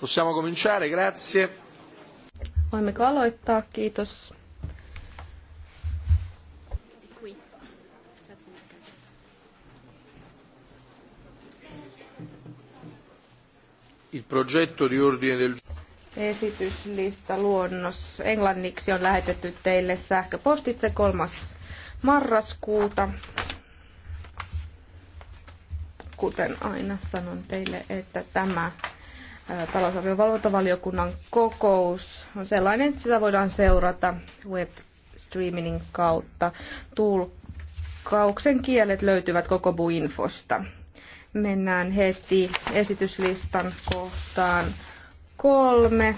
Possiamo cominciare, grazie. Voimmeko aloittaa, kiitos. Il progetto di ordine del Esityslista luonnos englanniksi on lähetetty teille sähköpostitse 3. marraskuuta kuten aina sanon teille, että tämä talousarvion valvontavaliokunnan kokous on sellainen, että sitä voidaan seurata webstreamingin kautta. Tulkauksen kielet löytyvät koko Buinfosta. Mennään heti esityslistan kohtaan kolme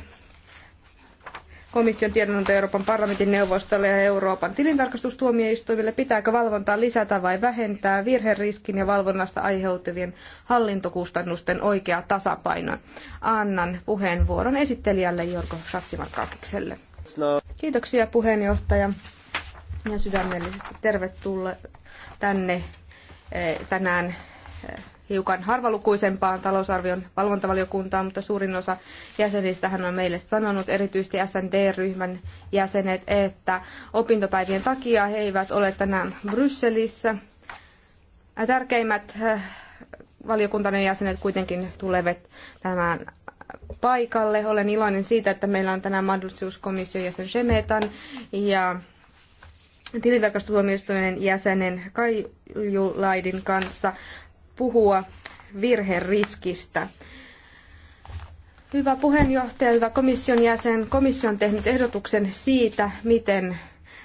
komission tiedonanto Euroopan parlamentin neuvostolle ja Euroopan tilintarkastustuomioistuimille, pitääkö valvontaa lisätä vai vähentää virheriskin ja valvonnasta aiheutuvien hallintokustannusten oikea tasapaino. Annan puheenvuoron esittelijälle Jorko Shatsimarkakikselle. Kiitoksia puheenjohtaja ja sydämellisesti tervetuloa tänne eh, tänään eh, hiukan harvalukuisempaan talousarvion valvontavaliokuntaan, mutta suurin osa jäsenistä hän on meille sanonut, erityisesti SND-ryhmän jäsenet, että opintopäivien takia he eivät ole tänään Brysselissä. Äh, tärkeimmät äh, valiokuntan jäsenet kuitenkin tulevat tämän paikalle. Olen iloinen siitä, että meillä on tänään mahdollisuus komission jäsen Shemetan ja tilintarkastustuomioistuimen jäsenen Kaiju Laidin kanssa puhua virheriskistä. Hyvä puheenjohtaja, hyvä komission jäsen. Komissio on tehnyt ehdotuksen siitä, miten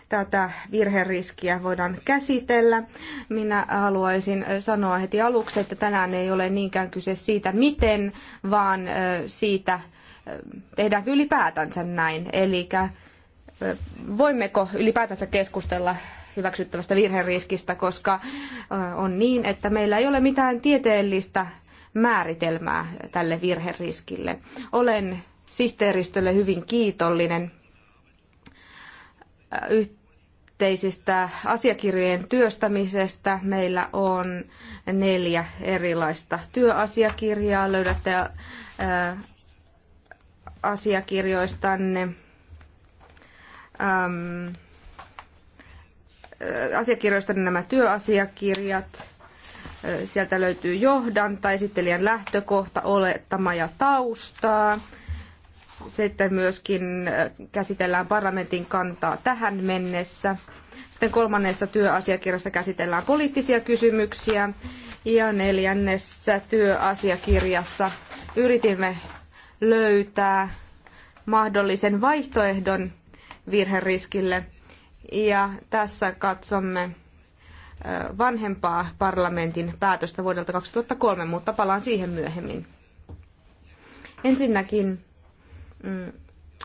tätä virheriskiä voidaan käsitellä. Minä haluaisin sanoa heti aluksi, että tänään ei ole niinkään kyse siitä, miten, vaan siitä, tehdäänkö ylipäätänsä näin. Eli voimmeko ylipäätänsä keskustella hyväksyttävästä virheriskistä, koska on niin, että meillä ei ole mitään tieteellistä määritelmää tälle virheriskille. Olen sihteeristölle hyvin kiitollinen yhteisistä asiakirjojen työstämisestä. Meillä on neljä erilaista työasiakirjaa. Löydätte asiakirjoistanne. Ähm, Äh, asiakirjoista niin nämä työasiakirjat. Äh, sieltä löytyy johdanta, esittelijän lähtökohta, olettama ja taustaa. Sitten myöskin äh, käsitellään parlamentin kantaa tähän mennessä. Sitten kolmannessa työasiakirjassa käsitellään poliittisia kysymyksiä. Ja neljännessä työasiakirjassa yritimme löytää mahdollisen vaihtoehdon virheriskille – ja tässä katsomme vanhempaa parlamentin päätöstä vuodelta 2003, mutta palaan siihen myöhemmin. Ensinnäkin mm,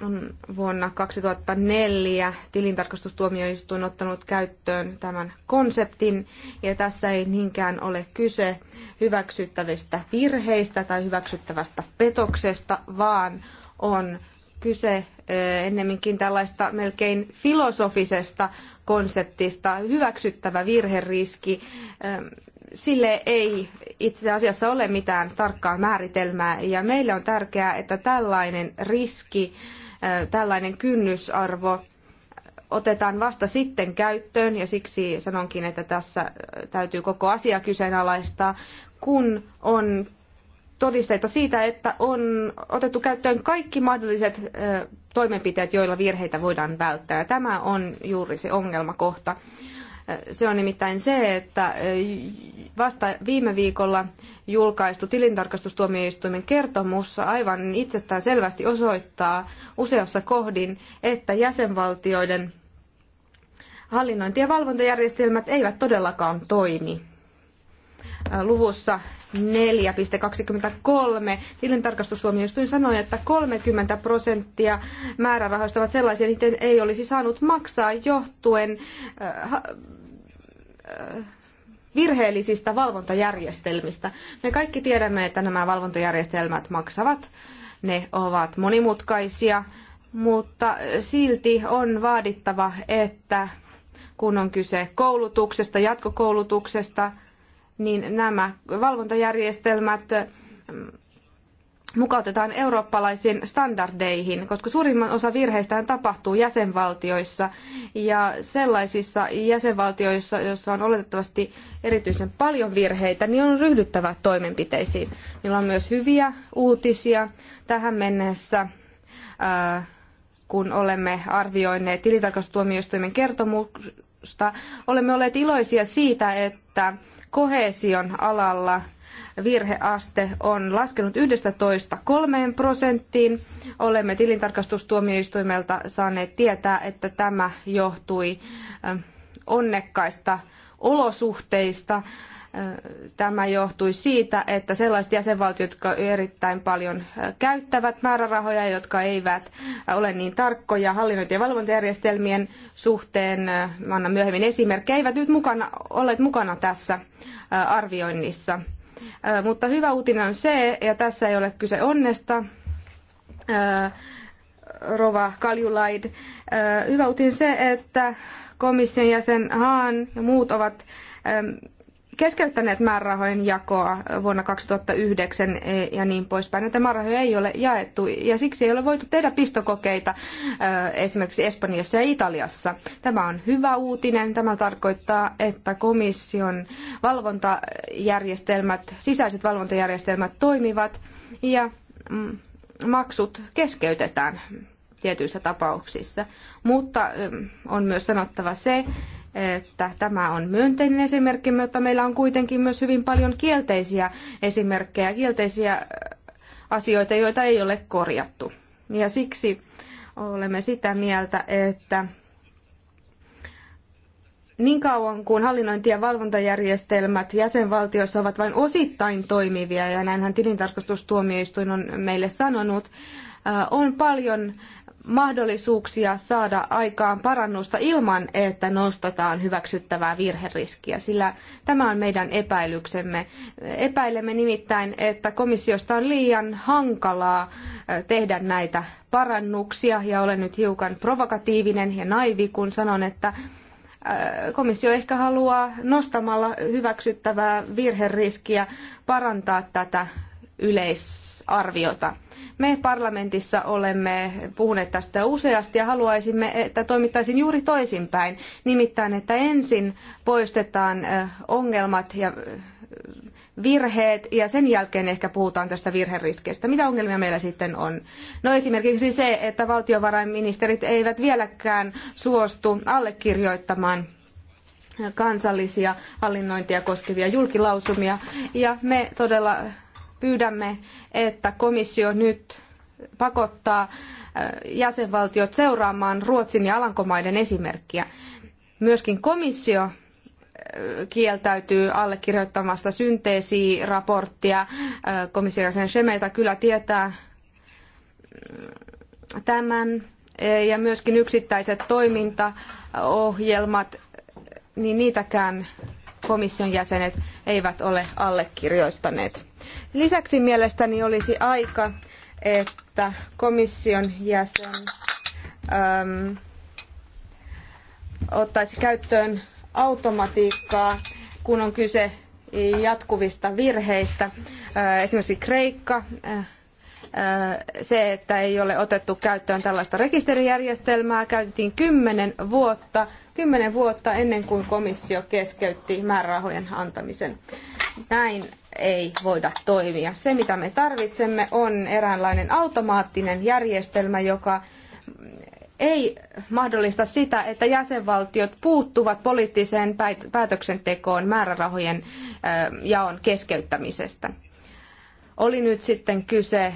on vuonna 2004 tilintarkastustuomioistuin ottanut käyttöön tämän konseptin, ja tässä ei niinkään ole kyse hyväksyttävistä virheistä tai hyväksyttävästä petoksesta, vaan on kyse ennemminkin tällaista melkein filosofisesta konseptista, hyväksyttävä virheriski. Sille ei itse asiassa ole mitään tarkkaa määritelmää ja meille on tärkeää, että tällainen riski, tällainen kynnysarvo otetaan vasta sitten käyttöön ja siksi sanonkin, että tässä täytyy koko asia kyseenalaistaa, kun on todisteita siitä, että on otettu käyttöön kaikki mahdolliset toimenpiteet, joilla virheitä voidaan välttää. Tämä on juuri se ongelmakohta. Se on nimittäin se, että vasta viime viikolla julkaistu tilintarkastustuomioistuimen kertomus aivan itsestään selvästi osoittaa useassa kohdin, että jäsenvaltioiden hallinnointi- ja valvontajärjestelmät eivät todellakaan toimi luvussa 4.23 tilintarkastustuomioistuin sanoi, että 30 prosenttia määrärahoista ovat sellaisia, niitä ei olisi saanut maksaa johtuen äh, äh, virheellisistä valvontajärjestelmistä. Me kaikki tiedämme, että nämä valvontajärjestelmät maksavat. Ne ovat monimutkaisia, mutta silti on vaadittava, että kun on kyse koulutuksesta, jatkokoulutuksesta, niin nämä valvontajärjestelmät mm, mukautetaan eurooppalaisiin standardeihin, koska suurimman osa virheistä tapahtuu jäsenvaltioissa ja sellaisissa jäsenvaltioissa, joissa on oletettavasti erityisen paljon virheitä, niin on ryhdyttävä toimenpiteisiin. Niillä on myös hyviä uutisia tähän mennessä. kun olemme arvioineet tilintarkastustuomioistuimen kertomusta, olemme olleet iloisia siitä, että kohesion alalla virheaste on laskenut 11 kolmeen prosenttiin. Olemme tilintarkastustuomioistuimelta saaneet tietää, että tämä johtui onnekkaista olosuhteista Tämä johtui siitä, että sellaiset jäsenvaltiot, jotka erittäin paljon äh, käyttävät määrärahoja, jotka eivät äh, ole niin tarkkoja hallinnointi- ja valvontajärjestelmien suhteen, äh, annan myöhemmin esimerkkejä, eivät nyt mukana, olleet mukana tässä arvioinnissa. Mutta hyvä uutinen on se, ja tässä ei ole kyse onnesta, Rova Kaljulaid. Hyvä uutinen se, että komission jäsen Haan ja muut ovat ähm, keskeyttäneet määrärahojen jakoa vuonna 2009 ja niin poispäin. Näitä määrärahoja ei ole jaettu ja siksi ei ole voitu tehdä pistokokeita esimerkiksi Espanjassa ja Italiassa. Tämä on hyvä uutinen. Tämä tarkoittaa, että komission valvontajärjestelmät, sisäiset valvontajärjestelmät toimivat ja mm, maksut keskeytetään tietyissä tapauksissa. Mutta mm, on myös sanottava se, että tämä on myönteinen esimerkki, mutta meillä on kuitenkin myös hyvin paljon kielteisiä esimerkkejä, kielteisiä äh, asioita, joita ei ole korjattu. Ja siksi olemme sitä mieltä, että niin kauan kuin hallinnointi- ja valvontajärjestelmät jäsenvaltioissa ovat vain osittain toimivia, ja näinhän tilintarkastustuomioistuin on meille sanonut, äh, on paljon mahdollisuuksia saada aikaan parannusta ilman, että nostetaan hyväksyttävää virheriskiä, sillä tämä on meidän epäilyksemme. Epäilemme nimittäin, että komissiosta on liian hankalaa tehdä näitä parannuksia, ja olen nyt hiukan provokatiivinen ja naivi, kun sanon, että komissio ehkä haluaa nostamalla hyväksyttävää virheriskiä parantaa tätä yleisarviota. Me parlamentissa olemme puhuneet tästä useasti ja haluaisimme, että toimittaisiin juuri toisinpäin. Nimittäin, että ensin poistetaan ongelmat ja virheet ja sen jälkeen ehkä puhutaan tästä virheriskeistä. Mitä ongelmia meillä sitten on? No esimerkiksi se, että valtiovarainministerit eivät vieläkään suostu allekirjoittamaan kansallisia hallinnointia koskevia julkilausumia. Ja me todella Pyydämme, että komissio nyt pakottaa äh, jäsenvaltiot seuraamaan Ruotsin ja Alankomaiden esimerkkiä. Myöskin komissio äh, kieltäytyy allekirjoittamasta synteesiraporttia. Äh, komission jäsen Shemeta kyllä tietää tämän ja myöskin yksittäiset toimintaohjelmat, niin niitäkään komission jäsenet eivät ole allekirjoittaneet. Lisäksi mielestäni olisi aika, että komission jäsen äm, ottaisi käyttöön automatiikkaa, kun on kyse jatkuvista virheistä. Äh, esimerkiksi Kreikka, äh, äh, se, että ei ole otettu käyttöön tällaista rekisterijärjestelmää, käytettiin kymmenen vuotta, kymmenen vuotta ennen kuin komissio keskeytti määrärahojen antamisen. Näin ei voida toimia. Se, mitä me tarvitsemme, on eräänlainen automaattinen järjestelmä, joka ei mahdollista sitä, että jäsenvaltiot puuttuvat poliittiseen päätöksentekoon määrärahojen jaon keskeyttämisestä. Oli nyt sitten kyse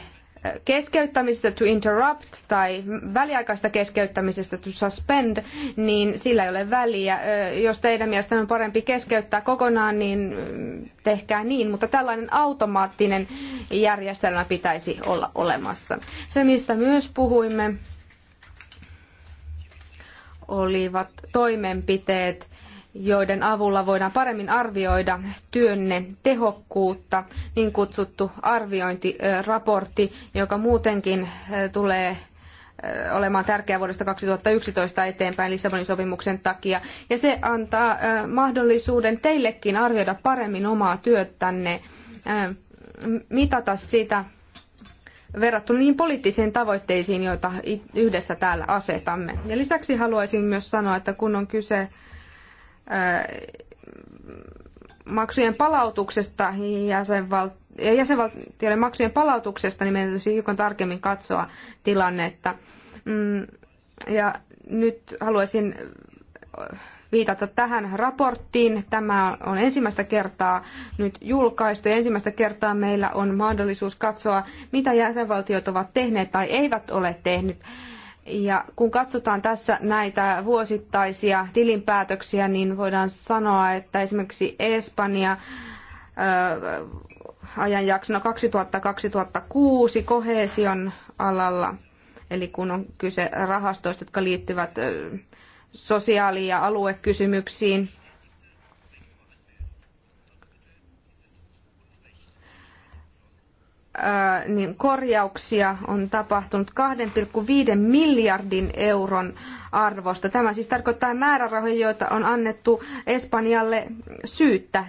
keskeyttämisestä to interrupt tai väliaikaista keskeyttämisestä to suspend, niin sillä ei ole väliä. Jos teidän mielestänne on parempi keskeyttää kokonaan, niin tehkää niin, mutta tällainen automaattinen järjestelmä pitäisi olla olemassa. Se, mistä myös puhuimme, olivat toimenpiteet, joiden avulla voidaan paremmin arvioida työnne tehokkuutta, niin kutsuttu arviointiraportti, joka muutenkin tulee olemaan tärkeä vuodesta 2011 eteenpäin Lissabonin sopimuksen takia. Ja se antaa mahdollisuuden teillekin arvioida paremmin omaa työtänne, mitata sitä verrattuna niihin poliittisiin tavoitteisiin, joita yhdessä täällä asetamme. Ja lisäksi haluaisin myös sanoa, että kun on kyse maksujen palautuksesta jäsenval- ja jäsenvaltioiden maksujen palautuksesta, niin meidän täytyisi hiukan tarkemmin katsoa tilannetta. Mm, ja nyt haluaisin viitata tähän raporttiin. Tämä on ensimmäistä kertaa nyt julkaistu ja ensimmäistä kertaa meillä on mahdollisuus katsoa, mitä jäsenvaltiot ovat tehneet tai eivät ole tehneet ja kun katsotaan tässä näitä vuosittaisia tilinpäätöksiä, niin voidaan sanoa, että esimerkiksi Espanja ajanjaksona 2000-2006 kohesion alalla, eli kun on kyse rahastoista, jotka liittyvät sosiaali- ja aluekysymyksiin, Äh, niin korjauksia on tapahtunut 2,5 miljardin euron arvosta. Tämä siis tarkoittaa määrärahoja, joita on annettu Espanjalle syyttä.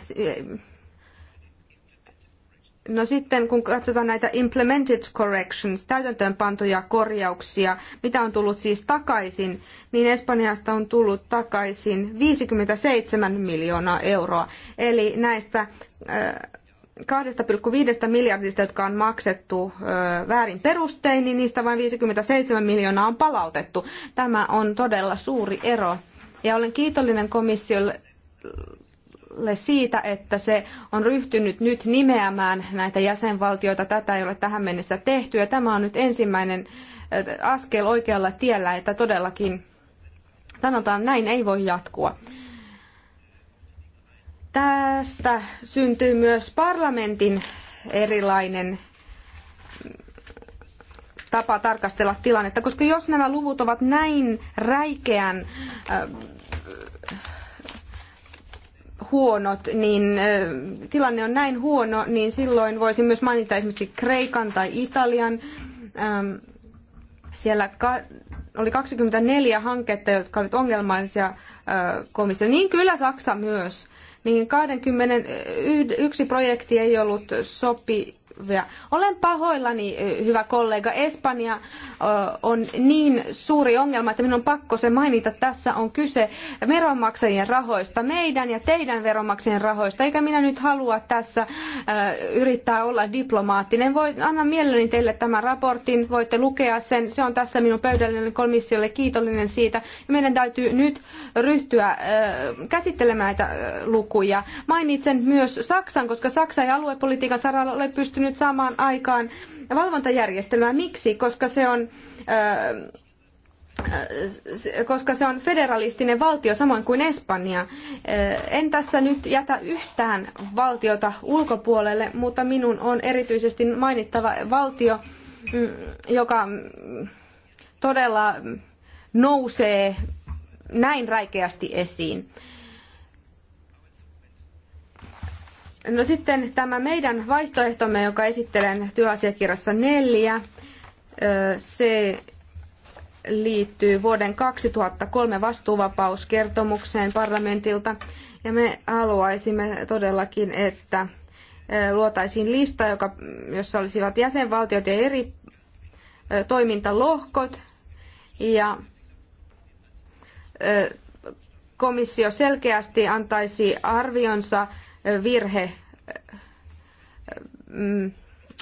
No sitten kun katsotaan näitä implemented corrections, täytäntöönpantoja korjauksia, mitä on tullut siis takaisin, niin Espanjasta on tullut takaisin 57 miljoonaa euroa. Eli näistä äh, 2,5 miljardista, jotka on maksettu väärin perustein, niin niistä vain 57 miljoonaa on palautettu. Tämä on todella suuri ero. Ja olen kiitollinen komissiolle siitä, että se on ryhtynyt nyt nimeämään näitä jäsenvaltioita. Tätä ei ole tähän mennessä tehty. Ja tämä on nyt ensimmäinen askel oikealla tiellä, että todellakin sanotaan näin ei voi jatkua. Tästä syntyy myös parlamentin erilainen tapa tarkastella tilannetta, koska jos nämä luvut ovat näin räikeän äh, huonot, niin äh, tilanne on näin huono, niin silloin voisin myös mainita esimerkiksi Kreikan tai Italian. Ähm, siellä oli 24 hanketta, jotka olivat ongelmaisia äh, komissio. Niin kyllä Saksa myös niin 21 projekti ei ollut sopi Olen pahoillani, hyvä kollega. Espanja on niin suuri ongelma, että minun on pakko se mainita. Tässä on kyse veronmaksajien rahoista, meidän ja teidän veronmaksajien rahoista, eikä minä nyt halua tässä yrittää olla diplomaattinen. Voi, annan mielelläni teille tämän raportin, voitte lukea sen. Se on tässä minun pöydällinen komissiolle kiitollinen siitä. Meidän täytyy nyt ryhtyä käsittelemään näitä lukuja. Mainitsen myös Saksan, koska Saksa ei aluepolitiikan saralla ole pystynyt saamaan aikaan valvontajärjestelmää. Miksi? Koska se on koska se on federalistinen valtio samoin kuin Espanja. En tässä nyt jätä yhtään valtiota ulkopuolelle, mutta minun on erityisesti mainittava valtio, mm, joka todella nousee näin räikeästi esiin. No sitten tämä meidän vaihtoehtomme, joka esittelen työasiakirjassa neljä, se liittyy vuoden 2003 vastuuvapauskertomukseen parlamentilta. Ja me haluaisimme todellakin, että luotaisiin lista, joka, jossa olisivat jäsenvaltiot ja eri toimintalohkot. Ja komissio selkeästi antaisi arvionsa virhe mm,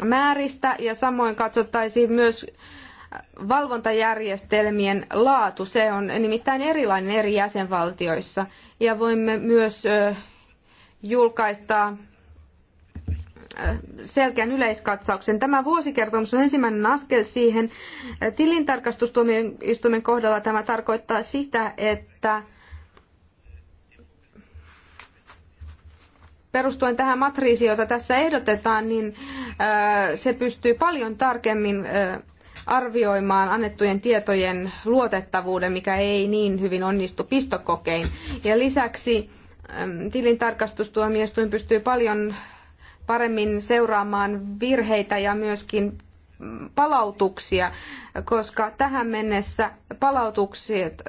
määristä ja samoin katsottaisiin myös valvontajärjestelmien laatu. Se on nimittäin erilainen eri jäsenvaltioissa ja voimme myös julkaista selkeän yleiskatsauksen. Tämä vuosikertomus on ensimmäinen askel siihen. Tilintarkastustuomioistuimen kohdalla tämä tarkoittaa sitä, että perustuen tähän matriisiin, jota tässä ehdotetaan, niin äh, se pystyy paljon tarkemmin äh, arvioimaan annettujen tietojen luotettavuuden, mikä ei niin hyvin onnistu pistokokein. Ja lisäksi tilintarkastustuomioistuin pystyy paljon paremmin seuraamaan virheitä ja myöskin palautuksia, koska tähän mennessä palautukset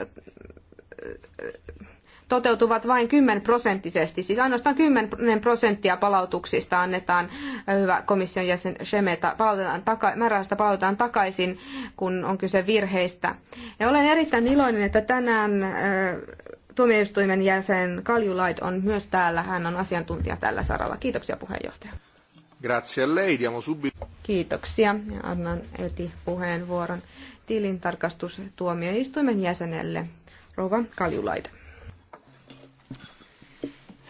toteutuvat vain 10 prosenttisesti. Siis ainoastaan 10 prosenttia palautuksista annetaan, hyvä komission jäsen Shemeta, palautetaan taka, määrästä palautetaan takaisin, kun on kyse virheistä. Ja olen erittäin iloinen, että tänään tuomioistuimen jäsen Kaljulait on myös täällä. Hän on asiantuntija tällä saralla. Kiitoksia puheenjohtaja. Grazie a lei, diamo subito. Kiitoksia ja annan heti puheenvuoron tilintarkastustuomioistuimen jäsenelle rouva Kaljulaita.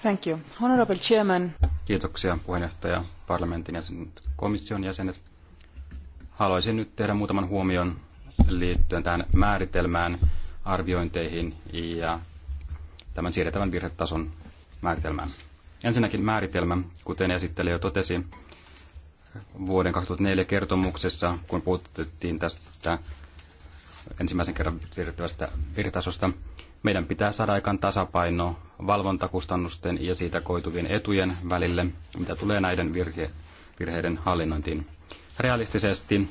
Thank you. Honorable Chairman. Kiitoksia puheenjohtaja, parlamentin jäsenet, komission jäsenet. Haluaisin nyt tehdä muutaman huomion liittyen tähän määritelmään, arviointeihin ja tämän siirrettävän virhetason määritelmään. Ensinnäkin määritelmä, kuten esittelijä jo totesi, vuoden 2004 kertomuksessa, kun puhuttiin tästä ensimmäisen kerran siirrettävästä virhetasosta, meidän pitää saada aikaan tasapaino valvontakustannusten ja siitä koituvien etujen välille, mitä tulee näiden virhe, virheiden hallinnointiin. Realistisesti,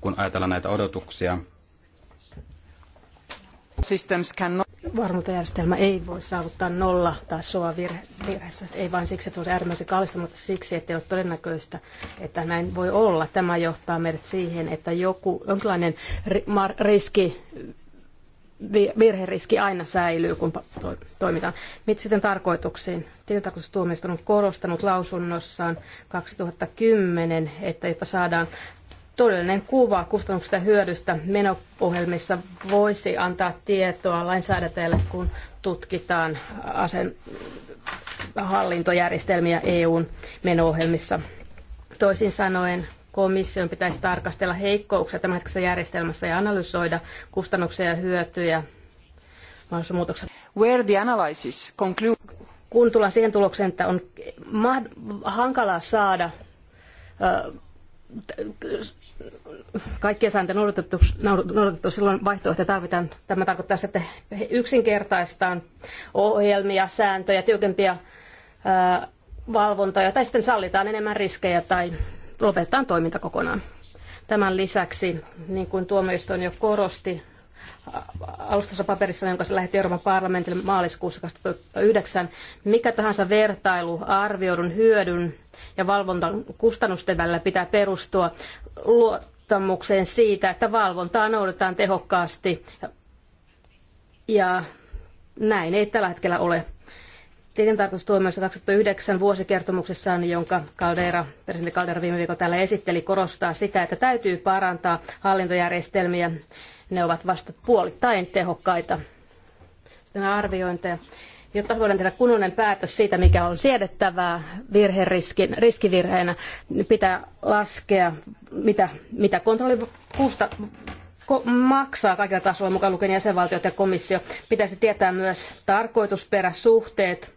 kun ajatellaan näitä odotuksia, Varmuutajärjestelmä ei voi saavuttaa nolla tasoa virhe, virheessä, ei vain siksi, että se on äärimmäisen kallista, mutta siksi, että ei ole todennäköistä, että näin voi olla. Tämä johtaa meidät siihen, että joku, jonkinlainen riski virheriski aina säilyy, kun toimitaan. Mitä sitten tarkoituksiin? Tilintarkastustuomioistuin on korostanut lausunnossaan 2010, että jotta saadaan todellinen kuva kustannuksista ja hyödystä menopohjelmissa voisi antaa tietoa lainsäädäntäjälle, kun tutkitaan asen hallintojärjestelmiä EUn menoohjelmissa. Toisin sanoen, komission pitäisi tarkastella heikkouksia tämänhetkisessä järjestelmässä ja analysoida kustannuksia ja hyötyjä maahanmuutoksesta. Where the analysis conclude... Kun tullaan siihen tulokseen, että on hankalaa saada kaikkia sääntöjä noudatettu, noudatettu, silloin vaihtoehtoja tarvitaan. Tämä tarkoittaa sitä, että yksinkertaistaan ohjelmia, sääntöjä, tiukempia valvontoja tai sitten sallitaan enemmän riskejä tai lopetetaan toiminta kokonaan. Tämän lisäksi, niin kuin tuomioistuin jo korosti, alustassa paperissa, jonka se lähetti Euroopan parlamentille maaliskuussa 2009. Mikä tahansa vertailu arvioidun hyödyn ja valvontan kustannusten välillä pitää perustua luottamukseen siitä, että valvontaa noudatetaan tehokkaasti. Ja näin ei tällä hetkellä ole. Tilintarkastustuomioissa 2009 vuosikertomuksessaan, jonka Caldera, presidentti Caldera viime viikolla täällä esitteli, korostaa sitä, että täytyy parantaa hallintojärjestelmiä. Ne ovat vasta puolittain tehokkaita. Sitten arviointeja jotta voidaan tehdä kunnollinen päätös siitä, mikä on siedettävää virheriskin, riskivirheenä, niin pitää laskea, mitä, mitä kontrolli kusta, maksaa kaikilla tasoilla, mukaan lukien jäsenvaltiot ja komissio. Pitäisi tietää myös tarkoitusperä, suhteet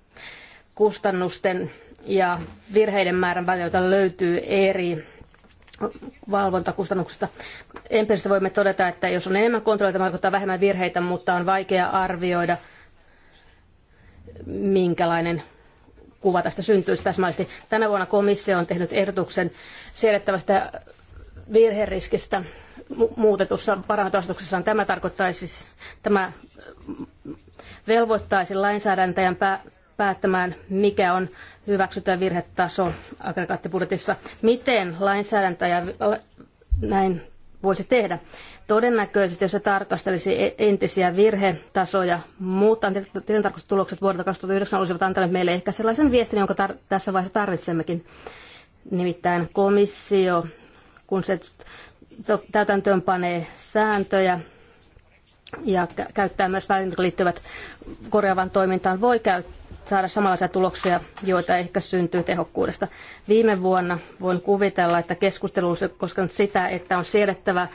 kustannusten ja virheiden määrän välillä, joita löytyy eri valvontakustannuksista. Empiiristä voimme todeta, että jos on enemmän kontrollia, tämä tarkoittaa vähemmän virheitä, mutta on vaikea arvioida, minkälainen kuva tästä syntyisi täsmällisesti. Tänä vuonna komissio on tehnyt ehdotuksen siedettävästä virheriskistä muutetussa parantoasetuksessaan. Tämä tarkoittaisi, siis, tämä velvoittaisi lainsäädäntäjän pää, päättämään, mikä on hyväksytty virhetaso aggregaattibudjetissa. Miten lainsäädäntäjä näin voisi tehdä? Todennäköisesti, jos se tarkastelisi e- entisiä virhetasoja, muuttaa tilintarkastustulokset vuodelta 2009 olisivat antaneet meille ehkä sellaisen viestin, jonka tässä vaiheessa tarvitsemmekin. Nimittäin komissio, kun se täytäntöön panee sääntöjä, ja käyttää myös välineet liittyvät korjaavaan toimintaan, voi käyttää saada samanlaisia tuloksia, joita ehkä syntyy tehokkuudesta. Viime vuonna voin kuvitella, että keskustelu on koskenut sitä, että on siedettävä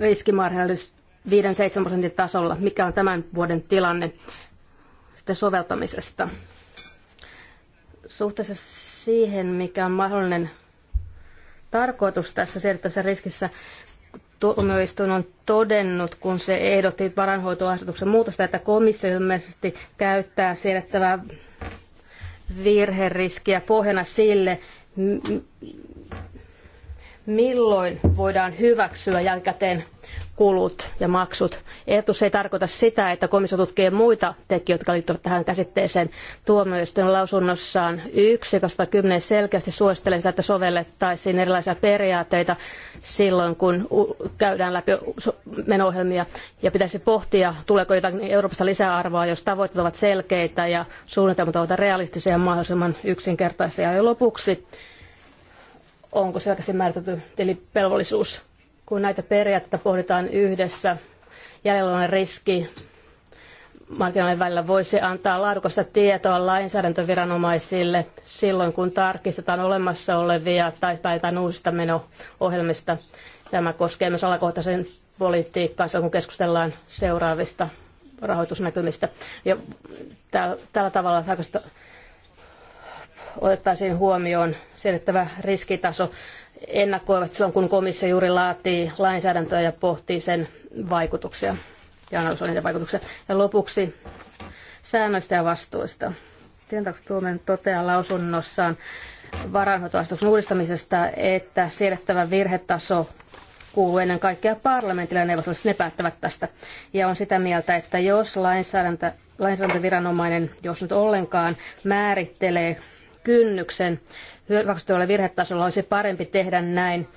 riskimarginaalis 5-7 prosentin tasolla, mikä on tämän vuoden tilanne sitten soveltamisesta. Suhteessa siihen, mikä on mahdollinen tarkoitus tässä siirrettävässä riskissä, tuomioistuin on todennut, kun se ehdotti varanhoitoasetuksen muutosta, että komissio ilmeisesti käyttää siedettävää virheriskiä pohjana sille, milloin voidaan hyväksyä jälkikäteen kulut ja maksut. Ehdotus ei tarkoita sitä, että komissio tutkii muita tekijöitä, jotka liittyvät tähän käsitteeseen. Tuomioistuin lausunnossaan 1 kymmenen selkeästi suosittelee sitä, että sovellettaisiin erilaisia periaatteita silloin, kun käydään läpi menoohjelmia ja pitäisi pohtia, tuleeko jotain Euroopasta lisäarvoa, jos tavoitteet ovat selkeitä ja suunnitelmat ovat realistisia ja mahdollisimman yksinkertaisia. Ja lopuksi onko selkeästi määritelty tilivelvollisuus kun näitä periaatteita pohditaan yhdessä, jäljellä riski markkinoiden välillä voisi antaa laadukasta tietoa lainsäädäntöviranomaisille silloin, kun tarkistetaan olemassa olevia tai päätetään uusista meno-ohjelmista. Tämä koskee myös alakohtaisen politiikkaan, kun keskustellaan seuraavista rahoitusnäkymistä. Ja tällä tavalla tarkasta otettaisiin huomioon siedettävä riskitaso ennakoivat silloin, kun komissio juuri laatii lainsäädäntöä ja pohtii sen vaikutuksia ja analysoi niiden vaikutuksia. Ja lopuksi säännöistä ja vastuista. Tientaustuomioon toteaa lausunnossaan varainhoitoasetuksen uudistamisesta, että siedettävä virhetaso kuuluu ennen kaikkea parlamentille ja neuvostolle, siis ne päättävät tästä. Ja on sitä mieltä, että jos lainsäädäntö, lainsäädäntöviranomainen, jos nyt ollenkaan, määrittelee kynnyksen hyväksyttävällä virhetasolla olisi parempi tehdä näin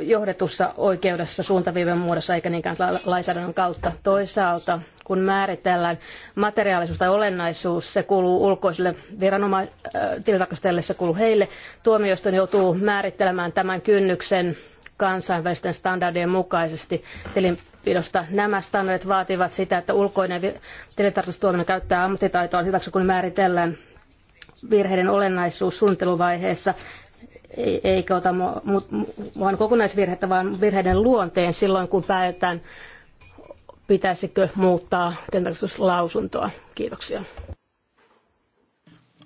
johdetussa oikeudessa suuntaviiven muodossa eikä niinkään lainsäädännön kautta. Toisaalta kun määritellään materiaalisuus tai olennaisuus, se kuuluu ulkoisille viranomaisille, äh, se kuuluu heille. Tuomioistuin joutuu määrittelemään tämän kynnyksen kansainvälisten standardien mukaisesti tilinpidosta. Nämä standardit vaativat sitä, että ulkoinen tilintarkastustuomio käyttää ammattitaitoa hyväksi, kun määritellään virheiden olennaisuus suunnitteluvaiheessa, e, eikä ota vain kokonaisvirhettä, vaan virheiden luonteen silloin, kun päätetään, pitäisikö muuttaa tentakustuslausuntoa. Kiitoksia.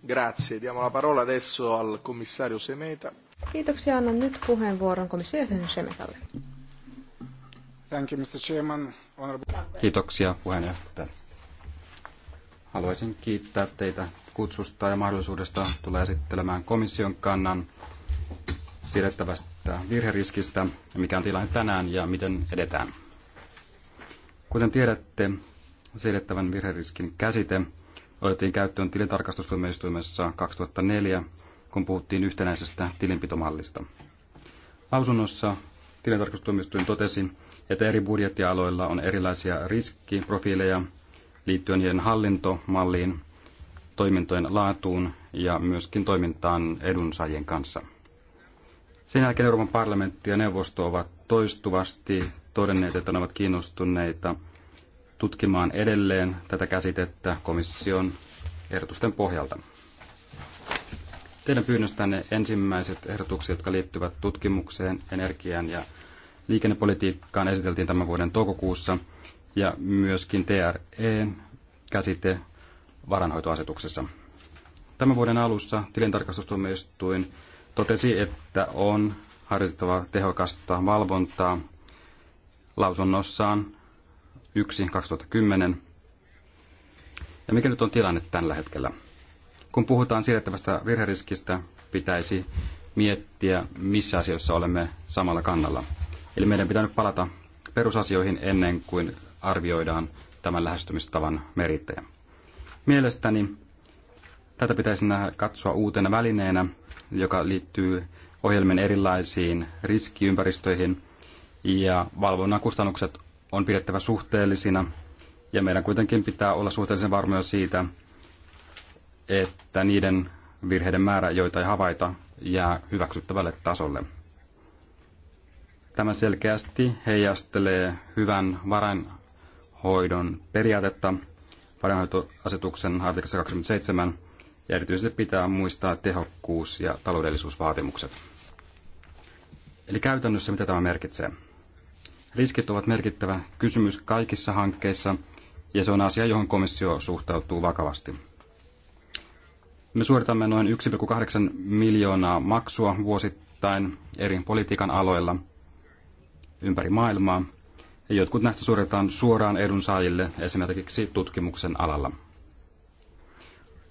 Grazie. Diamo la parola adesso al commissario Semeta. Kiitoksia. Annan nyt puheenvuoron komission jäsenen Semetalle. Thank you, Mr. Chairman. Honorable... Kiitoksia puheenjohtaja. Haluaisin kiittää teitä kutsusta ja mahdollisuudesta tulla esittelemään komission kannan siirrettävästä virheriskistä, mikä on tilanne tänään ja miten edetään. Kuten tiedätte, siirrettävän virheriskin käsite otettiin käyttöön tilintarkastustuomioistuimessa 2004, kun puhuttiin yhtenäisestä tilinpitomallista. Lausunnossa tilintarkastustuomioistuin totesi, että eri budjettialoilla on erilaisia riskiprofiileja liittyen niiden hallintomalliin toimintojen laatuun ja myöskin toimintaan edunsaajien kanssa. Sen jälkeen Euroopan parlamentti ja neuvosto ovat toistuvasti todenneet, että ne ovat kiinnostuneita tutkimaan edelleen tätä käsitettä komission ehdotusten pohjalta. Teidän pyynnöstänne ensimmäiset ehdotukset, jotka liittyvät tutkimukseen, energiaan ja liikennepolitiikkaan, esiteltiin tämän vuoden toukokuussa. Ja myöskin TRE-käsite varanhoitoasetuksessa. Tämän vuoden alussa tilintarkastustuomioistuin totesi, että on harjoitettava tehokasta valvontaa lausunnossaan 1-2010. Ja mikä nyt on tilanne tällä hetkellä? Kun puhutaan siirrettävästä virheriskistä, pitäisi miettiä, missä asioissa olemme samalla kannalla. Eli meidän pitää nyt palata perusasioihin ennen kuin arvioidaan tämän lähestymistavan merittäjä. Mielestäni tätä pitäisi katsoa uutena välineenä, joka liittyy ohjelmien erilaisiin riskiympäristöihin ja valvonnan kustannukset on pidettävä suhteellisina ja meidän kuitenkin pitää olla suhteellisen varmoja siitä, että niiden virheiden määrä, joita ei havaita, jää hyväksyttävälle tasolle. Tämä selkeästi heijastelee hyvän varainhoidon periaatetta, varainhoitoasetuksen artiklassa 27 ja erityisesti pitää muistaa tehokkuus- ja taloudellisuusvaatimukset. Eli käytännössä mitä tämä merkitsee? Riskit ovat merkittävä kysymys kaikissa hankkeissa ja se on asia, johon komissio suhtautuu vakavasti. Me suoritamme noin 1,8 miljoonaa maksua vuosittain eri politiikan aloilla ympäri maailmaa – ja jotkut näistä suoritetaan suoraan edunsaajille esimerkiksi tutkimuksen alalla.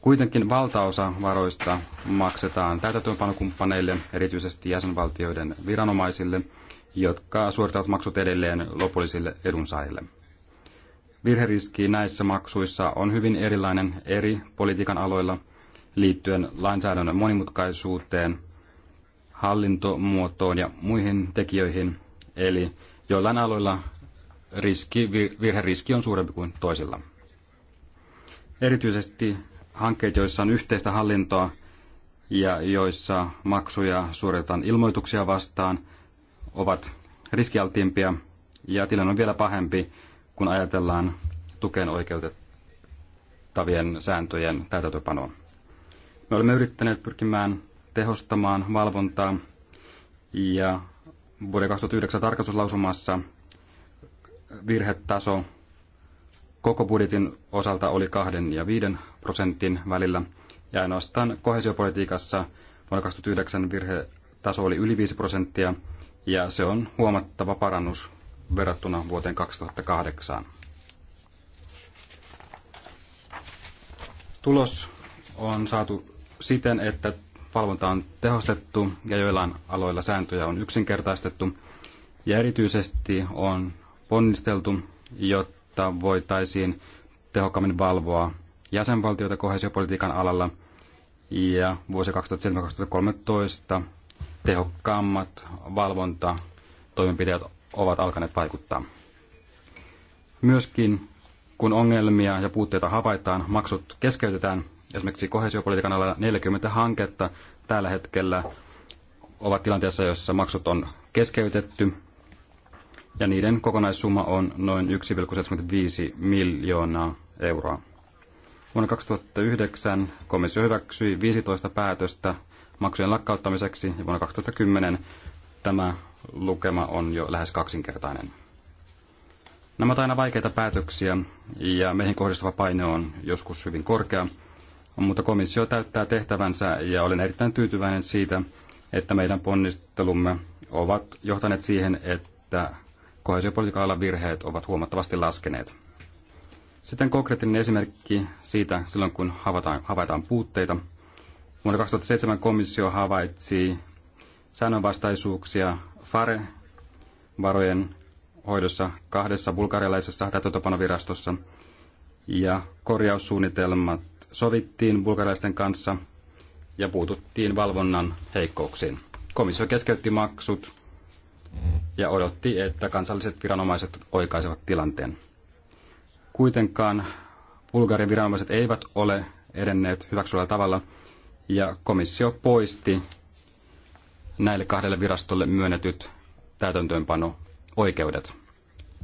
Kuitenkin valtaosa varoista maksetaan täytäntöönpanokumppaneille, erityisesti jäsenvaltioiden viranomaisille, jotka suorittavat maksut edelleen lopullisille edunsaajille. Virheriski näissä maksuissa on hyvin erilainen eri politiikan aloilla liittyen lainsäädännön monimutkaisuuteen, hallintomuotoon ja muihin tekijöihin, eli joillain aloilla riski, virheriski on suurempi kuin toisilla. Erityisesti hankkeet, joissa on yhteistä hallintoa ja joissa maksuja suoritetaan ilmoituksia vastaan, ovat riskialtiimpia ja tilanne on vielä pahempi, kun ajatellaan tukeen oikeutettavien sääntöjen täytäntöpanoa. Me olemme yrittäneet pyrkimään tehostamaan valvontaa ja vuoden 2009 tarkastuslausumassa virhetaso koko budjetin osalta oli 2 ja 5 prosentin välillä, ja ainoastaan kohesiopolitiikassa vuonna 2009 virhetaso oli yli 5 prosenttia, ja se on huomattava parannus verrattuna vuoteen 2008. Tulos on saatu siten, että valvonta on tehostettu ja joillain aloilla sääntöjä on yksinkertaistettu. Ja erityisesti on ponnisteltu, jotta voitaisiin tehokkaammin valvoa jäsenvaltioita kohesiopolitiikan alalla ja vuosi 2007-2013 tehokkaammat valvontatoimenpiteet ovat alkaneet vaikuttaa. Myöskin kun ongelmia ja puutteita havaitaan, maksut keskeytetään. Esimerkiksi kohesiopolitiikan alalla 40 hanketta tällä hetkellä ovat tilanteessa, jossa maksut on keskeytetty ja niiden kokonaissumma on noin 1,75 miljoonaa euroa. Vuonna 2009 komissio hyväksyi 15 päätöstä maksujen lakkauttamiseksi ja vuonna 2010 tämä lukema on jo lähes kaksinkertainen. Nämä ovat aina vaikeita päätöksiä ja meihin kohdistuva paine on joskus hyvin korkea, mutta komissio täyttää tehtävänsä ja olen erittäin tyytyväinen siitä, että meidän ponnistelumme ovat johtaneet siihen, että kohesiopolitiikan virheet ovat huomattavasti laskeneet. Sitten konkreettinen esimerkki siitä silloin, kun havaitaan, havaitaan puutteita. Vuonna 2007 komissio havaitsi säännönvastaisuuksia FARE-varojen hoidossa kahdessa bulgarialaisessa täytäntöpanovirastossa ja korjaussuunnitelmat sovittiin bulgarialaisten kanssa ja puututtiin valvonnan heikkouksiin. Komissio keskeytti maksut ja odotti, että kansalliset viranomaiset oikaisevat tilanteen. Kuitenkaan Bulgarian viranomaiset eivät ole edenneet hyväksyvällä tavalla, ja komissio poisti näille kahdelle virastolle myönnetyt täytäntöönpano-oikeudet.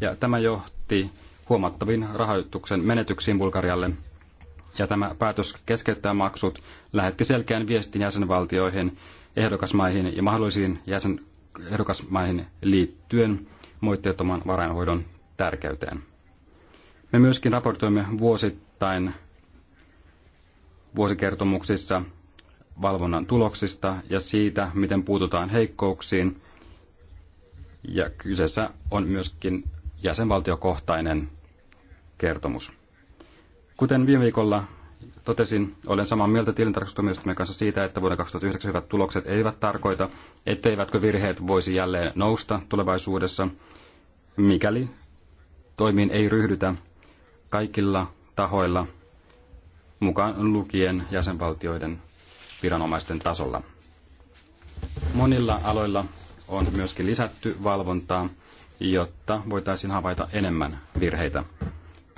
Ja tämä johti huomattaviin rahoituksen menetyksiin Bulgarialle, ja tämä päätös keskeyttää maksut lähetti selkeän viestin jäsenvaltioihin, ehdokasmaihin ja mahdollisiin jäsen ehdokasmaihin liittyen moitteettoman varainhoidon tärkeyteen. Me myöskin raportoimme vuosittain vuosikertomuksissa valvonnan tuloksista ja siitä, miten puututaan heikkouksiin. Ja kyseessä on myöskin jäsenvaltiokohtainen kertomus. Kuten viime viikolla totesin, olen samaa mieltä tilintarkastustuomioistuimen kanssa siitä, että vuoden 2009 hyvät tulokset eivät tarkoita, etteivätkö virheet voisi jälleen nousta tulevaisuudessa, mikäli toimiin ei ryhdytä kaikilla tahoilla, mukaan lukien jäsenvaltioiden viranomaisten tasolla. Monilla aloilla on myöskin lisätty valvontaa, jotta voitaisiin havaita enemmän virheitä.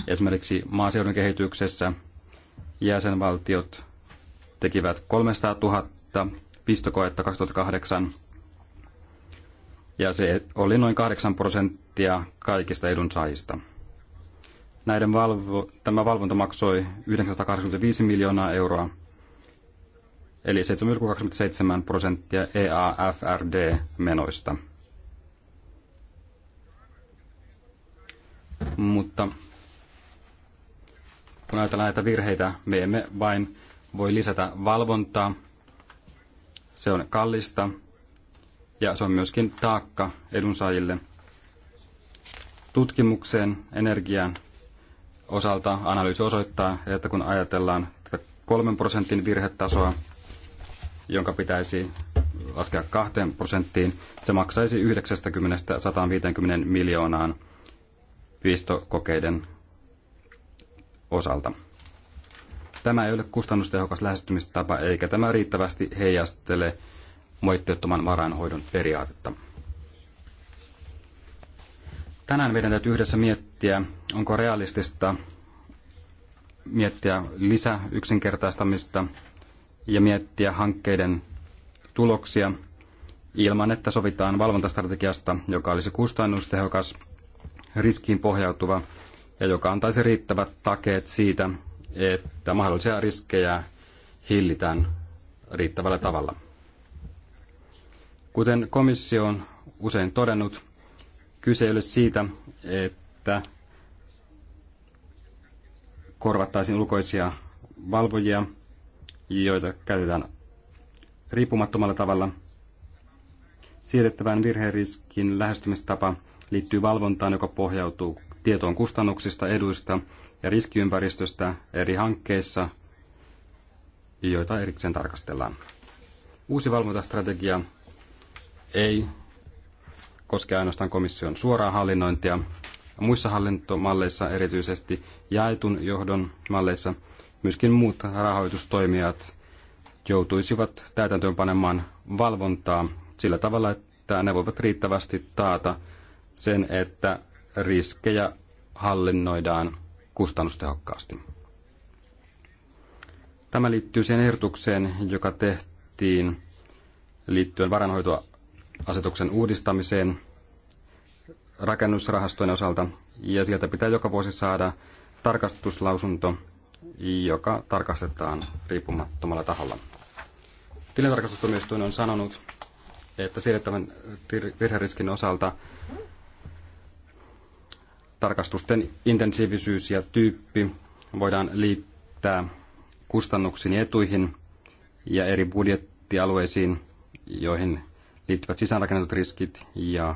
Esimerkiksi maaseudun kehityksessä – jäsenvaltiot tekivät 300 000 pistokoetta 2008, ja se oli noin 8 prosenttia kaikista edunsaajista. Näiden valvo, tämä valvonta maksoi 985 miljoonaa euroa, eli 7,27 prosenttia EAFRD-menoista. Mutta kun ajatellaan näitä virheitä, me emme vain voi lisätä valvontaa. Se on kallista ja se on myöskin taakka edunsaajille. tutkimukseen, energian osalta analyysi osoittaa, että kun ajatellaan tätä kolmen prosentin virhetasoa, jonka pitäisi laskea kahteen prosenttiin, se maksaisi 90-150 miljoonaan pistokokeiden osalta. Tämä ei ole kustannustehokas lähestymistapa, eikä tämä riittävästi heijastele moitteettoman varainhoidon periaatetta. Tänään meidän täytyy yhdessä miettiä, onko realistista miettiä lisäyksinkertaistamista ja miettiä hankkeiden tuloksia ilman, että sovitaan valvontastrategiasta, joka olisi kustannustehokas, riskiin pohjautuva ja joka antaisi riittävät takeet siitä, että mahdollisia riskejä hillitään riittävällä tavalla. Kuten komissio on usein todennut, kyse ei ole siitä, että korvattaisiin ulkoisia valvojia, joita käytetään riippumattomalla tavalla. Siedettävän virheriskin lähestymistapa liittyy valvontaan, joka pohjautuu tietoon kustannuksista, eduista ja riskiympäristöstä eri hankkeissa, joita erikseen tarkastellaan. Uusi valvontastrategia ei koske ainoastaan komission suoraa hallinnointia. Muissa hallintomalleissa, erityisesti jaetun johdon malleissa, myöskin muut rahoitustoimijat joutuisivat täytäntöönpanemaan valvontaa sillä tavalla, että ne voivat riittävästi taata sen, että riskejä hallinnoidaan kustannustehokkaasti. Tämä liittyy siihen ehdotukseen, joka tehtiin liittyen varanhoitoasetuksen uudistamiseen rakennusrahastojen osalta, ja sieltä pitää joka vuosi saada tarkastuslausunto, joka tarkastetaan riippumattomalla taholla. Tilintarkastustuomioistuin on sanonut, että siirrettävän virheriskin osalta tarkastusten intensiivisyys ja tyyppi voidaan liittää kustannuksiin ja etuihin ja eri budjettialueisiin, joihin liittyvät sisäänrakennetut riskit ja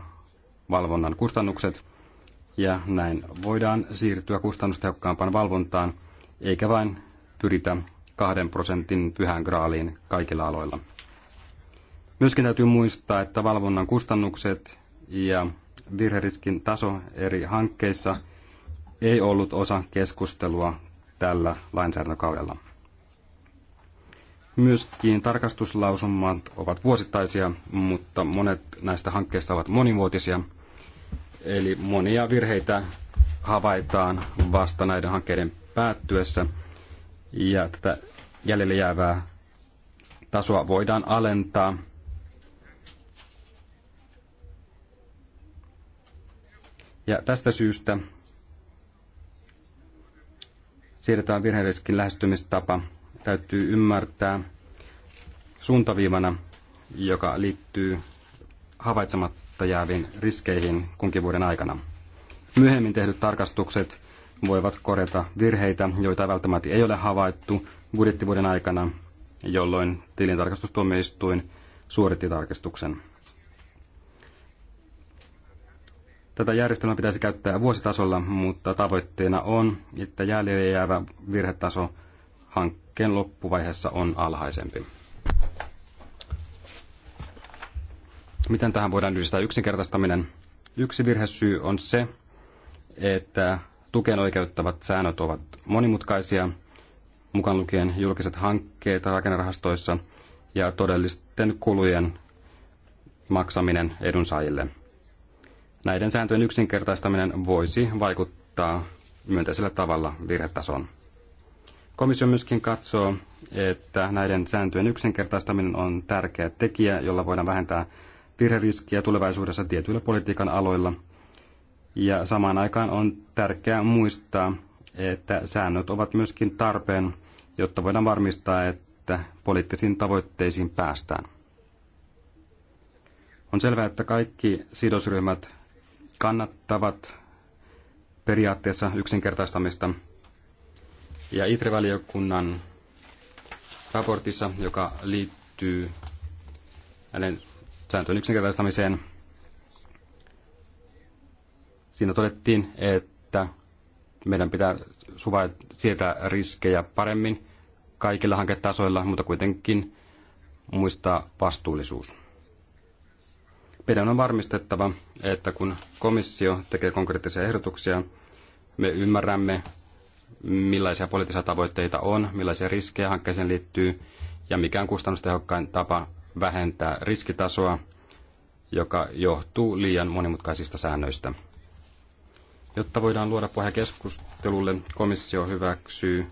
valvonnan kustannukset. Ja näin voidaan siirtyä kustannustehokkaampaan valvontaan, eikä vain pyritä kahden prosentin pyhään graaliin kaikilla aloilla. Myöskin täytyy muistaa, että valvonnan kustannukset ja virheriskin taso eri hankkeissa ei ollut osa keskustelua tällä lainsäädäntökaudella. Myöskin tarkastuslausumat ovat vuosittaisia, mutta monet näistä hankkeista ovat monivuotisia. Eli monia virheitä havaitaan vasta näiden hankkeiden päättyessä. Ja tätä jäljelle jäävää tasoa voidaan alentaa – Ja tästä syystä siirretään virheriskin lähestymistapa. Täytyy ymmärtää suuntaviivana, joka liittyy havaitsematta jääviin riskeihin kunkin vuoden aikana. Myöhemmin tehdyt tarkastukset voivat korjata virheitä, joita välttämättä ei ole havaittu budjettivuoden aikana, jolloin tilintarkastustuomioistuin suoritti tarkastuksen. Tätä järjestelmää pitäisi käyttää vuositasolla, mutta tavoitteena on, että jäljelle jäävä virhetaso hankkeen loppuvaiheessa on alhaisempi. Miten tähän voidaan yhdistää yksinkertaistaminen? Yksi virhesyy on se, että tukeen oikeuttavat säännöt ovat monimutkaisia, mukaan lukien julkiset hankkeet rakennerahastoissa ja todellisten kulujen maksaminen edunsaajille – Näiden sääntöjen yksinkertaistaminen voisi vaikuttaa myönteisellä tavalla virhetasoon. Komissio myöskin katsoo, että näiden sääntöjen yksinkertaistaminen on tärkeä tekijä, jolla voidaan vähentää virheriskiä tulevaisuudessa tietyillä politiikan aloilla. Ja samaan aikaan on tärkeää muistaa, että säännöt ovat myöskin tarpeen, jotta voidaan varmistaa, että poliittisiin tavoitteisiin päästään. On selvää, että kaikki sidosryhmät kannattavat periaatteessa yksinkertaistamista. Ja ITRE-valiokunnan raportissa, joka liittyy näiden sääntöjen yksinkertaistamiseen, siinä todettiin, että meidän pitää suvaita sietää riskejä paremmin kaikilla hanketasoilla, mutta kuitenkin muistaa vastuullisuus. Meidän on varmistettava, että kun komissio tekee konkreettisia ehdotuksia, me ymmärrämme, millaisia poliittisia tavoitteita on, millaisia riskejä hankkeeseen liittyy ja mikä on kustannustehokkain tapa vähentää riskitasoa, joka johtuu liian monimutkaisista säännöistä. Jotta voidaan luoda pohja keskustelulle, komissio hyväksyy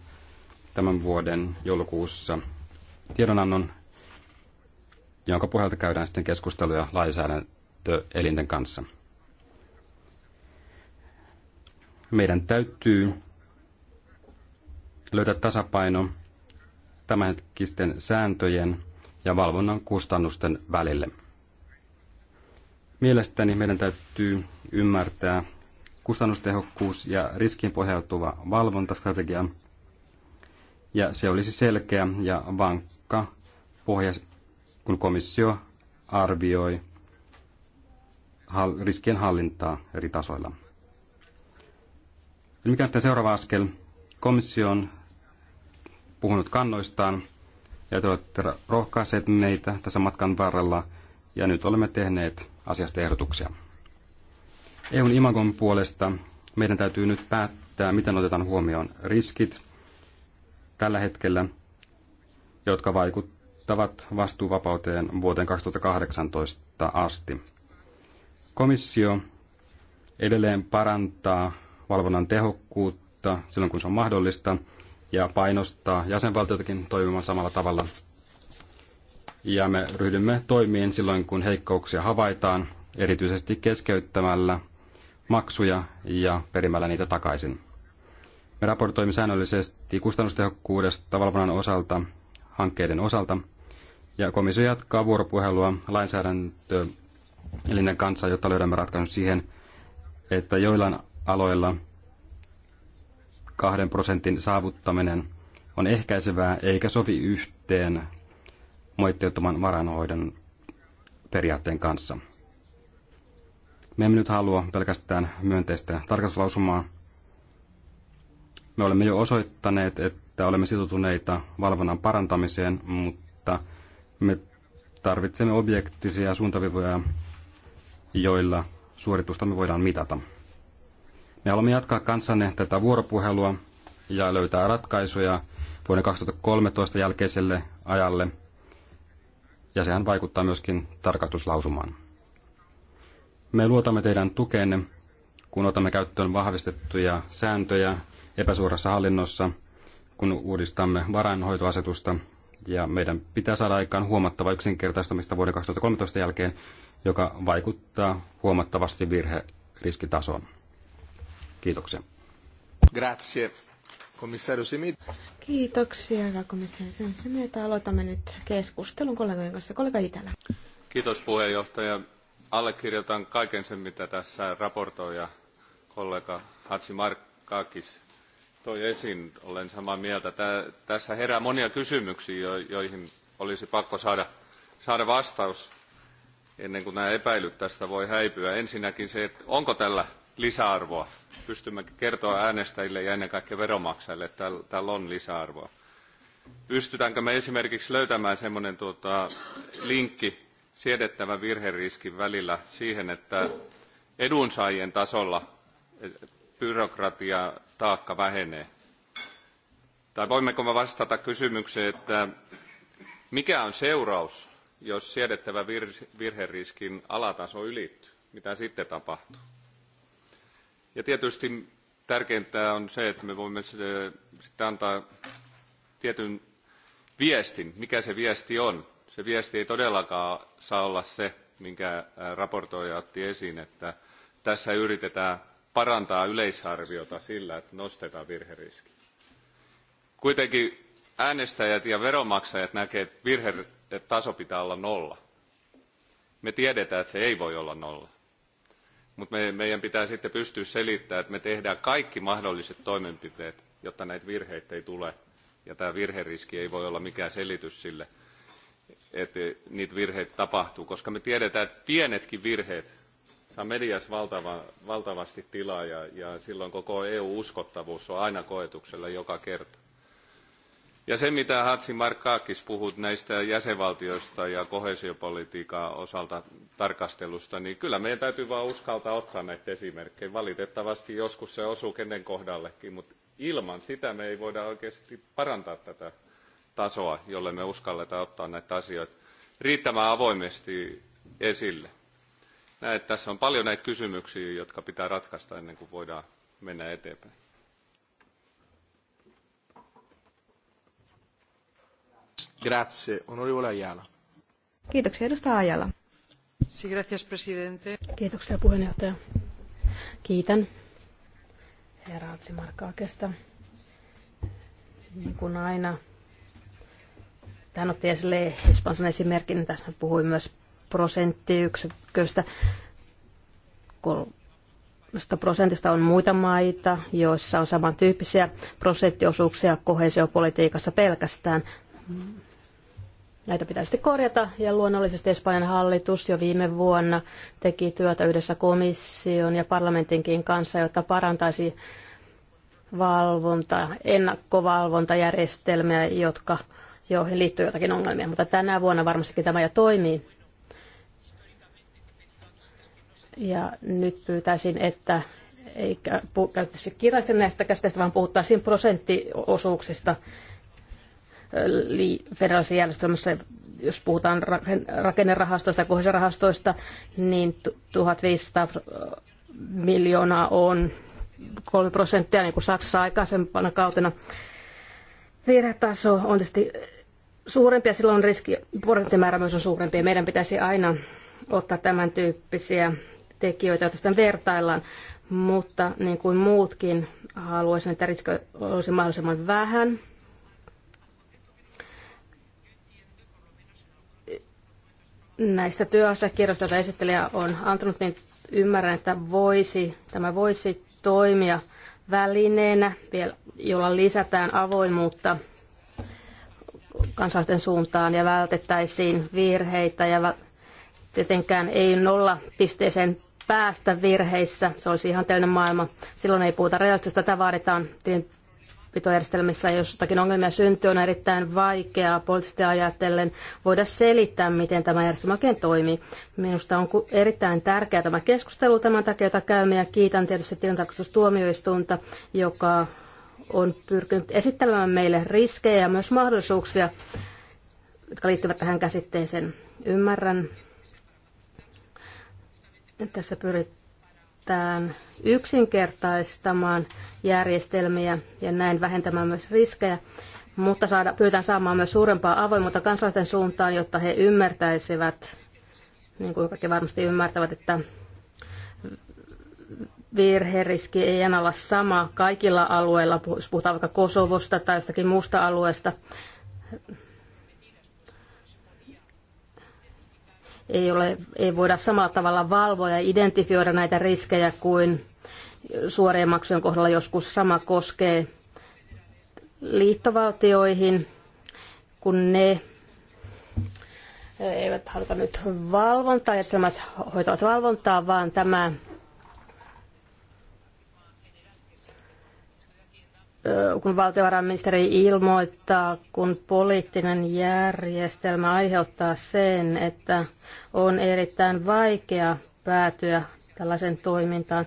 tämän vuoden joulukuussa tiedonannon jonka pohjalta käydään sitten keskusteluja lainsäädäntöelinten kanssa. Meidän täytyy löytää tasapaino tämänhetkisten sääntöjen ja valvonnan kustannusten välille. Mielestäni meidän täytyy ymmärtää kustannustehokkuus ja riskiin pohjautuva valvontastrategia, ja se olisi selkeä ja vankka pohja kun komissio arvioi riskien hallintaa eri tasoilla. Mikä on seuraava askel? Komissio on puhunut kannoistaan ja te olette rohkaiseet meitä tässä matkan varrella ja nyt olemme tehneet asiasta ehdotuksia. EUn imagon puolesta meidän täytyy nyt päättää, miten otetaan huomioon riskit tällä hetkellä, jotka vaikuttavat vaikuttavat vastuuvapauteen vuoteen 2018 asti. Komissio edelleen parantaa valvonnan tehokkuutta silloin, kun se on mahdollista, ja painostaa jäsenvaltioitakin toimimaan samalla tavalla. Ja me ryhdymme toimiin silloin, kun heikkouksia havaitaan, erityisesti keskeyttämällä maksuja ja perimällä niitä takaisin. Me raportoimme säännöllisesti kustannustehokkuudesta valvonnan osalta, hankkeiden osalta – ja komissio jatkaa vuoropuhelua lainsäädäntöelinten kanssa, jotta löydämme ratkaisun siihen, että joillain aloilla kahden prosentin saavuttaminen on ehkäisevää eikä sovi yhteen moitteettoman varanhoidon periaatteen kanssa. Me emme nyt halua pelkästään myönteistä tarkastuslausumaa. Me olemme jo osoittaneet, että olemme sitoutuneita valvonnan parantamiseen, mutta me tarvitsemme objektisia suuntavivoja, joilla me voidaan mitata. Me haluamme jatkaa kanssanne tätä vuoropuhelua ja löytää ratkaisuja vuoden 2013 jälkeiselle ajalle, ja sehän vaikuttaa myöskin tarkastuslausumaan. Me luotamme teidän tukeenne, kun otamme käyttöön vahvistettuja sääntöjä epäsuorassa hallinnossa, kun uudistamme varainhoitoasetusta ja meidän pitää saada aikaan huomattava yksinkertaistamista vuoden 2013 jälkeen, joka vaikuttaa huomattavasti virheriskitasoon. Kiitoksia. Grazie. Komissario Simit. Kiitoksia, hyvä komissario Simit. Aloitamme nyt keskustelun kollegojen kanssa. Kollega Itälä. Kiitos puheenjohtaja. Allekirjoitan kaiken sen, mitä tässä raportoija kollega Hatsi Markkakis toi esiin, olen samaa mieltä. Tää, tässä herää monia kysymyksiä, joihin olisi pakko saada, saada vastaus ennen kuin nämä epäilyt tästä voi häipyä. Ensinnäkin se, että onko tällä lisäarvoa. Pystymme kertoa äänestäjille ja ennen kaikkea veromaksajille, että tällä on lisäarvoa. Pystytäänkö me esimerkiksi löytämään semmoinen tuota, linkki siedettävän virheriskin välillä siihen, että edunsaajien tasolla byrokratia taakka vähenee? Tai voimmeko me vastata kysymykseen, että mikä on seuraus, jos siedettävä virheriskin alataso ylittyy? Mitä sitten tapahtuu? Ja tietysti tärkeintä on se, että me voimme sitten antaa tietyn viestin, mikä se viesti on. Se viesti ei todellakaan saa olla se, minkä raportoija otti esiin, että tässä yritetään parantaa yleisarviota sillä, että nostetaan virheriski. Kuitenkin äänestäjät ja veronmaksajat näkevät, että virhetaso pitää olla nolla. Me tiedetään, että se ei voi olla nolla. Mutta me, meidän pitää sitten pystyä selittämään, että me tehdään kaikki mahdolliset toimenpiteet, jotta näitä virheitä ei tule. Ja tämä virheriski ei voi olla mikään selitys sille, että niitä virheitä tapahtuu, koska me tiedetään, että pienetkin virheet saa mediassa valtava, valtavasti tilaa ja, ja silloin koko EU-uskottavuus on aina koetuksella joka kerta. Ja se, mitä Hatsi Markkaakis puhut näistä jäsenvaltioista ja kohesiopolitiikan osalta tarkastelusta, niin kyllä meidän täytyy vain uskaltaa ottaa näitä esimerkkejä. Valitettavasti joskus se osuu kenen kohdallekin, mutta ilman sitä me ei voida oikeasti parantaa tätä tasoa, jolle me uskalletaan ottaa näitä asioita riittävän avoimesti esille. Näet, tässä on paljon näitä kysymyksiä, jotka pitää ratkaista ennen kuin voidaan mennä eteenpäin. Grazie, onorevole Ajala. Kiitoksia, edustaja Ajala. Si, gracias, presidente. Kiitoksia, puheenjohtaja. Kiitän herra Altsimarkkaakesta. Niin kuin aina, hän otti esille Espanjan esimerkin, tässä puhui myös prosenttiyksiköstä. kolmesta prosentista on muita maita, joissa on samantyyppisiä prosenttiosuuksia kohesiopolitiikassa pelkästään. Näitä pitäisi korjata ja luonnollisesti Espanjan hallitus jo viime vuonna teki työtä yhdessä komission ja parlamentinkin kanssa, jotta parantaisi valvonta, ennakkovalvontajärjestelmiä, jotka, joihin liittyy jotakin ongelmia. Mutta tänä vuonna varmastikin tämä jo toimii. Ja nyt pyytäisin, että ei käyttäisi kirjallisesti näistä käsitteistä, vaan puhuttaisiin prosenttiosuuksista äh, federaalisessa järjestelmässä, jos puhutaan rakennerahastoista ja kohdisrahastoista, niin 1500 miljoonaa on 3 prosenttia, niin kuin Saksassa aikaisempana kautena. Virhetaso on tietysti suurempi ja silloin riski, prosenttimäärä myös on suurempi. Meidän pitäisi aina ottaa tämän tyyppisiä tekijöitä, joita sitten vertaillaan. Mutta niin kuin muutkin, haluaisin, että riski olisi mahdollisimman vähän. Näistä työasiakirjoista, joita esittelijä on antanut, niin ymmärrän, että voisi, tämä voisi toimia välineenä, jolla lisätään avoimuutta kansalaisten suuntaan ja vältettäisiin virheitä ja tietenkään ei nolla pisteeseen päästä virheissä. Se olisi ihan täynnä maailma. Silloin ei puhuta realistista, tätä vaaditaan tilinpitojärjestelmissä. Jos jotakin ongelmia syntyy, on erittäin vaikeaa poliittisesti ajatellen voida selittää, miten tämä järjestelmä oikein toimii. Minusta on erittäin tärkeää tämä keskustelu tämän takia, jota käymme ja kiitän tietysti tilintarkastustuomioistuinta, joka on pyrkinyt esittelemään meille riskejä ja myös mahdollisuuksia, jotka liittyvät tähän käsitteeseen. Ymmärrän tässä pyritään yksinkertaistamaan järjestelmiä ja näin vähentämään myös riskejä, mutta saada, pyritään saamaan myös suurempaa avoimuutta kansalaisten suuntaan, jotta he ymmärtäisivät, niin kuin kaikki varmasti ymmärtävät, että virheriski ei enää ole sama kaikilla alueilla, jos puhutaan vaikka Kosovosta tai jostakin muusta alueesta. ei, ole, ei voida samalla tavalla valvoa ja identifioida näitä riskejä kuin suorien maksujen kohdalla joskus sama koskee liittovaltioihin, kun ne eivät haluta nyt valvontaa, järjestelmät hoitavat valvontaa, vaan tämä kun valtiovarainministeri ilmoittaa, kun poliittinen järjestelmä aiheuttaa sen, että on erittäin vaikea päätyä tällaisen toimintaan.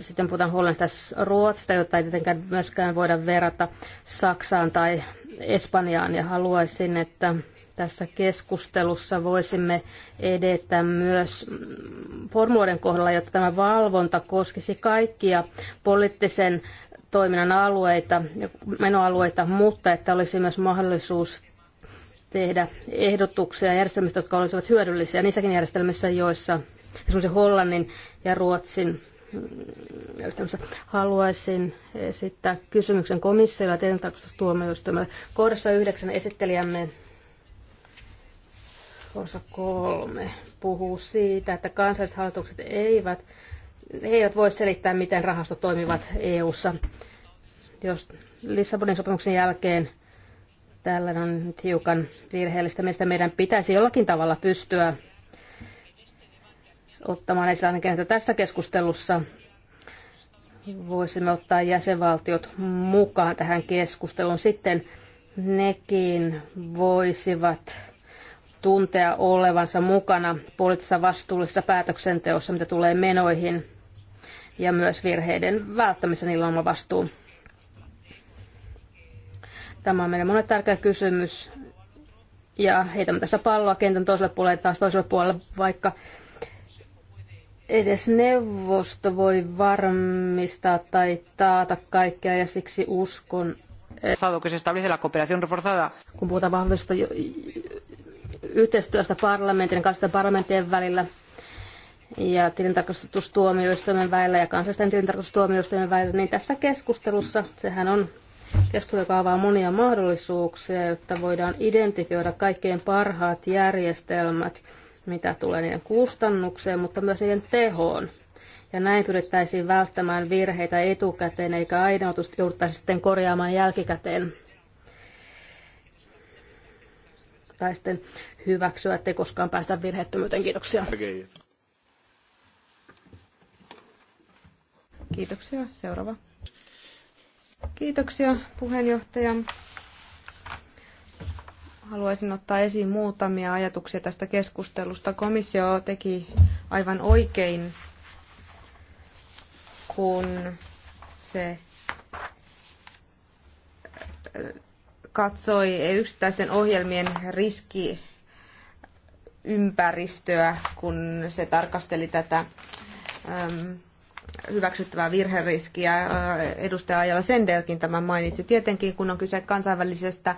Sitten puhutaan Hollannista Ruotsista, jota ei tietenkään myöskään voida verrata Saksaan tai Espanjaan. Ja haluaisin, että tässä keskustelussa voisimme edetä myös formuloiden kohdalla, jotta tämä valvonta koskisi kaikkia poliittisen toiminnan alueita, menoalueita, mutta että olisi myös mahdollisuus tehdä ehdotuksia järjestelmistä, jotka olisivat hyödyllisiä niissäkin järjestelmissä, joissa esimerkiksi Hollannin ja Ruotsin mm, järjestelmässä haluaisin esittää kysymyksen komissiolle ja teidän Kohdassa yhdeksän esittelijämme osa kolme puhuu siitä, että kansalliset hallitukset eivät he eivät voi selittää, miten rahastot toimivat EU-ssa. Jos Lissabonin sopimuksen jälkeen tällainen on nyt hiukan virheellistä, mistä meidän pitäisi jollakin tavalla pystyä ottamaan esille ainakin, että tässä keskustelussa voisimme ottaa jäsenvaltiot mukaan tähän keskusteluun. Sitten nekin voisivat tuntea olevansa mukana poliittisessa vastuullisessa päätöksenteossa, mitä tulee menoihin ja myös virheiden välttämisen ilman vastuu. Tämä on meidän monet tärkeä kysymys ja heitämme tässä palloa kentän toiselle puolelle taas toiselle puolelle, vaikka edes neuvosto voi varmistaa tai taata kaikkea ja siksi uskon, että Kun puhutaan vahvista yhteistyöstä parlamentin ja kanssa parlamenttien välillä, ja tilintarkastustuomioistuimen väillä ja kansallisten tilintarkastustuomioistuimen väillä, niin tässä keskustelussa, sehän on keskustelu, joka avaa monia mahdollisuuksia, jotta voidaan identifioida kaikkein parhaat järjestelmät, mitä tulee niiden kustannukseen, mutta myös niiden tehoon. Ja näin pyrittäisiin välttämään virheitä etukäteen, eikä aina jouduttaisi sitten korjaamaan jälkikäteen tai sitten hyväksyä, ettei koskaan päästä virheettömyyteen. Kiitoksia. Okay. Kiitoksia. Seuraava. Kiitoksia puheenjohtaja. Haluaisin ottaa esiin muutamia ajatuksia tästä keskustelusta. Komissio teki aivan oikein, kun se katsoi yksittäisten ohjelmien riski ympäristöä, kun se tarkasteli tätä hyväksyttävää virheriskiä. Äh, edustaja Ajala Sendelkin tämän mainitsi. Tietenkin, kun on kyse kansainvälisestä äh,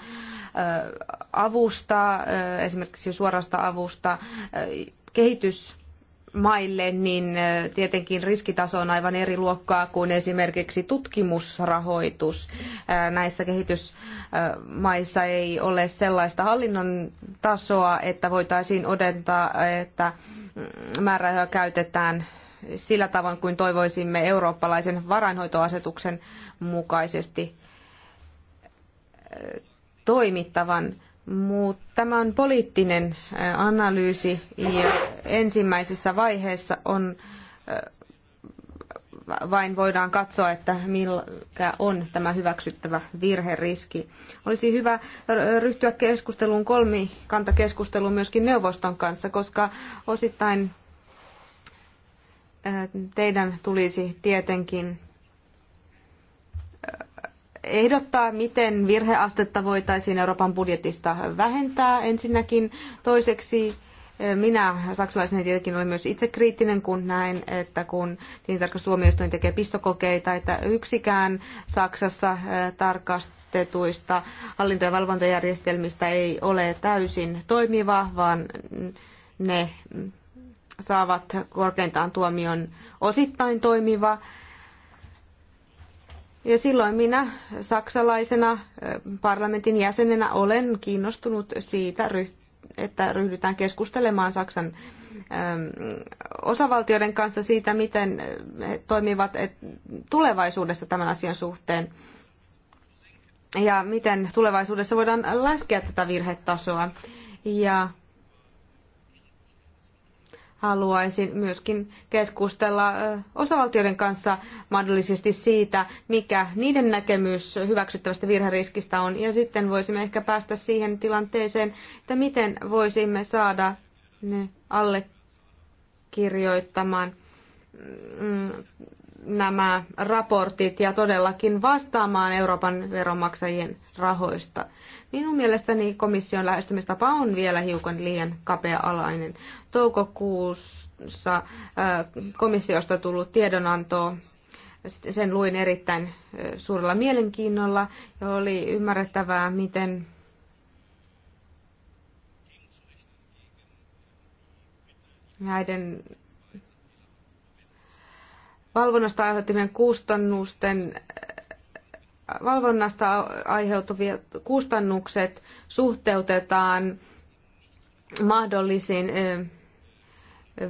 avusta, äh, esimerkiksi suorasta avusta kehitysmaille, niin tietenkin riskitaso on aivan eri luokkaa kuin esimerkiksi tutkimusrahoitus. Näissä kehitysmaissa ei ole sellaista hallinnon tasoa, että voitaisiin odentaa, että mm, määrärahoja käytetään sillä tavoin kuin toivoisimme eurooppalaisen varainhoitoasetuksen mukaisesti toimittavan. Mutta tämä on poliittinen analyysi ja ensimmäisessä vaiheessa on vain voidaan katsoa, että mikä on tämä hyväksyttävä virheriski. Olisi hyvä ryhtyä keskusteluun, kolmikantakeskusteluun myöskin neuvoston kanssa, koska osittain teidän tulisi tietenkin äh, ehdottaa, miten virheastetta voitaisiin Euroopan budjetista vähentää ensinnäkin. Toiseksi äh, minä saksalaisena tietenkin olen myös itse kriittinen, kun näen, että kun tilintarkastustuomioistuin tekee pistokokeita, että yksikään Saksassa äh, tarkastetuista hallinto- ja valvontajärjestelmistä ei ole täysin toimiva, vaan ne saavat korkeintaan tuomion osittain toimiva. Ja silloin minä saksalaisena parlamentin jäsenenä olen kiinnostunut siitä, että ryhdytään keskustelemaan Saksan osavaltioiden kanssa siitä, miten he toimivat tulevaisuudessa tämän asian suhteen ja miten tulevaisuudessa voidaan laskea tätä virhetasoa. Ja haluaisin myöskin keskustella osavaltioiden kanssa mahdollisesti siitä, mikä niiden näkemys hyväksyttävästä virheriskistä on. Ja sitten voisimme ehkä päästä siihen tilanteeseen, että miten voisimme saada ne allekirjoittamaan mm, nämä raportit ja todellakin vastaamaan Euroopan veronmaksajien rahoista. Minun mielestäni komission lähestymistapa on vielä hiukan liian kapea-alainen. Toukokuussa äh, komissiosta tullut tiedonanto sen luin erittäin äh, suurella mielenkiinnolla ja oli ymmärrettävää, miten näiden valvonnasta aiheuttamien kustannusten äh, valvonnasta aiheutuvia kustannukset suhteutetaan mahdollisiin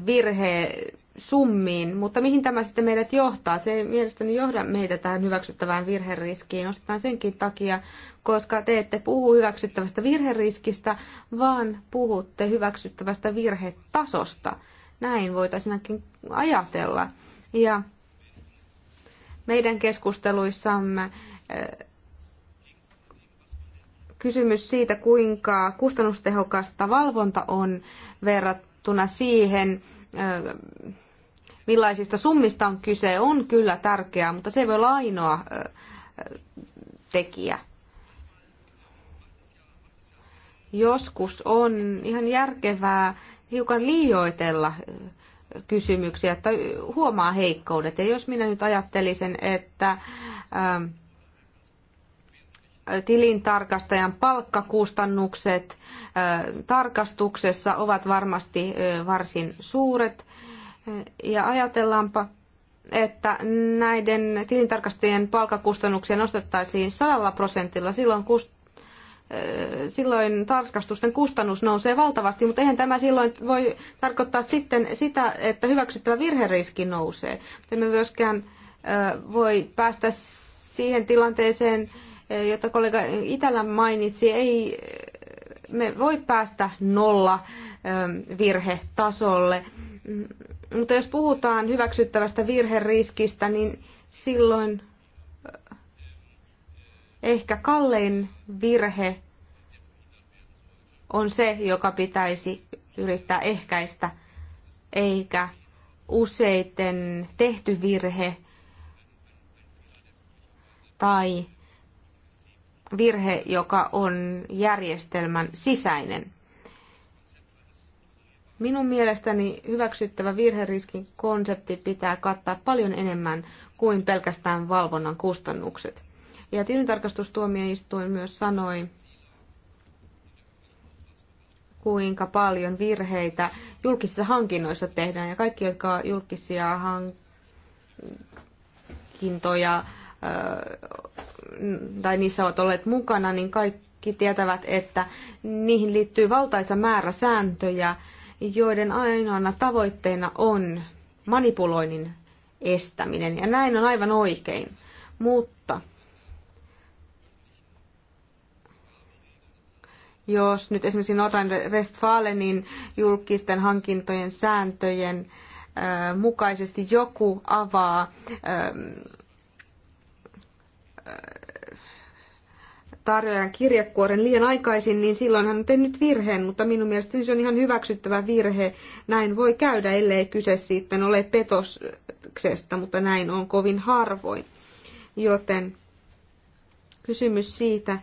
virhesummiin, mutta mihin tämä sitten meidät johtaa? Se ei mielestäni johda meitä tähän hyväksyttävään virheriskiin osittain senkin takia, koska te ette puhu hyväksyttävästä virheriskistä, vaan puhutte hyväksyttävästä virhetasosta. Näin voitaisiin ajatella. Ja meidän keskusteluissamme kysymys siitä, kuinka kustannustehokasta valvonta on verrattuna siihen, millaisista summista on kyse, on kyllä tärkeää, mutta se ei voi olla ainoa tekijä. Joskus on ihan järkevää hiukan liioitella kysymyksiä, että huomaa heikkoudet. Ja jos minä nyt ajattelisin, että tilintarkastajan palkkakustannukset tarkastuksessa ovat varmasti varsin suuret. Ja ajatellaanpa, että näiden tilintarkastajien palkkakustannuksia nostettaisiin 100 prosentilla, silloin, kust- silloin tarkastusten kustannus nousee valtavasti, mutta eihän tämä silloin voi tarkoittaa sitten sitä, että hyväksyttävä virheriski nousee. Emme myöskään voi päästä siihen tilanteeseen, jota kollega Itälä mainitsi, ei me voi päästä nolla virhetasolle. Mm, mutta jos puhutaan hyväksyttävästä virheriskistä, niin silloin ehkä kallein virhe on se, joka pitäisi yrittää ehkäistä, eikä useiten tehty virhe tai virhe, joka on järjestelmän sisäinen. Minun mielestäni hyväksyttävä virheriskin konsepti pitää kattaa paljon enemmän kuin pelkästään valvonnan kustannukset. Ja tilintarkastustuomioistuin myös sanoi, kuinka paljon virheitä julkisissa hankinnoissa tehdään. Ja kaikki, jotka julkisia hankintoja tai niissä ovat olleet mukana, niin kaikki tietävät, että niihin liittyy valtaisa määrä sääntöjä, joiden ainoana tavoitteena on manipuloinnin estäminen. Ja näin on aivan oikein. Mutta jos nyt esimerkiksi Nordrhein-Westfalenin julkisten hankintojen sääntöjen mukaisesti joku avaa tarjoajan kirjekuoren liian aikaisin, niin silloin hän on tehnyt virheen, mutta minun mielestäni se on ihan hyväksyttävä virhe. Näin voi käydä, ellei kyse sitten ole petoksesta, mutta näin on kovin harvoin. Joten kysymys siitä,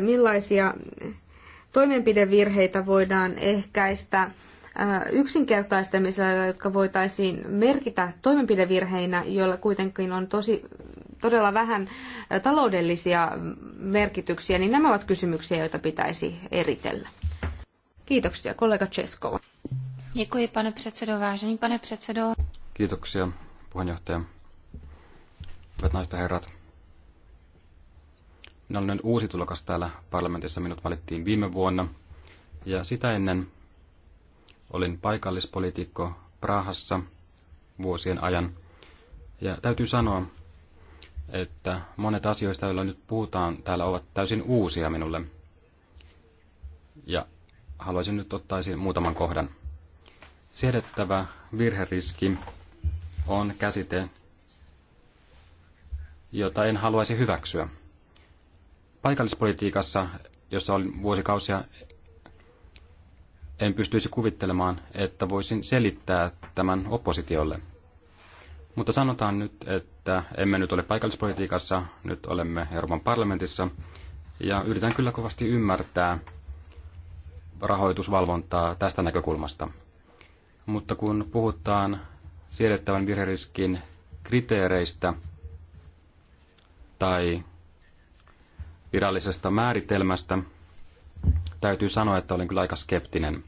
millaisia toimenpidevirheitä voidaan ehkäistä yksinkertaistamisella, jotka voitaisiin merkitä toimenpidevirheinä, joilla kuitenkin on tosi todella vähän taloudellisia merkityksiä, niin nämä ovat kysymyksiä, joita pitäisi eritellä. Kiitoksia, kollega Českova. Děkuji, pane předsedo, vážený pane předsedo. Kiitoksia, puheenjohtaja. Hyvät naiset herrat. Minä olen uusi tulokas täällä parlamentissa. Minut valittiin viime vuonna. Ja sitä ennen olin paikallispolitiikko Prahassa vuosien ajan. Ja täytyy sanoa, että monet asioista, joilla nyt puhutaan täällä, ovat täysin uusia minulle. Ja haluaisin nyt ottaa esiin muutaman kohdan. Siedettävä virheriski on käsite, jota en haluaisi hyväksyä. Paikallispolitiikassa, jossa olin vuosikausia, en pystyisi kuvittelemaan, että voisin selittää tämän oppositiolle – mutta sanotaan nyt, että emme nyt ole paikallispolitiikassa, nyt olemme Euroopan parlamentissa. Ja yritän kyllä kovasti ymmärtää rahoitusvalvontaa tästä näkökulmasta. Mutta kun puhutaan siedettävän virheriskin kriteereistä tai virallisesta määritelmästä, täytyy sanoa, että olen kyllä aika skeptinen.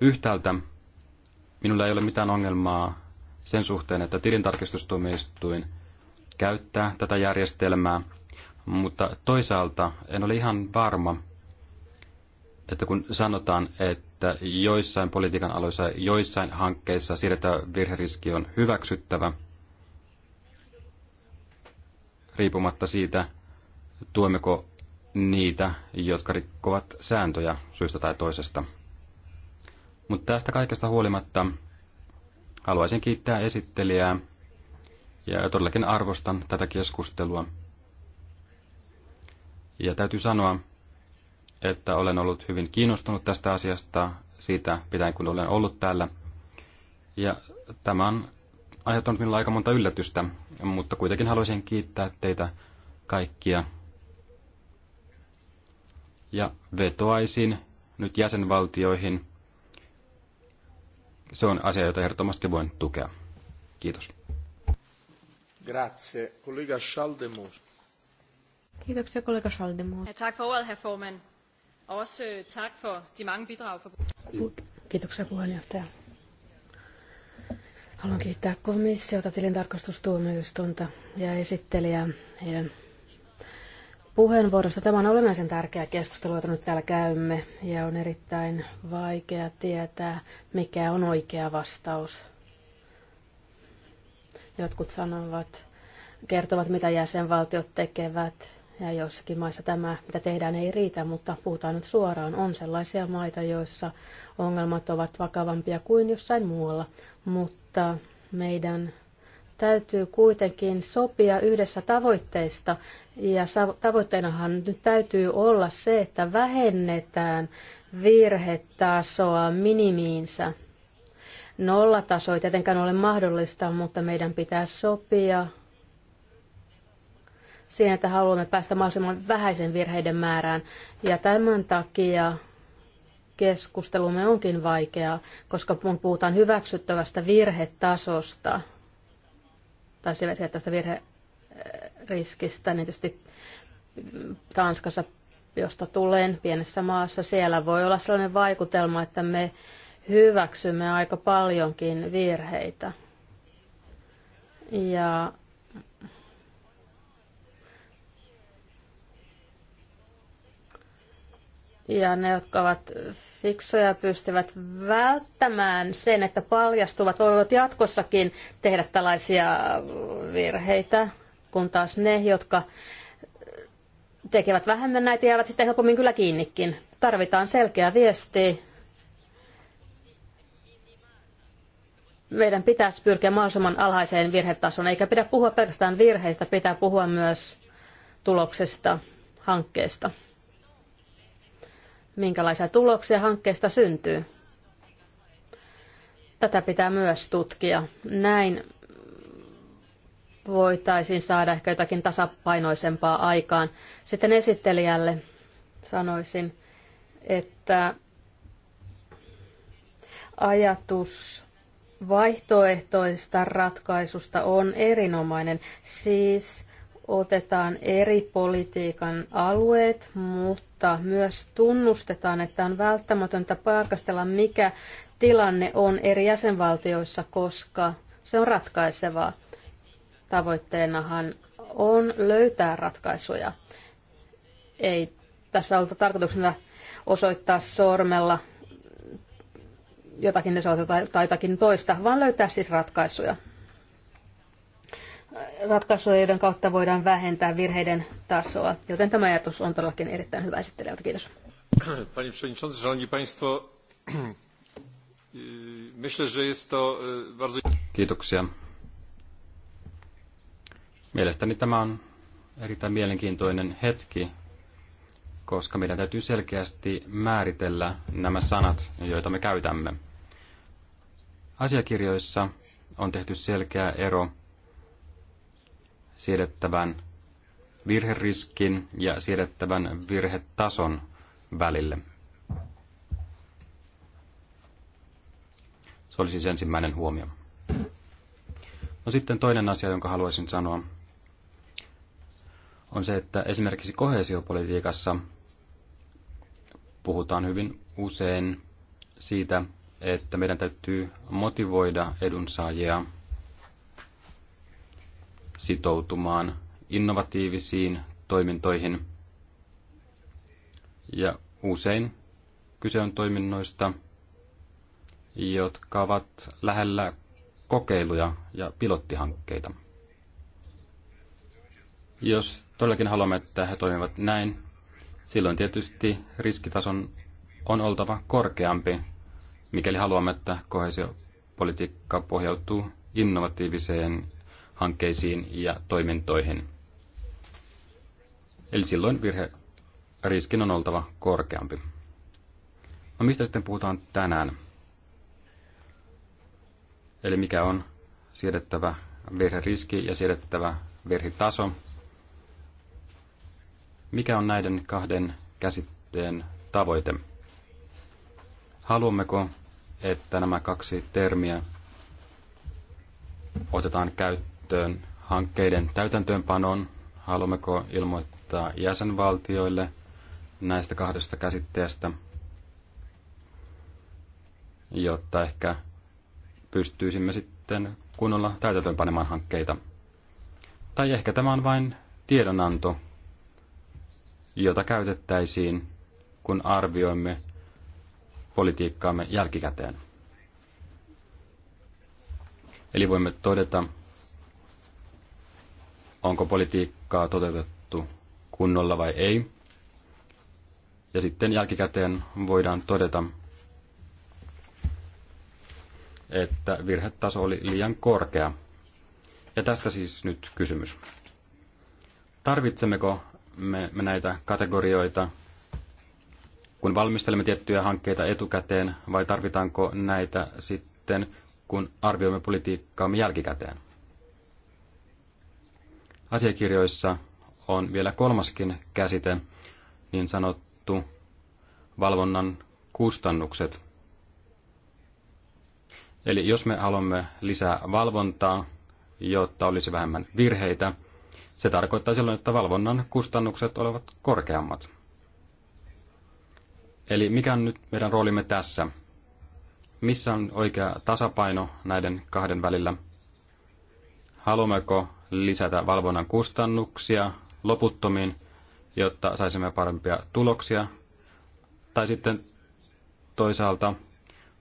Yhtäältä minulla ei ole mitään ongelmaa sen suhteen, että tilintarkistustuomioistuin käyttää tätä järjestelmää, mutta toisaalta en ole ihan varma, että kun sanotaan, että joissain politiikan aloissa, joissain hankkeissa siirretä virheriski on hyväksyttävä, riippumatta siitä, tuemmeko niitä, jotka rikkovat sääntöjä syystä tai toisesta. Mutta tästä kaikesta huolimatta Haluaisin kiittää esittelijää ja todellakin arvostan tätä keskustelua. Ja täytyy sanoa, että olen ollut hyvin kiinnostunut tästä asiasta siitä pitäen, kun olen ollut täällä. Ja tämä on aiheuttanut minulle aika monta yllätystä, mutta kuitenkin haluaisin kiittää teitä kaikkia. Ja vetoaisin nyt jäsenvaltioihin – se on asia, jota ehdottomasti voin tukea. Kiitos. Grazie. Kollega Schaldemus. Kiitoksia kollega Schaldemus. Tack för ordet, herr Forman. Också øh, tack för de många bidrag. Kiitoksia puheenjohtaja. Haluan kiittää komissiota, tilintarkastustuomioistuinta ja esittelijää heidän puheenvuorossa. Tämä on olennaisen tärkeä keskustelu, jota nyt täällä käymme, ja on erittäin vaikea tietää, mikä on oikea vastaus. Jotkut sanovat, kertovat, mitä jäsenvaltiot tekevät, ja jossakin maissa tämä, mitä tehdään, ei riitä, mutta puhutaan nyt suoraan. On sellaisia maita, joissa ongelmat ovat vakavampia kuin jossain muualla, mutta meidän täytyy kuitenkin sopia yhdessä tavoitteista. Ja tavoitteenahan nyt täytyy olla se, että vähennetään virhetasoa minimiinsä. Nollataso ei tietenkään ole mahdollista, mutta meidän pitää sopia siihen, että haluamme päästä mahdollisimman vähäisen virheiden määrään. Ja tämän takia keskustelumme onkin vaikeaa, koska kun puhutaan hyväksyttävästä virhetasosta, pääsivät tästä virheriskistä, niin tietysti Tanskassa, josta tulen pienessä maassa, siellä voi olla sellainen vaikutelma, että me hyväksymme aika paljonkin virheitä. Ja Ja ne, jotka ovat fiksuja, pystyvät välttämään sen, että paljastuvat, voivat jatkossakin tehdä tällaisia virheitä, kun taas ne, jotka tekevät vähemmän näitä, jäävät sitten helpommin kyllä kiinnikin. Tarvitaan selkeä viesti. Meidän pitäisi pyrkiä mahdollisimman alhaiseen virhetasoon, eikä pidä puhua pelkästään virheistä, pitää puhua myös tuloksesta, hankkeesta minkälaisia tuloksia hankkeesta syntyy. Tätä pitää myös tutkia. Näin voitaisiin saada ehkä jotakin tasapainoisempaa aikaan. Sitten esittelijälle sanoisin, että ajatus vaihtoehtoista ratkaisusta on erinomainen. Siis otetaan eri politiikan alueet, mutta mutta myös tunnustetaan, että on välttämätöntä tarkastella, mikä tilanne on eri jäsenvaltioissa, koska se on ratkaisevaa. Tavoitteenahan on löytää ratkaisuja. Ei tässä ollut tarkoituksena osoittaa sormella jotakin tai, tai jotakin toista, vaan löytää siis ratkaisuja ratkaisuja, joiden kautta voidaan vähentää virheiden tasoa. Joten tämä ajatus on todellakin erittäin hyvä esittelijältä. Kiitos. Panie Przewodniczący, Szanowni Państwo, myślę, że jest to e, bardzo... Kiitoksia. Mielestäni tämä on erittäin mielenkiintoinen hetki, koska meidän täytyy selkeästi määritellä nämä sanat, joita me käytämme. Asiakirjoissa on tehty selkeä ero siedettävän virheriskin ja siedettävän virhetason välille. Se oli siis ensimmäinen huomio. No sitten toinen asia, jonka haluaisin sanoa, on se, että esimerkiksi kohesiopolitiikassa puhutaan hyvin usein siitä, että meidän täytyy motivoida edunsaajia – sitoutumaan innovatiivisiin toimintoihin. Ja usein kyse on toiminnoista, jotka ovat lähellä kokeiluja ja pilottihankkeita. Jos todellakin haluamme, että he toimivat näin, silloin tietysti riskitason on oltava korkeampi, mikäli haluamme, että kohesiopolitiikka pohjautuu innovatiiviseen hankkeisiin ja toimintoihin. Eli silloin virheriskin on oltava korkeampi. No mistä sitten puhutaan tänään? Eli mikä on siedettävä virheriski ja siedettävä virhitaso? Mikä on näiden kahden käsitteen tavoite? Haluammeko, että nämä kaksi termiä otetaan käyttöön? käyttöön hankkeiden täytäntöönpanon Haluammeko ilmoittaa jäsenvaltioille näistä kahdesta käsitteestä, jotta ehkä pystyisimme sitten kunnolla täytäntöönpanemaan hankkeita? Tai ehkä tämä on vain tiedonanto, jota käytettäisiin, kun arvioimme politiikkaamme jälkikäteen. Eli voimme todeta, onko politiikkaa toteutettu kunnolla vai ei. Ja sitten jälkikäteen voidaan todeta, että virhetaso oli liian korkea. Ja tästä siis nyt kysymys. Tarvitsemmeko me, näitä kategorioita, kun valmistelemme tiettyjä hankkeita etukäteen, vai tarvitaanko näitä sitten, kun arvioimme politiikkaamme jälkikäteen? asiakirjoissa on vielä kolmaskin käsite, niin sanottu valvonnan kustannukset. Eli jos me haluamme lisää valvontaa, jotta olisi vähemmän virheitä, se tarkoittaa silloin, että valvonnan kustannukset olivat korkeammat. Eli mikä on nyt meidän roolimme tässä? Missä on oikea tasapaino näiden kahden välillä? Haluammeko lisätä valvonnan kustannuksia loputtomiin, jotta saisimme parempia tuloksia. Tai sitten toisaalta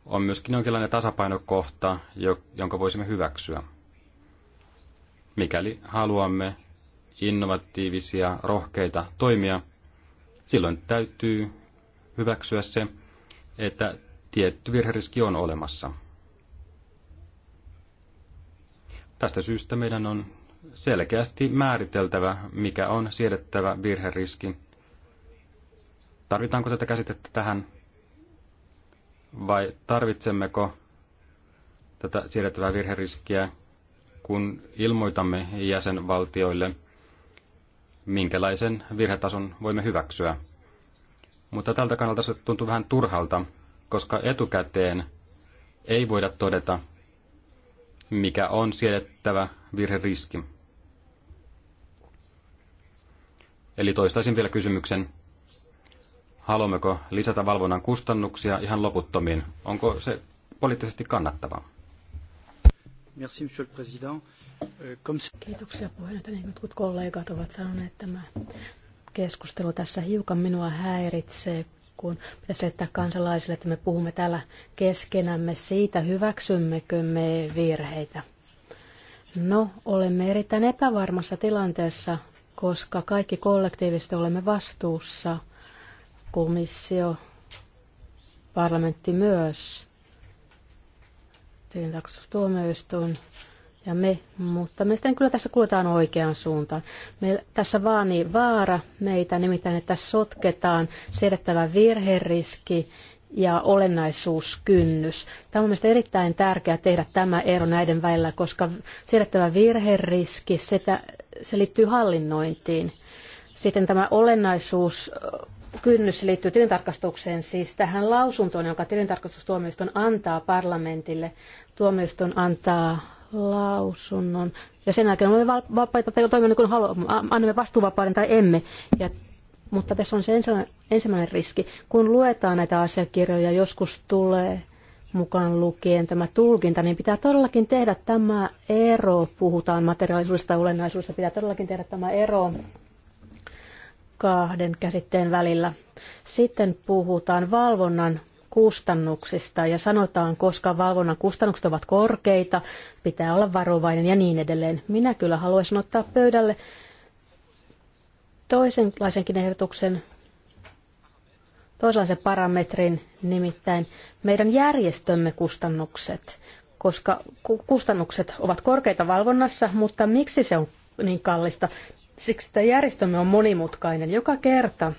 on myöskin jonkinlainen tasapainokohta, jonka voisimme hyväksyä, mikäli haluamme innovatiivisia, rohkeita toimia, silloin täytyy hyväksyä se, että tietty virheriski on olemassa. Tästä syystä meidän on selkeästi määriteltävä, mikä on siedettävä virheriski. Tarvitaanko tätä käsitettä tähän vai tarvitsemmeko tätä siedettävää virheriskiä, kun ilmoitamme jäsenvaltioille, minkälaisen virhetason voimme hyväksyä. Mutta tältä kannalta se tuntuu vähän turhalta, koska etukäteen ei voida todeta, mikä on siedettävä virheriski. Eli toistaisin vielä kysymyksen. Haluammeko lisätä valvonnan kustannuksia ihan loputtomiin? Onko se poliittisesti kannattavaa? Merci, monsieur le président. Euh, Kiitoksia puheenjohtaja. Niin jotkut kollegat ovat sanoneet, että tämä keskustelu tässä hiukan minua häiritsee, kun pitäisi selittää kansalaisille, että me puhumme täällä keskenämme siitä, hyväksymmekö me virheitä. No, olemme erittäin epävarmassa tilanteessa koska kaikki kollektiivisesti olemme vastuussa, komissio, parlamentti myös, tilintarkastustuomioistuin ja me, mutta sitten kyllä tässä kuljetaan oikeaan suuntaan. Me, tässä niin vaara meitä, nimittäin että sotketaan siedettävä virheriski ja olennaisuuskynnys. Tämä on mielestäni erittäin tärkeää tehdä tämä ero näiden välillä, koska siedettävä virheriski, sitä, se liittyy hallinnointiin. Sitten tämä olennaisuus kynnys liittyy tilintarkastukseen, siis tähän lausuntoon, jonka tilintarkastustuomioistuin antaa parlamentille. Tuomioistuin antaa lausunnon. Ja sen jälkeen olemme vapaita tai niin kun haluamme, annamme vastuuvapauden tai emme. Ja, mutta tässä on se ensimmäinen, ensimmäinen riski. Kun luetaan näitä asiakirjoja, joskus tulee mukaan lukien tämä tulkinta, niin pitää todellakin tehdä tämä ero, puhutaan materiaalisuudesta ja olennaisuudesta, pitää todellakin tehdä tämä ero kahden käsitteen välillä. Sitten puhutaan valvonnan kustannuksista ja sanotaan, koska valvonnan kustannukset ovat korkeita, pitää olla varovainen ja niin edelleen. Minä kyllä haluaisin ottaa pöydälle toisenlaisenkin ehdotuksen, toisenlaisen parametrin, nimittäin meidän järjestömme kustannukset, koska kustannukset ovat korkeita valvonnassa, mutta miksi se on niin kallista? Siksi tämä järjestömme on monimutkainen. Joka kerta,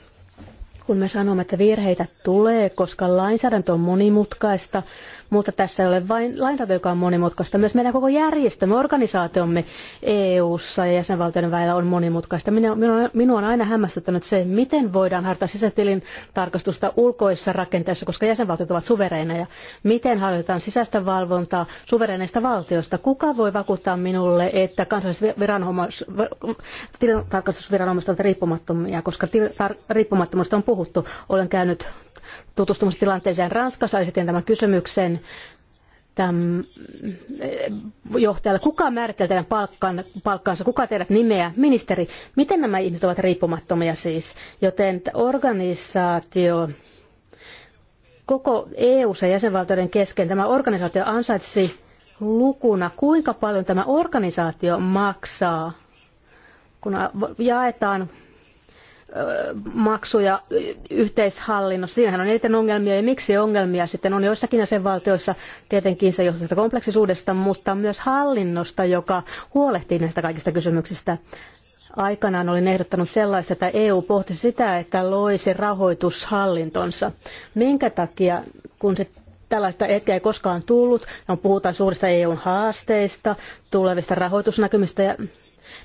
kun me sanomme, että virheitä tulee, koska lainsäädäntö on monimutkaista, mutta tässä ei ole vain lainsäädäntö, joka on monimutkaista, myös meidän koko järjestelmä, organisaatiomme EU-ssa ja jäsenvaltioiden välillä on monimutkaista. Minua, minua, minua on aina hämmästyttänyt se, miten voidaan harjoittaa sisätilin tarkastusta ulkoisessa rakenteissa, koska jäsenvaltiot ovat suvereineja. Miten harjoitetaan sisäistä valvontaa suvereineista valtioista? Kuka voi vakuuttaa minulle, että kansalliset viranomais, tilintarkastusviranomaiset ovat riippumattomia, koska tar, riippumattomuudesta on puhuttu? puhuttu. Olen käynyt tutustumassa tilanteeseen Ranskassa, esitin tämän kysymyksen tämän eh, johtajalle. Kuka määrittelee teidän palkkan, palkkansa? Kuka teidät nimeä? Ministeri. Miten nämä ihmiset ovat riippumattomia siis? Joten organisaatio, koko eu ja jäsenvaltioiden kesken tämä organisaatio ansaitsi lukuna, kuinka paljon tämä organisaatio maksaa, kun jaetaan maksuja yhteishallinnossa. Siinähän on eniten ongelmia ja miksi ongelmia sitten on joissakin jäsenvaltioissa. Tietenkin se johtuu kompleksisuudesta, mutta myös hallinnosta, joka huolehtii näistä kaikista kysymyksistä. Aikanaan olin ehdottanut sellaista, että EU pohti sitä, että loisi rahoitushallintonsa. Minkä takia, kun se tällaista hetkeä ei koskaan tullut, on no puhutaan suurista EUn haasteista, tulevista rahoitusnäkymistä ja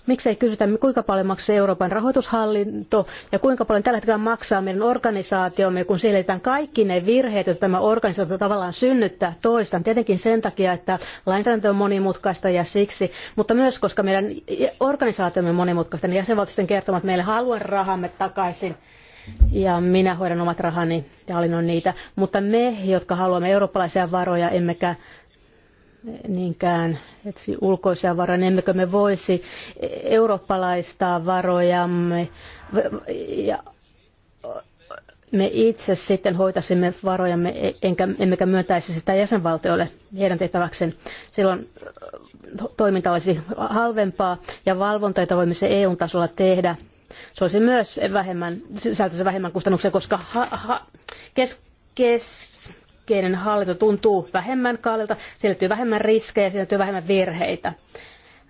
Miksei kysytä, kuinka paljon maksaa Euroopan rahoitushallinto ja kuinka paljon tällä hetkellä maksaa meidän organisaatiomme, kun selitetään kaikki ne virheet, joita tämä organisaatio tavallaan synnyttää toistan. Tietenkin sen takia, että lainsäädäntö on monimutkaista ja siksi, mutta myös koska meidän organisaatiomme on monimutkaista, niin jäsenvaltioiden kertomat meille haluan rahamme takaisin ja minä hoidan omat rahani ja hallinnon niitä. Mutta me, jotka haluamme eurooppalaisia varoja, emmekä niinkään etsi ulkoisia varoja, niin emmekö me voisi eurooppalaistaa varojamme ja me itse sitten hoitaisimme varojamme, e- enkä, emmekä myöntäisi sitä jäsenvaltioille heidän tehtäväkseen. Silloin toiminta olisi halvempaa ja valvontoita voimme se EU-tasolla tehdä. Se olisi myös vähemmän, sisältäisi vähemmän kustannuksia, koska ha, ha, kes, kes, keinen hallinto tuntuu vähemmän kallilta, siellä löytyy vähemmän riskejä, siellä löytyy vähemmän virheitä.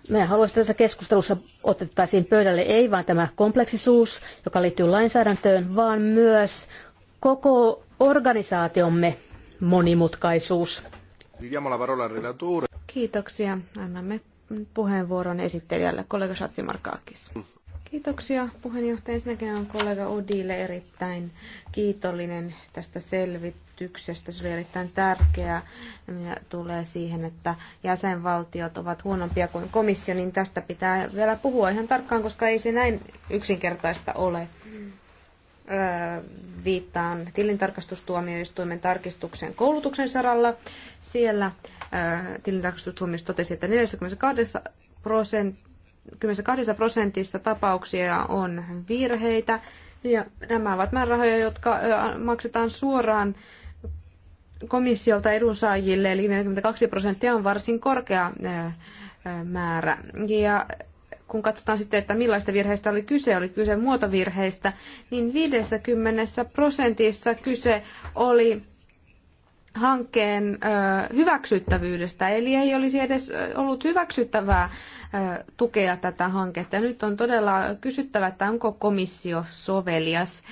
Mä haluaisin tässä keskustelussa otettaisiin pöydälle ei vain tämä kompleksisuus, joka liittyy lainsäädäntöön, vaan myös koko organisaatiomme monimutkaisuus. Kiitoksia. Annamme puheenvuoron esittelijälle, kollega Shatsimarkaakis. Kiitoksia puheenjohtaja. Ensinnäkin on kollega Odille erittäin kiitollinen tästä selvit- äänestyksestä. Se oli erittäin tärkeää. Ja tulee siihen, että jäsenvaltiot ovat huonompia kuin komissio, niin tästä pitää vielä puhua ihan tarkkaan, koska ei se näin yksinkertaista ole. Viittaan tilintarkastustuomioistuimen tarkistuksen koulutuksen saralla. Siellä tilintarkastustuomioistuin totesi, että 42 prosenttia 22 prosentissa tapauksia on virheitä. Ja nämä ovat määrärahoja, jotka maksetaan suoraan komissiolta edunsaajille, eli 42 prosenttia on varsin korkea määrä. Ja kun katsotaan sitten, että millaista virheistä oli kyse, oli kyse muotovirheistä, niin 50 prosentissa kyse oli hankkeen hyväksyttävyydestä, eli ei olisi edes ollut hyväksyttävää tukea tätä hanketta. Ja nyt on todella kysyttävä, että onko komissio sovelias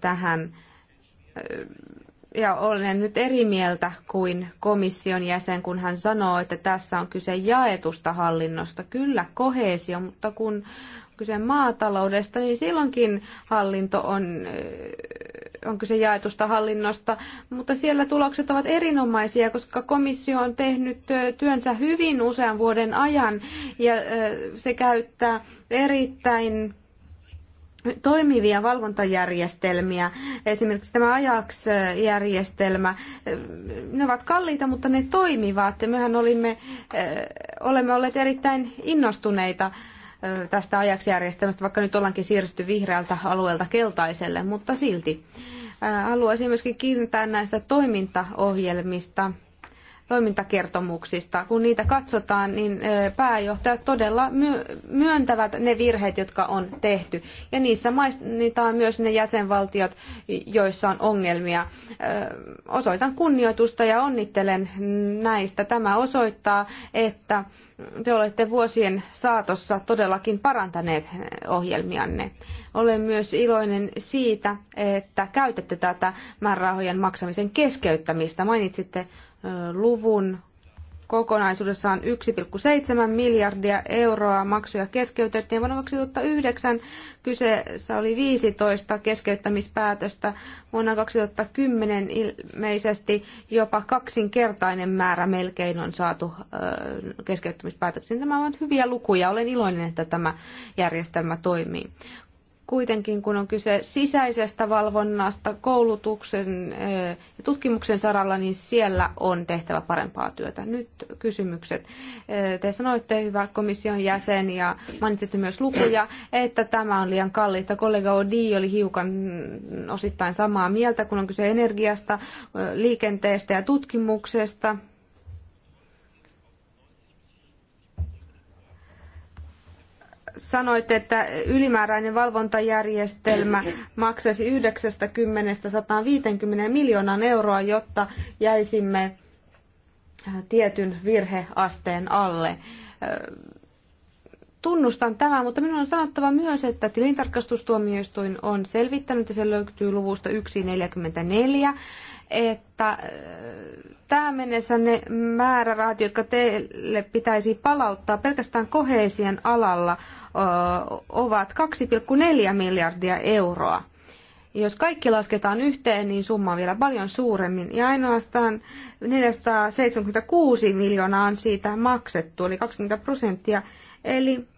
tähän ja olen nyt eri mieltä kuin komission jäsen, kun hän sanoo, että tässä on kyse jaetusta hallinnosta. Kyllä kohesio, mutta kun kyse maataloudesta, niin silloinkin hallinto on, on kyse jaetusta hallinnosta, mutta siellä tulokset ovat erinomaisia, koska komissio on tehnyt työnsä hyvin usean vuoden ajan ja se käyttää erittäin toimivia valvontajärjestelmiä. Esimerkiksi tämä Ajax-järjestelmä, ne ovat kalliita, mutta ne toimivat. Mehän olimme, eh, olemme olleet erittäin innostuneita eh, tästä Ajax-järjestelmästä, vaikka nyt ollaankin siirrytty vihreältä alueelta keltaiselle, mutta silti. Eh, haluaisin myöskin kiinnittää näistä toimintaohjelmista toimintakertomuksista. Kun niitä katsotaan, niin pääjohtajat todella myöntävät ne virheet, jotka on tehty. Ja niissä mainitaan myös ne jäsenvaltiot, joissa on ongelmia. Osoitan kunnioitusta ja onnittelen näistä. Tämä osoittaa, että te olette vuosien saatossa todellakin parantaneet ohjelmianne. Olen myös iloinen siitä, että käytätte tätä määrärahojen maksamisen keskeyttämistä. Mainitsitte luvun kokonaisuudessaan 1,7 miljardia euroa maksuja keskeytettiin. Vuonna 2009 kyseessä oli 15 keskeyttämispäätöstä. Vuonna 2010 ilmeisesti jopa kaksinkertainen määrä melkein on saatu keskeyttämispäätöksiin. tämä ovat hyviä lukuja. Olen iloinen, että tämä järjestelmä toimii. Kuitenkin kun on kyse sisäisestä valvonnasta, koulutuksen eh, ja tutkimuksen saralla, niin siellä on tehtävä parempaa työtä. Nyt kysymykset. Eh, te sanoitte, hyvä komission jäsen, ja mainitsitte myös lukuja, että tämä on liian kallista. Kollega Odi oli hiukan osittain samaa mieltä, kun on kyse energiasta, eh, liikenteestä ja tutkimuksesta. sanoitte, että ylimääräinen valvontajärjestelmä maksaisi 90-150 miljoonaa euroa, jotta jäisimme äh, tietyn virheasteen alle. Äh, tunnustan tämän, mutta minun on sanottava myös, että tilintarkastustuomioistuin on selvittänyt ja se löytyy luvusta 144 että äh, tämä mennessä ne määrärahat, jotka teille pitäisi palauttaa pelkästään koheesien alalla, äh, ovat 2,4 miljardia euroa. Jos kaikki lasketaan yhteen, niin summa on vielä paljon suuremmin. Ja ainoastaan 476 miljoonaa on siitä maksettu, eli 20 prosenttia. Eli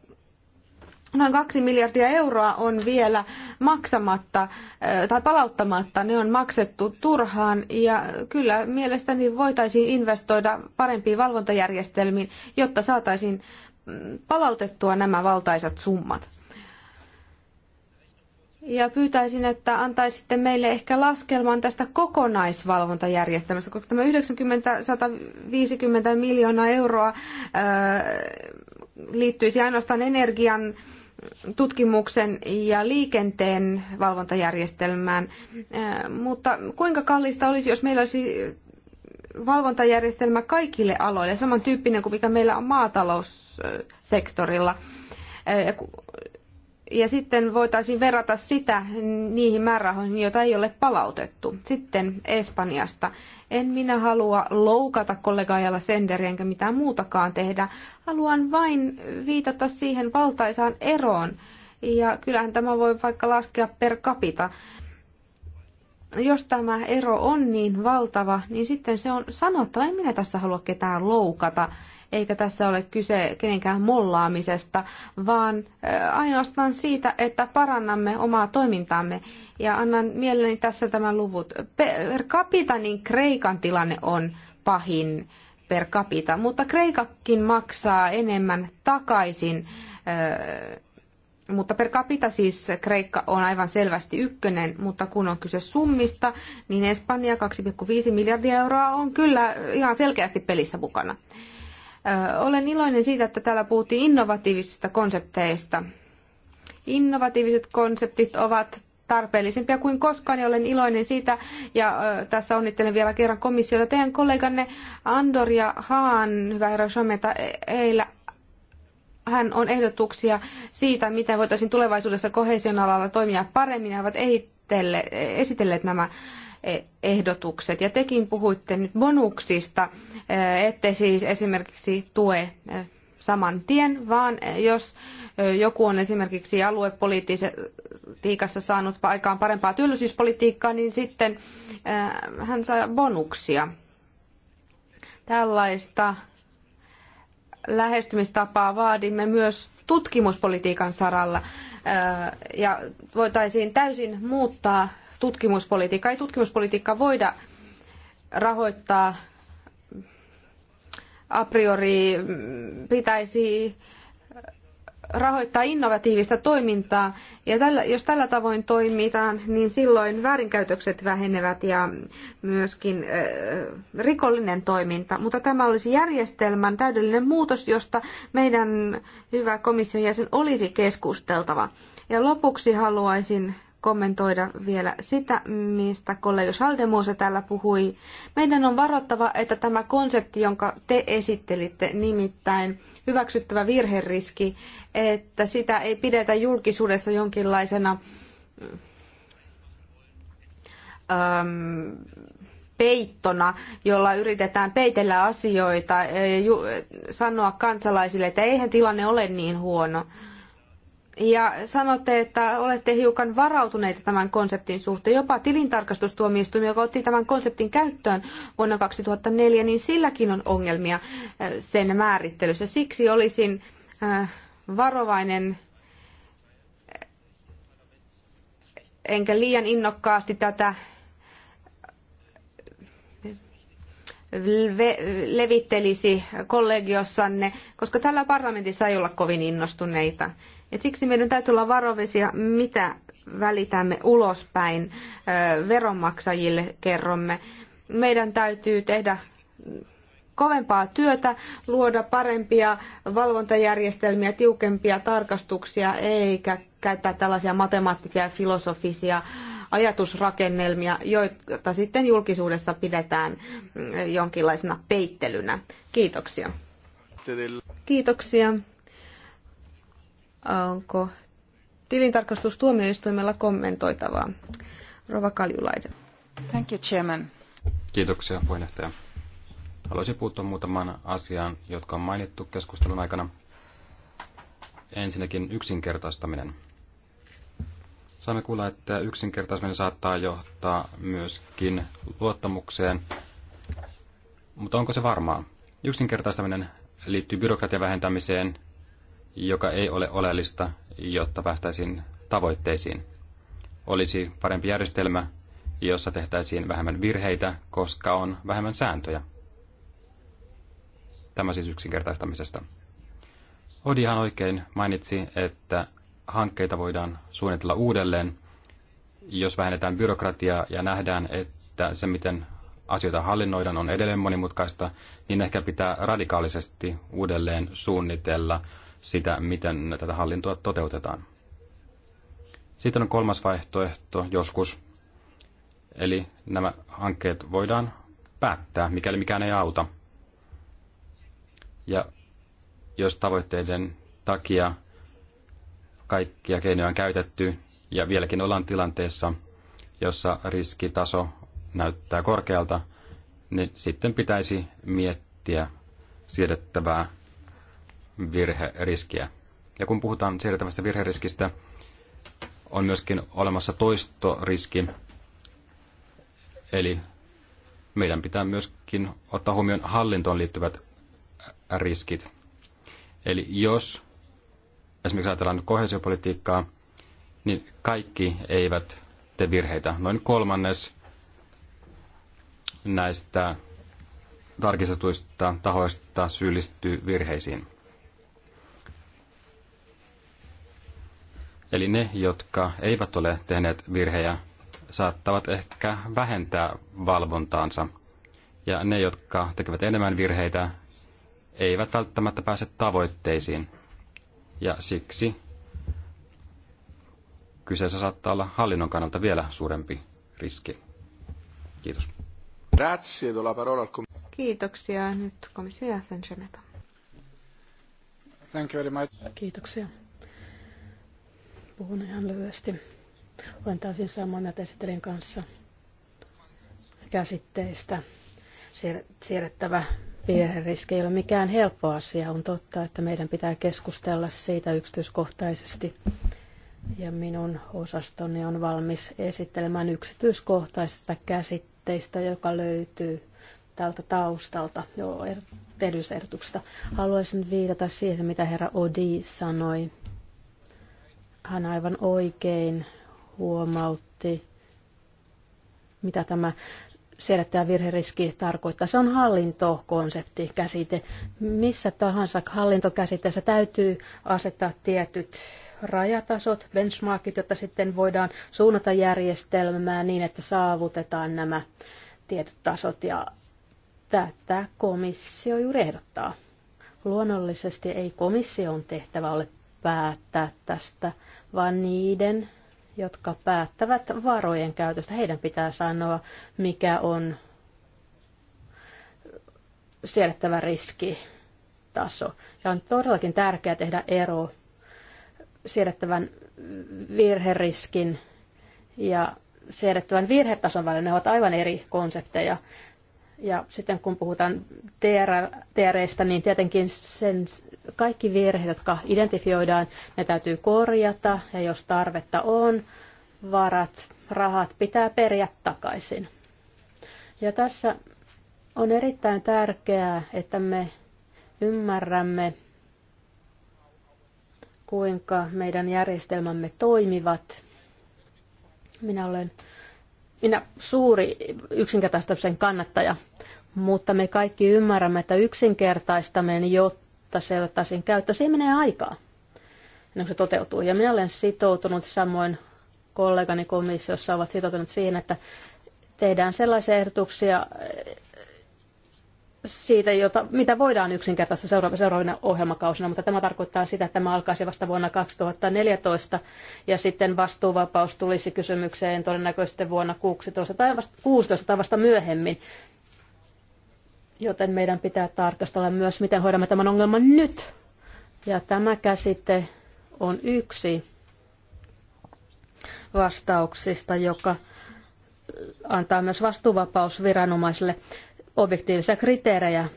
noin kaksi miljardia euroa on vielä maksamatta tai palauttamatta. Ne on maksettu turhaan ja kyllä mielestäni voitaisiin investoida parempiin valvontajärjestelmiin, jotta saataisiin mm, palautettua nämä valtaisat summat. Ja pyytäisin, että antaisitte meille ehkä laskelman tästä kokonaisvalvontajärjestelmästä, koska tämä 90-150 miljoonaa euroa liittyisi ainoastaan energian tutkimuksen ja liikenteen valvontajärjestelmään. Äh, mutta kuinka kallista olisi, jos meillä olisi valvontajärjestelmä kaikille aloille, samantyyppinen kuin mikä meillä on maataloussektorilla. Äh, ja sitten voitaisiin verrata sitä niihin määrärahoihin, joita ei ole palautettu. Sitten Espanjasta. En minä halua loukata kollegaajalla senderiä enkä mitään muutakaan tehdä. Haluan vain viitata siihen valtaisaan eroon. Ja kyllähän tämä voi vaikka laskea per capita. Jos tämä ero on niin valtava, niin sitten se on sanottava, En minä tässä halua ketään loukata eikä tässä ole kyse kenenkään mollaamisesta, vaan ainoastaan siitä, että parannamme omaa toimintaamme. Ja annan mielelläni tässä tämän luvut. Per capita niin Kreikan tilanne on pahin per capita, mutta Kreikakin maksaa enemmän takaisin mutta per capita siis Kreikka on aivan selvästi ykkönen, mutta kun on kyse summista, niin Espanja 2,5 miljardia euroa on kyllä ihan selkeästi pelissä mukana. Olen iloinen siitä, että täällä puhuttiin innovatiivisista konsepteista. Innovatiiviset konseptit ovat tarpeellisempia kuin koskaan ja olen iloinen siitä. Ja tässä onnittelen vielä kerran komissiota. Teidän kolleganne Andor ja Haan, hyvä herra Someta, e, heillä hän on ehdotuksia siitä, miten voitaisiin tulevaisuudessa kohesion alalla toimia paremmin. He ovat e, esitelleet nämä ehdotukset. Ja tekin puhuitte nyt bonuksista, eh, ette siis esimerkiksi tue eh, saman tien, vaan eh, jos joku on esimerkiksi aluepolitiikassa saanut aikaan parempaa työllisyyspolitiikkaa, niin sitten hän saa bonuksia. Tällaista lähestymistapaa vaadimme myös tutkimuspolitiikan saralla ja voitaisiin täysin muuttaa tutkimuspolitiikkaa. Ei tutkimuspolitiikkaa voida rahoittaa a priori, pitäisi rahoittaa innovatiivista toimintaa. Ja tällä, jos tällä tavoin toimitaan, niin silloin väärinkäytökset vähenevät ja myöskin äh, rikollinen toiminta. Mutta tämä olisi järjestelmän täydellinen muutos, josta meidän hyvä komission jäsen olisi keskusteltava. Ja lopuksi haluaisin kommentoida vielä sitä, mistä kollega Schaldemose täällä puhui. Meidän on varoittava, että tämä konsepti, jonka te esittelitte, nimittäin hyväksyttävä virheriski, että sitä ei pidetä julkisuudessa jonkinlaisena äm, peittona, jolla yritetään peitellä asioita ja sanoa kansalaisille, että eihän tilanne ole niin huono. Ja sanotte, että olette hiukan varautuneita tämän konseptin suhteen. Jopa tilintarkastustuomioistuin, joka otti tämän konseptin käyttöön vuonna 2004, niin silläkin on ongelmia äh, sen määrittelyssä. Siksi olisin äh, varovainen enkä liian innokkaasti tätä äh, levittelisi kollegiossanne, koska tällä parlamentissa ei olla kovin innostuneita. Et siksi meidän täytyy olla varovisia, mitä välitämme ulospäin veronmaksajille, kerromme. Meidän täytyy tehdä kovempaa työtä, luoda parempia valvontajärjestelmiä, tiukempia tarkastuksia, eikä käyttää tällaisia matemaattisia ja filosofisia ajatusrakennelmia, joita sitten julkisuudessa pidetään mm, jonkinlaisena peittelynä. Kiitoksia. Kiitoksia. Onko tilintarkastustuomioistuimella kommentoitavaa? Rova Kaljulaiden. Thank you, Chairman. Kiitoksia, puheenjohtaja. Haluaisin puuttua muutamaan asiaan, jotka on mainittu keskustelun aikana. Ensinnäkin yksinkertaistaminen. Saamme kuulla, että yksinkertaistaminen saattaa johtaa myöskin luottamukseen, mutta onko se varmaa? Yksinkertaistaminen liittyy byrokratian vähentämiseen, joka ei ole oleellista, jotta päästäisiin tavoitteisiin. Olisi parempi järjestelmä, jossa tehtäisiin vähemmän virheitä, koska on vähemmän sääntöjä. Tämä siis yksinkertaistamisesta. Odihan oikein mainitsi, että hankkeita voidaan suunnitella uudelleen, jos vähennetään byrokratiaa ja nähdään, että se miten asioita hallinnoidaan on edelleen monimutkaista, niin ehkä pitää radikaalisesti uudelleen suunnitella sitä, miten tätä hallintoa toteutetaan. Sitten on kolmas vaihtoehto joskus, eli nämä hankkeet voidaan päättää, mikäli mikään ei auta. Ja jos tavoitteiden takia kaikkia keinoja on käytetty ja vieläkin ollaan tilanteessa, jossa riskitaso näyttää korkealta, niin sitten pitäisi miettiä siedettävää virheriskiä. Ja kun puhutaan siirrettävästä virheriskistä, on myöskin olemassa toistoriski. Eli meidän pitää myöskin ottaa huomioon hallintoon liittyvät riskit. Eli jos esimerkiksi ajatellaan kohesiopolitiikkaa, niin kaikki eivät tee virheitä. Noin kolmannes näistä tarkistetuista tahoista syyllistyy virheisiin. Eli ne, jotka eivät ole tehneet virhejä, saattavat ehkä vähentää valvontaansa. Ja ne, jotka tekevät enemmän virheitä, eivät välttämättä pääse tavoitteisiin. Ja siksi kyseessä saattaa olla hallinnon kannalta vielä suurempi riski. Kiitos. Kiitoksia. Nyt komission jäsen Thank you very much. Kiitoksia. Puhun ihan lyhyesti. Olen täysin samaa mieltä esittelin kanssa käsitteistä. Siirrettävä virheriski ei ole mikään helppo asia. On totta, että meidän pitää keskustella siitä yksityiskohtaisesti. Ja minun osastoni on valmis esittelemään yksityiskohtaisesta käsitteistä, joka löytyy tältä taustalta jo er- tehdyistä Haluaisin viitata siihen, mitä herra Odi sanoi hän aivan oikein huomautti, mitä tämä selättää virheriski tarkoittaa. Se on hallintokonsepti, käsite. Missä tahansa hallintokäsitteessä täytyy asettaa tietyt rajatasot, benchmarkit, jotta sitten voidaan suunnata järjestelmää niin, että saavutetaan nämä tietyt tasot. Ja tätä komissio juuri ehdottaa. Luonnollisesti ei komission tehtävä ole päättää tästä vaan niiden, jotka päättävät varojen käytöstä. Heidän pitää sanoa, mikä on siedettävä riskitaso. Ja on todellakin tärkeää tehdä ero siedettävän virheriskin ja siedettävän virhetason välillä. Ne ovat aivan eri konsepteja. Ja sitten kun puhutaan TR, TRistä, niin tietenkin sen, kaikki virheet, jotka identifioidaan, ne täytyy korjata ja jos tarvetta on, varat, rahat pitää periä takaisin. Ja tässä on erittäin tärkeää, että me ymmärrämme, kuinka meidän järjestelmämme toimivat. Minä olen minä suuri yksinkertaistamisen kannattaja, mutta me kaikki ymmärrämme, että yksinkertaistaminen, jotta se otettaisiin käyttöön, siihen menee aikaa ennen kuin se toteutuu. Ja minä olen sitoutunut samoin kollegani komissiossa ovat sitoutuneet siihen, että tehdään sellaisia ehdotuksia, siitä, jota, mitä voidaan yksinkertaista seuraavina, seuraavina ohjelmakausina, mutta tämä tarkoittaa sitä, että tämä alkaisi vasta vuonna 2014 ja sitten vastuuvapaus tulisi kysymykseen todennäköisesti vuonna 16 tai vasta, 16 tai vasta myöhemmin. Joten meidän pitää tarkastella myös, miten hoidamme tämän ongelman nyt. Ja tämä käsite on yksi vastauksista, joka antaa myös vastuuvapaus viranomaisille objektiivisia kriteerejä,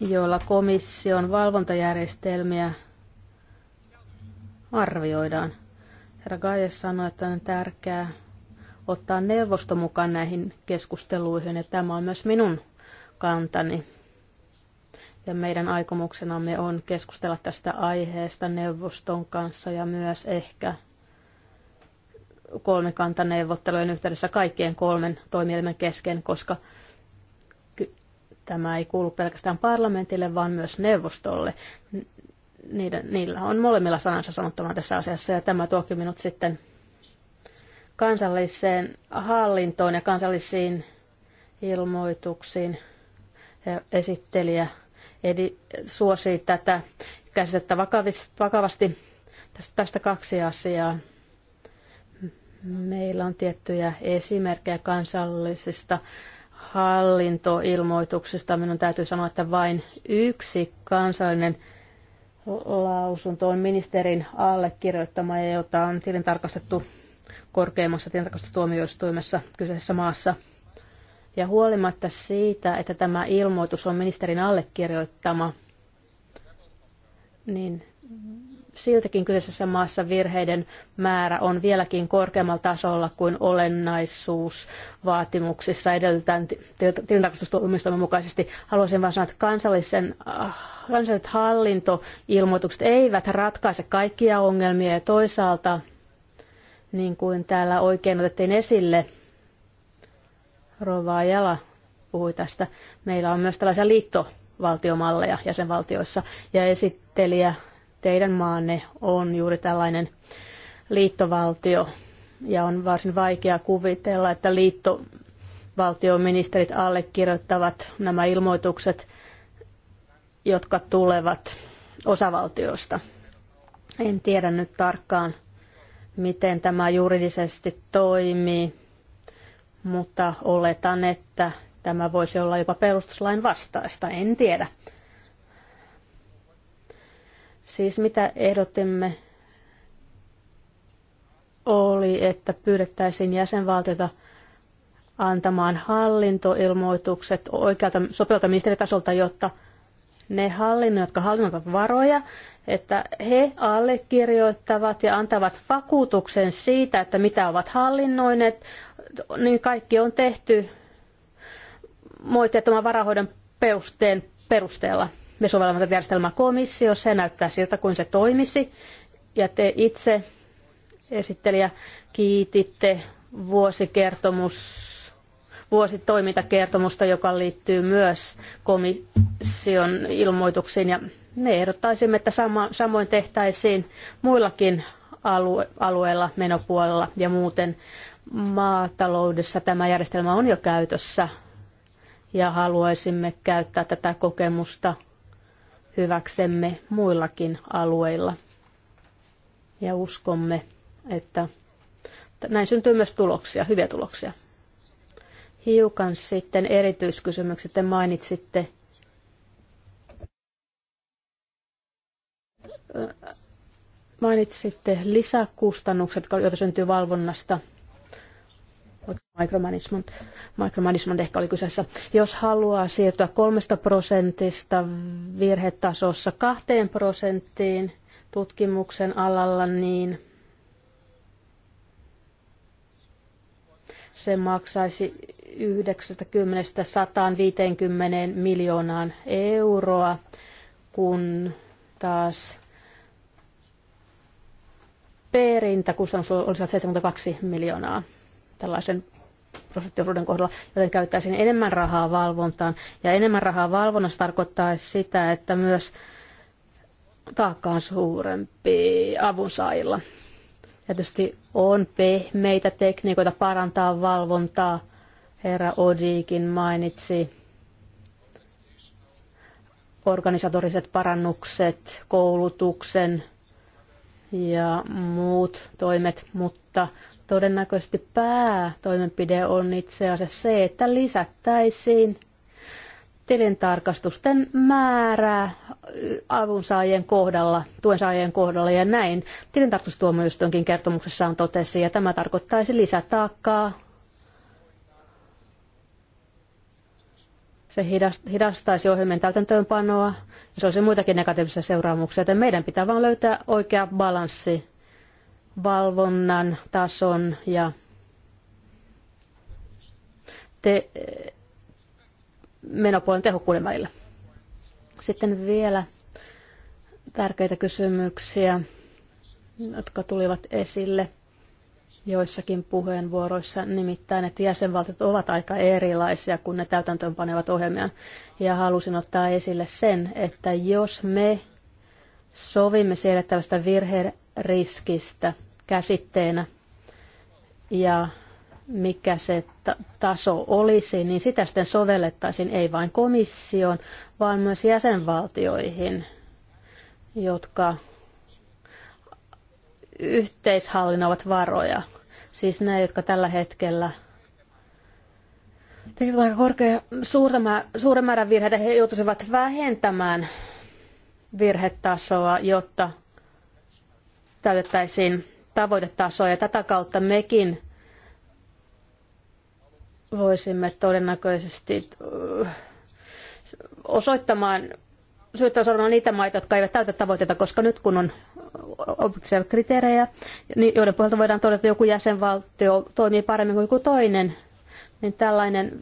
joilla komission valvontajärjestelmiä arvioidaan. Herra Gaia sanoi, että on tärkeää ottaa neuvosto mukaan näihin keskusteluihin, ja tämä on myös minun kantani. Ja meidän aikomuksenamme on keskustella tästä aiheesta neuvoston kanssa ja myös ehkä kolmikantaneuvottelujen yhteydessä kaikkien kolmen toimielimen kesken, koska tämä ei kuulu pelkästään parlamentille, vaan myös neuvostolle. Niiden, niillä on molemmilla sanansa sanottavana tässä asiassa, ja tämä tuokin minut sitten kansalliseen hallintoon ja kansallisiin ilmoituksiin. Esittelijä edi, suosii tätä käsitettä vakavasti. Tästä kaksi asiaa. Meillä on tiettyjä esimerkkejä kansallisista hallintoilmoituksista. Minun täytyy sanoa, että vain yksi kansallinen lausunto on ministerin allekirjoittama, jota on tilintarkastettu korkeimmassa tilintarkastustuomioistuimessa kyseisessä maassa. Ja huolimatta siitä, että tämä ilmoitus on ministerin allekirjoittama, niin siltäkin kyseisessä maassa virheiden määrä on vieläkin korkeammalla tasolla kuin olennaisuusvaatimuksissa edellytetään tilintarkastustuomioistuimen mukaisesti. Haluaisin vain sanoa, että kansallisen, ah, kansalliset hallintoilmoitukset eivät ratkaise kaikkia ongelmia ja toisaalta, niin kuin täällä oikein otettiin esille, Rova Jala puhui tästä, meillä on myös tällaisia liittovaltiomalleja jäsenvaltioissa ja esittelijä teidän maanne on juuri tällainen liittovaltio ja on varsin vaikea kuvitella, että liittovaltioministerit allekirjoittavat nämä ilmoitukset, jotka tulevat osavaltiosta. En tiedä nyt tarkkaan, miten tämä juridisesti toimii, mutta oletan, että tämä voisi olla jopa perustuslain vastaista, en tiedä. Siis mitä ehdotimme oli, että pyydettäisiin jäsenvaltiota antamaan hallintoilmoitukset oikealta sopivalta ministeritasolta, jotta ne hallinnot, jotka hallinnoivat varoja, että he allekirjoittavat ja antavat vakuutuksen siitä, että mitä ovat hallinnoineet, niin kaikki on tehty moitteettoman varahoidon perusteen perusteella me sovellamme tätä järjestelmää komissiossa ja näyttää siltä, kuin se toimisi. Ja te itse, esittelijä, kiititte vuosikertomus vuositoimintakertomusta, joka liittyy myös komission ilmoituksiin. Ja me ehdottaisimme, että sama, samoin tehtäisiin muillakin alue, alueilla, menopuolella ja muuten maataloudessa. Tämä järjestelmä on jo käytössä ja haluaisimme käyttää tätä kokemusta hyväksemme muillakin alueilla. Ja uskomme, että näin syntyy myös tuloksia, hyviä tuloksia. Hiukan sitten erityiskysymykset te mainitsitte mainitsitte lisäkustannukset, joita syntyy valvonnasta – micromanagement, micromanagement ehkä oli kyseessä, jos haluaa siirtyä kolmesta prosentista virhetasossa kahteen prosenttiin tutkimuksen alalla, niin se maksaisi 90-150 miljoonaan euroa, kun taas perintäkustannus olisi 72 miljoonaa tällaisen prosenttiosuuden kohdalla, joten käyttäisin enemmän rahaa valvontaan. Ja enemmän rahaa valvonnassa tarkoittaa sitä, että myös taakka on suurempi avunsaajilla. Ja tietysti on pehmeitä tekniikoita parantaa valvontaa. Herra Odikin mainitsi organisatoriset parannukset, koulutuksen ja muut toimet, mutta todennäköisesti päätoimenpide on itse asiassa se, että lisättäisiin tilintarkastusten määrää avunsaajien kohdalla, tuensaajien kohdalla ja näin. Tilintarkastustuomioistuinkin kertomuksessaan totesi, ja tämä tarkoittaisi lisätaakkaa. Se hidastaisi ohjelmien täytäntöönpanoa ja se olisi muitakin negatiivisia seuraamuksia, joten meidän pitää vain löytää oikea balanssi valvonnan tason ja te, menopuolen tehokkuuden välillä. Sitten vielä tärkeitä kysymyksiä, jotka tulivat esille joissakin puheenvuoroissa, nimittäin, että jäsenvaltiot ovat aika erilaisia, kun ne täytäntöönpanevat ohjelmia. Ja halusin ottaa esille sen, että jos me sovimme siedettävästä virheriskistä, käsitteenä ja mikä se taso olisi, niin sitä sitten sovellettaisiin ei vain komissioon, vaan myös jäsenvaltioihin, jotka yhteishallinnovat varoja. Siis ne, jotka tällä hetkellä tekevät aika korkean suuren määrän virheitä, he joutuisivat vähentämään virhetasoa, jotta täytettäisiin tavoitetasoa ja tätä kautta mekin voisimme todennäköisesti äh, osoittamaan syyttää sormella niitä maita, jotka eivät täytä tavoitteita, koska nyt kun on objektiivisia kriteerejä, niin joiden pohjalta voidaan todeta, että joku jäsenvaltio toimii paremmin kuin joku toinen, niin tällainen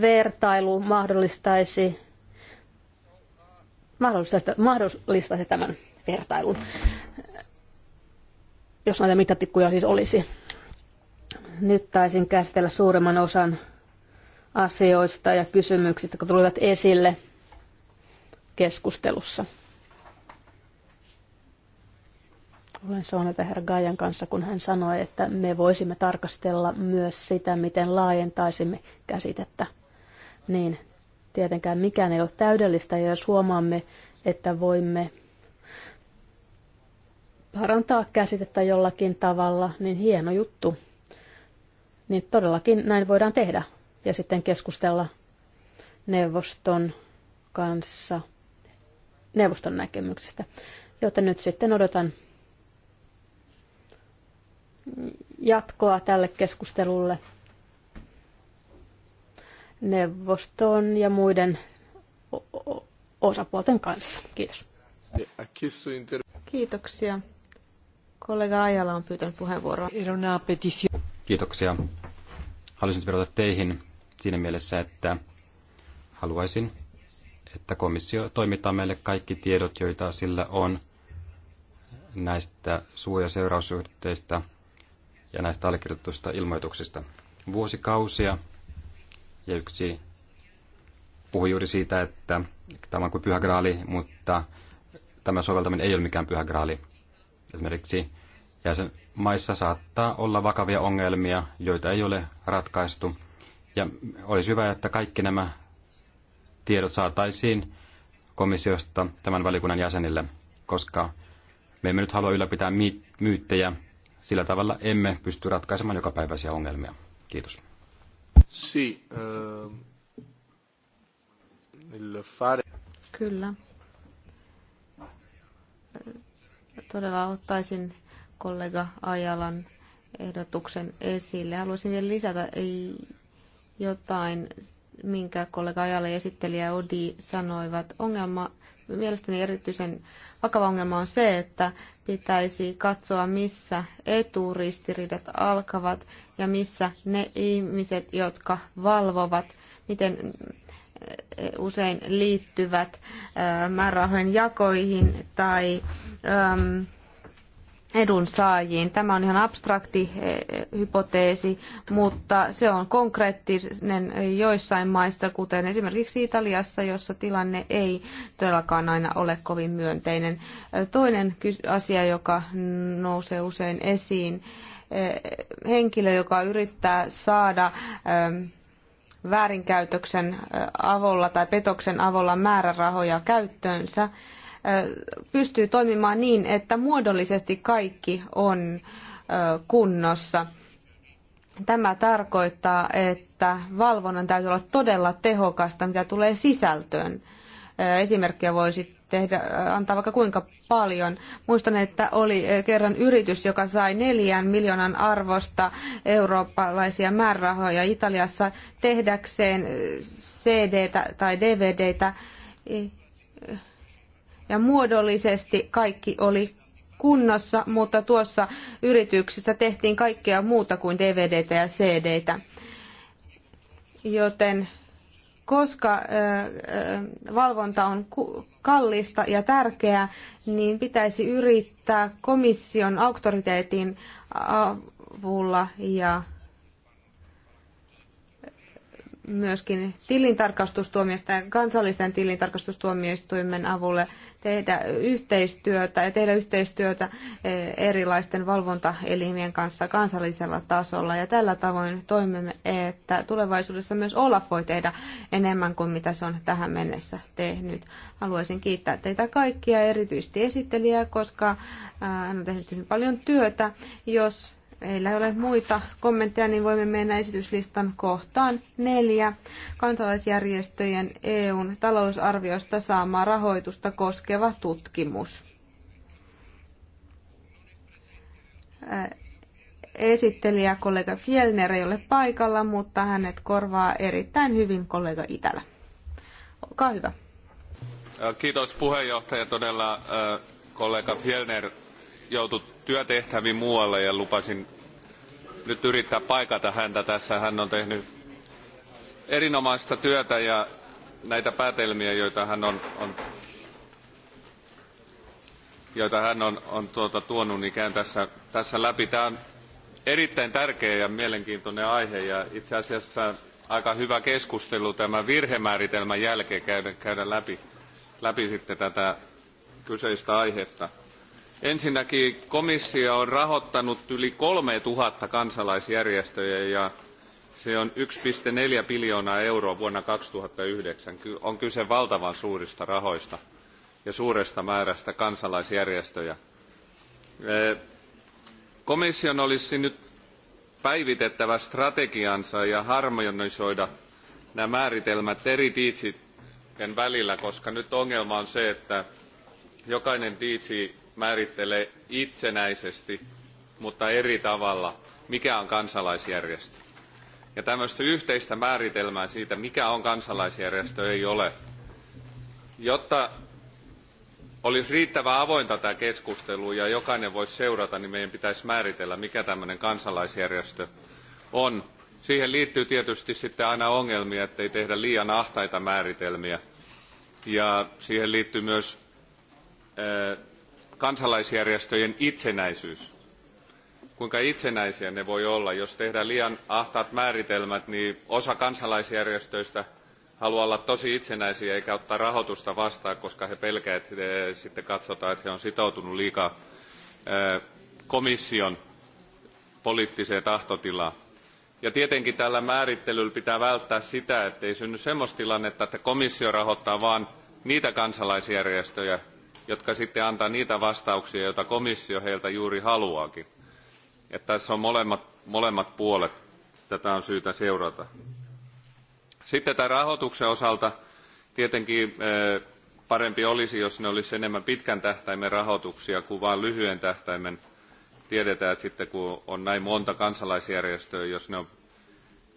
vertailu mahdollistaisi, mahdollistaisi, mahdollistaisi tämän vertailun jos näitä mittatikkuja siis olisi. Nyt taisin käsitellä suuremman osan asioista ja kysymyksistä, jotka tulivat esille keskustelussa. Olen saanut herra Gaian kanssa, kun hän sanoi, että me voisimme tarkastella myös sitä, miten laajentaisimme käsitettä. Niin tietenkään mikään ei ole täydellistä, ja jos huomaamme, että voimme parantaa käsitettä jollakin tavalla, niin hieno juttu. Niin todellakin näin voidaan tehdä ja sitten keskustella neuvoston kanssa neuvoston näkemyksestä. Joten nyt sitten odotan jatkoa tälle keskustelulle neuvoston ja muiden osapuolten kanssa. Kiitos. Kiitoksia. Kollega Ajala on pyytänyt puheenvuoroa. Kiitoksia. Haluaisin vedota teihin siinä mielessä, että haluaisin, että komissio toimittaa meille kaikki tiedot, joita sillä on näistä suu- ja seuraussuhteista ja näistä allekirjoitetuista ilmoituksista. Vuosikausia ja yksi puhui juuri siitä, että tämä on kuin pyhä graali, mutta tämä soveltaminen ei ole mikään pyhä graali. Esimerkiksi jäsenmaissa saattaa olla vakavia ongelmia, joita ei ole ratkaistu. Ja olisi hyvä, että kaikki nämä tiedot saataisiin komissiosta tämän valikunnan jäsenille, koska me emme nyt halua ylläpitää myyttejä. Sillä tavalla emme pysty ratkaisemaan jokapäiväisiä ongelmia. Kiitos. Si, eh, Kyllä. Todella ottaisin kollega Ajalan ehdotuksen esille. Haluaisin vielä lisätä jotain, minkä kollega esitteli ja esittelijä Odi sanoivat. Ongelma, mielestäni erityisen vakava ongelma on se, että pitäisi katsoa, missä eturistiriidat alkavat ja missä ne ihmiset, jotka valvovat, miten usein liittyvät määrärahojen jakoihin tai edunsaajiin. Tämä on ihan abstrakti hypoteesi, mutta se on konkreettinen joissain maissa, kuten esimerkiksi Italiassa, jossa tilanne ei todellakaan aina ole kovin myönteinen. Toinen asia, joka nousee usein esiin, henkilö, joka yrittää saada väärinkäytöksen avulla tai petoksen avulla määrärahoja käyttöönsä, pystyy toimimaan niin, että muodollisesti kaikki on kunnossa. Tämä tarkoittaa, että valvonnan täytyy olla todella tehokasta, mitä tulee sisältöön. Esimerkkiä voisi tehdä, äh, antaa vaikka kuinka paljon. Muistan, että oli äh, kerran yritys, joka sai neljän miljoonan arvosta eurooppalaisia määrärahoja Italiassa tehdäkseen äh, cd tai dvd Ja muodollisesti kaikki oli kunnossa, mutta tuossa yrityksessä tehtiin kaikkea muuta kuin dvd -tä ja cd -tä. Joten koska valvonta on kallista ja tärkeää, niin pitäisi yrittää komission auktoriteetin avulla ja myöskin tilintarkastustuomioistuimen, ja kansallisten tilintarkastustuomioistuimen avulle tehdä yhteistyötä ja tehdä yhteistyötä eh, erilaisten valvontaelimien kanssa kansallisella tasolla. Ja tällä tavoin toimimme, että tulevaisuudessa myös Olaf voi tehdä enemmän kuin mitä se on tähän mennessä tehnyt. Haluaisin kiittää teitä kaikkia, erityisesti esittelijää, koska eh, hän on tehnyt hyvin paljon työtä. Jos meillä ei ole muita kommentteja, niin voimme mennä esityslistan kohtaan neljä. Kansalaisjärjestöjen EUn talousarviosta saamaa rahoitusta koskeva tutkimus. Esittelijä kollega Fjellner ei ole paikalla, mutta hänet korvaa erittäin hyvin kollega Itälä. Olkaa hyvä. Kiitos puheenjohtaja. Todella kollega Fjellner joutui työtehtäviin muualle ja lupasin nyt yrittää paikata häntä tässä. Hän on tehnyt erinomaista työtä ja näitä päätelmiä, joita hän on, on joita hän on, on tuota, tuonut, niin käyn tässä, tässä läpi. Tämä on erittäin tärkeä ja mielenkiintoinen aihe ja itse asiassa aika hyvä keskustelu tämän virhemääritelmän jälkeen käydä, käydä läpi, läpi sitten tätä kyseistä aihetta. Ensinnäkin komissio on rahoittanut yli 3000 kansalaisjärjestöjä ja se on 1,4 biljoonaa euroa vuonna 2009. On kyse valtavan suurista rahoista ja suuresta määrästä kansalaisjärjestöjä. Komission olisi nyt päivitettävä strategiansa ja harmonisoida nämä määritelmät eri diitsien välillä, koska nyt ongelma on se, että jokainen diitsi määrittelee itsenäisesti, mutta eri tavalla, mikä on kansalaisjärjestö. Ja tämmöistä yhteistä määritelmää siitä, mikä on kansalaisjärjestö, ei ole. Jotta olisi riittävän avointa tämä keskustelu ja jokainen voisi seurata, niin meidän pitäisi määritellä, mikä tämmöinen kansalaisjärjestö on. Siihen liittyy tietysti sitten aina ongelmia, ettei tehdä liian ahtaita määritelmiä. Ja siihen liittyy myös eh, kansalaisjärjestöjen itsenäisyys kuinka itsenäisiä ne voi olla. Jos tehdään liian ahtaat määritelmät, niin osa kansalaisjärjestöistä haluaa olla tosi itsenäisiä eikä ottaa rahoitusta vastaan, koska he pelkäävät, että he sitten katsotaan, että he on sitoutunut liikaa komission poliittiseen tahtotilaan. Ja tietenkin tällä määrittelyllä pitää välttää sitä, ettei synny sellaista tilannetta, että komissio rahoittaa vain niitä kansalaisjärjestöjä, jotka sitten antaa niitä vastauksia joita komissio heiltä juuri haluaakin. Ja tässä on molemmat, molemmat puolet. Tätä on syytä seurata. Sitten tämän rahoituksen osalta tietenkin eh, parempi olisi, jos ne olisi enemmän pitkän tähtäimen rahoituksia kuin vain lyhyen tähtäimen. Tiedetään, että sitten kun on näin monta kansalaisjärjestöä, jos ne on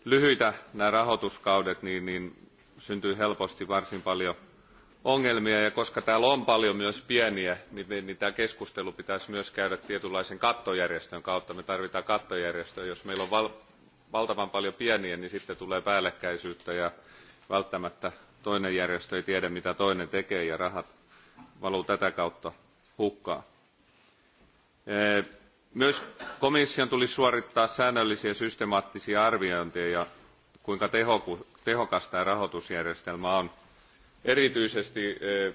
lyhyitä nämä rahoituskaudet, niin, niin syntyy helposti varsin paljon ongelmia ja koska täällä on paljon myös pieniä niin, niin, niin tämä keskustelu pitäisi myös käydä tietynlaisen kattojärjestön kautta. Me tarvitaan kattojärjestöä. Jos meillä on val valtavan paljon pieniä, niin sitten tulee päällekkäisyyttä ja välttämättä toinen järjestö ei tiedä mitä toinen tekee ja rahat valuu tätä kautta hukkaan. Myös komission tulisi suorittaa säännöllisiä systemaattisia arviointeja ja kuinka tehokas tämä rahoitusjärjestelmä on erityisesti e,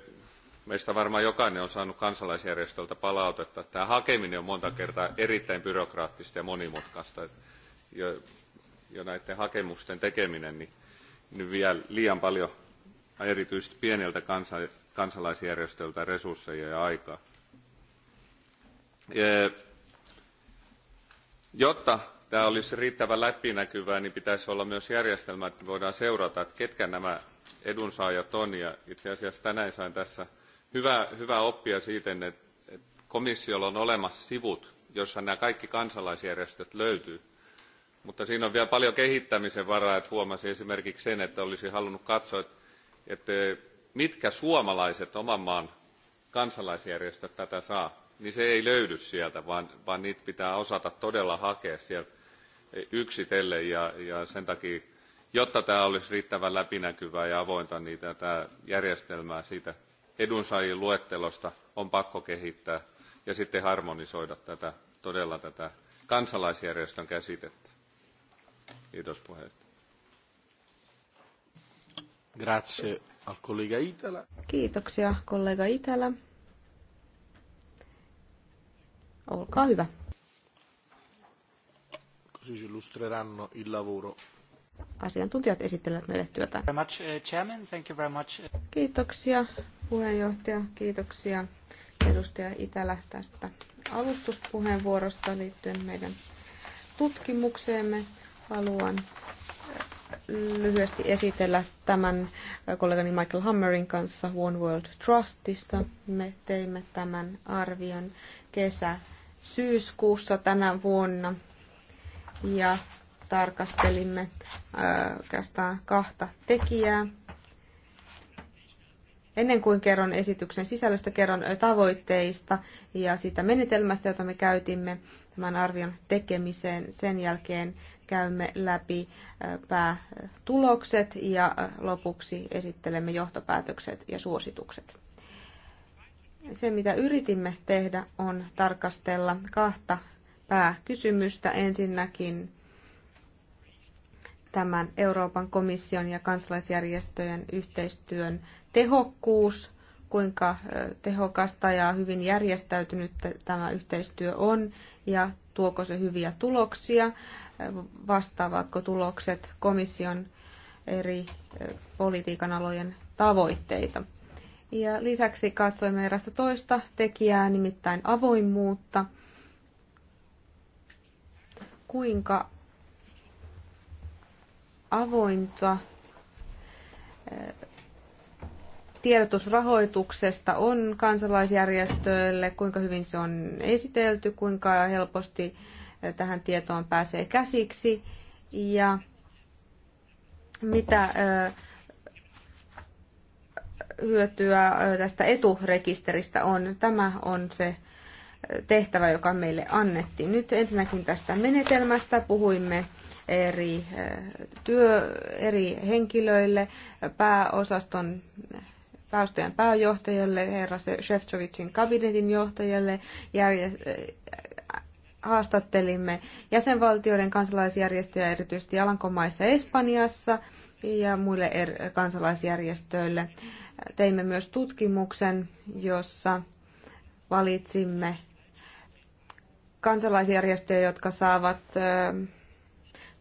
meistä varmaan jokainen on saanut kansalaisjärjestöltä palautetta että tämä hakeminen on monta kertaa erittäin byrokraattista ja monimutkaista jo, jo näiden hakemusten tekeminen niin, niin vie liian paljon erityisesti pieneltä kansa, kansalaisjärjestöltä resursseja ja aikaa. E, jotta tämä olisi riittävän läpinäkyvää, niin pitäisi olla myös järjestelmä, että voidaan seurata, että ketkä nämä edunsaajat on. Ja itse asiassa tänään sain tässä hyvää, hyvää oppia siitä, että komissiolla on olemassa sivut, jossa nämä kaikki kansalaisjärjestöt löytyy. Mutta siinä on vielä paljon kehittämisen varaa, että huomasin esimerkiksi sen, että olisin halunnut katsoa, että mitkä suomalaiset oman maan kansalaisjärjestöt tätä saa, niin se ei löydy sieltä, vaan, vaan niitä pitää osata todella hakea sieltä yksitellen ja, ja sen takia jotta tämä olisi riittävän läpinäkyvää ja avointa, niin tätä järjestelmää siitä edunsaajien luettelosta on pakko kehittää ja sitten harmonisoida tätä, todella tätä kansalaisjärjestön käsitettä. Kiitos puheenjohtaja. Grazie al collega Itala. Kiitoksia kollega Itälä. Olkaa hyvä. Così ci illustreranno il lavoro asiantuntijat esittelevät meille työtään. Uh, uh, kiitoksia puheenjohtaja, kiitoksia edustaja Itälä tästä alustuspuheenvuorosta liittyen meidän tutkimukseemme. Haluan äh, lyhyesti esitellä tämän äh, kollegani Michael Hammerin kanssa One World Trustista. Me teimme tämän arvion kesä-syyskuussa tänä vuonna ja tarkastelimme oikeastaan kahta tekijää. Ennen kuin kerron esityksen sisällöstä, kerron tavoitteista ja siitä menetelmästä, jota me käytimme tämän arvion tekemiseen. Sen jälkeen käymme läpi päätulokset ja lopuksi esittelemme johtopäätökset ja suositukset. Se, mitä yritimme tehdä, on tarkastella kahta pääkysymystä. Ensinnäkin tämän Euroopan komission ja kansalaisjärjestöjen yhteistyön tehokkuus, kuinka tehokasta ja hyvin järjestäytynyt tämä yhteistyö on ja tuoko se hyviä tuloksia, vastaavatko tulokset komission eri politiikan alojen tavoitteita. Ja lisäksi katsoimme erästä toista tekijää, nimittäin avoimuutta. Kuinka avointa tiedotusrahoituksesta on kansalaisjärjestöille, kuinka hyvin se on esitelty, kuinka helposti tähän tietoon pääsee käsiksi ja mitä hyötyä tästä eturekisteristä on. Tämä on se tehtävä, joka meille annettiin. Nyt ensinnäkin tästä menetelmästä puhuimme eri, työ, eri henkilöille, pääosaston pääostajan pääjohtajalle, herra Shevchovicin kabinetin johtajalle, järjest- haastattelimme jäsenvaltioiden kansalaisjärjestöjä erityisesti Alankomaissa Espanjassa ja muille er-, kansalaisjärjestöille. Teimme myös tutkimuksen, jossa valitsimme kansalaisjärjestöjä, jotka saavat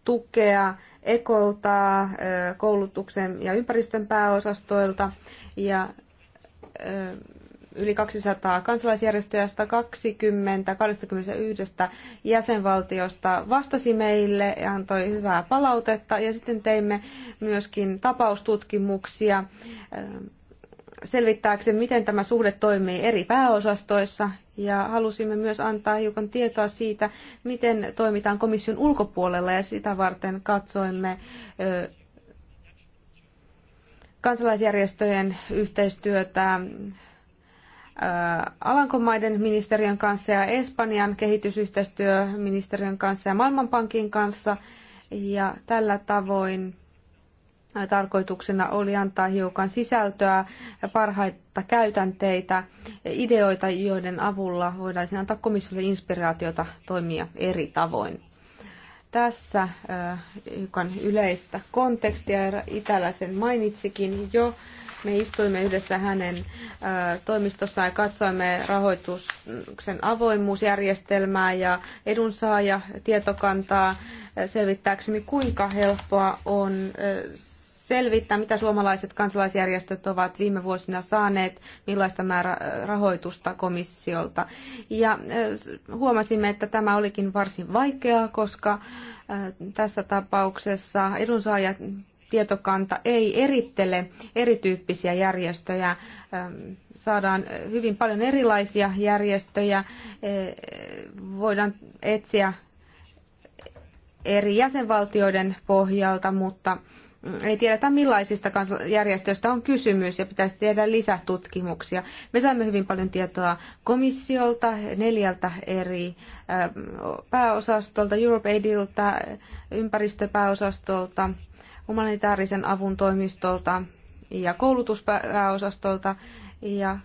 tukea ekolta, koulutuksen ja ympäristön pääosastoilta ja yli 200 kansalaisjärjestöjä 120 21 jäsenvaltiosta vastasi meille ja antoi hyvää palautetta. Ja sitten teimme myöskin tapaustutkimuksia selvittääkseen, miten tämä suhde toimii eri pääosastoissa ja halusimme myös antaa hiukan tietoa siitä, miten toimitaan komission ulkopuolella ja sitä varten katsoimme kansalaisjärjestöjen yhteistyötä Alankomaiden ministeriön kanssa ja Espanjan kehitysyhteistyöministeriön kanssa ja Maailmanpankin kanssa. Ja tällä tavoin tarkoituksena oli antaa hiukan sisältöä, parhaita käytänteitä, ideoita, joiden avulla voidaan antaa komissiolle inspiraatiota toimia eri tavoin. Tässä hiukan yleistä kontekstia, Itälä sen mainitsikin jo. Me istuimme yhdessä hänen toimistossaan ja katsoimme rahoituksen avoimuusjärjestelmää ja edunsaaja tietokantaa selvittääksemme, kuinka helppoa on selvittää, mitä suomalaiset kansalaisjärjestöt ovat viime vuosina saaneet, millaista määrää äh, rahoitusta komissiolta. Ja äh, huomasimme, että tämä olikin varsin vaikeaa, koska äh, tässä tapauksessa edunsaajat tietokanta ei erittele erityyppisiä järjestöjä. Ähm, saadaan hyvin paljon erilaisia järjestöjä. Voidaan etsiä eri jäsenvaltioiden pohjalta, mutta ei tiedetä millaisista järjestöistä on kysymys ja pitäisi tehdä lisätutkimuksia. Me saimme hyvin paljon tietoa komissiolta, neljältä eri pääosastolta, EuropeAidilta, ympäristöpääosastolta, humanitaarisen avun toimistolta ja koulutuspääosastolta ja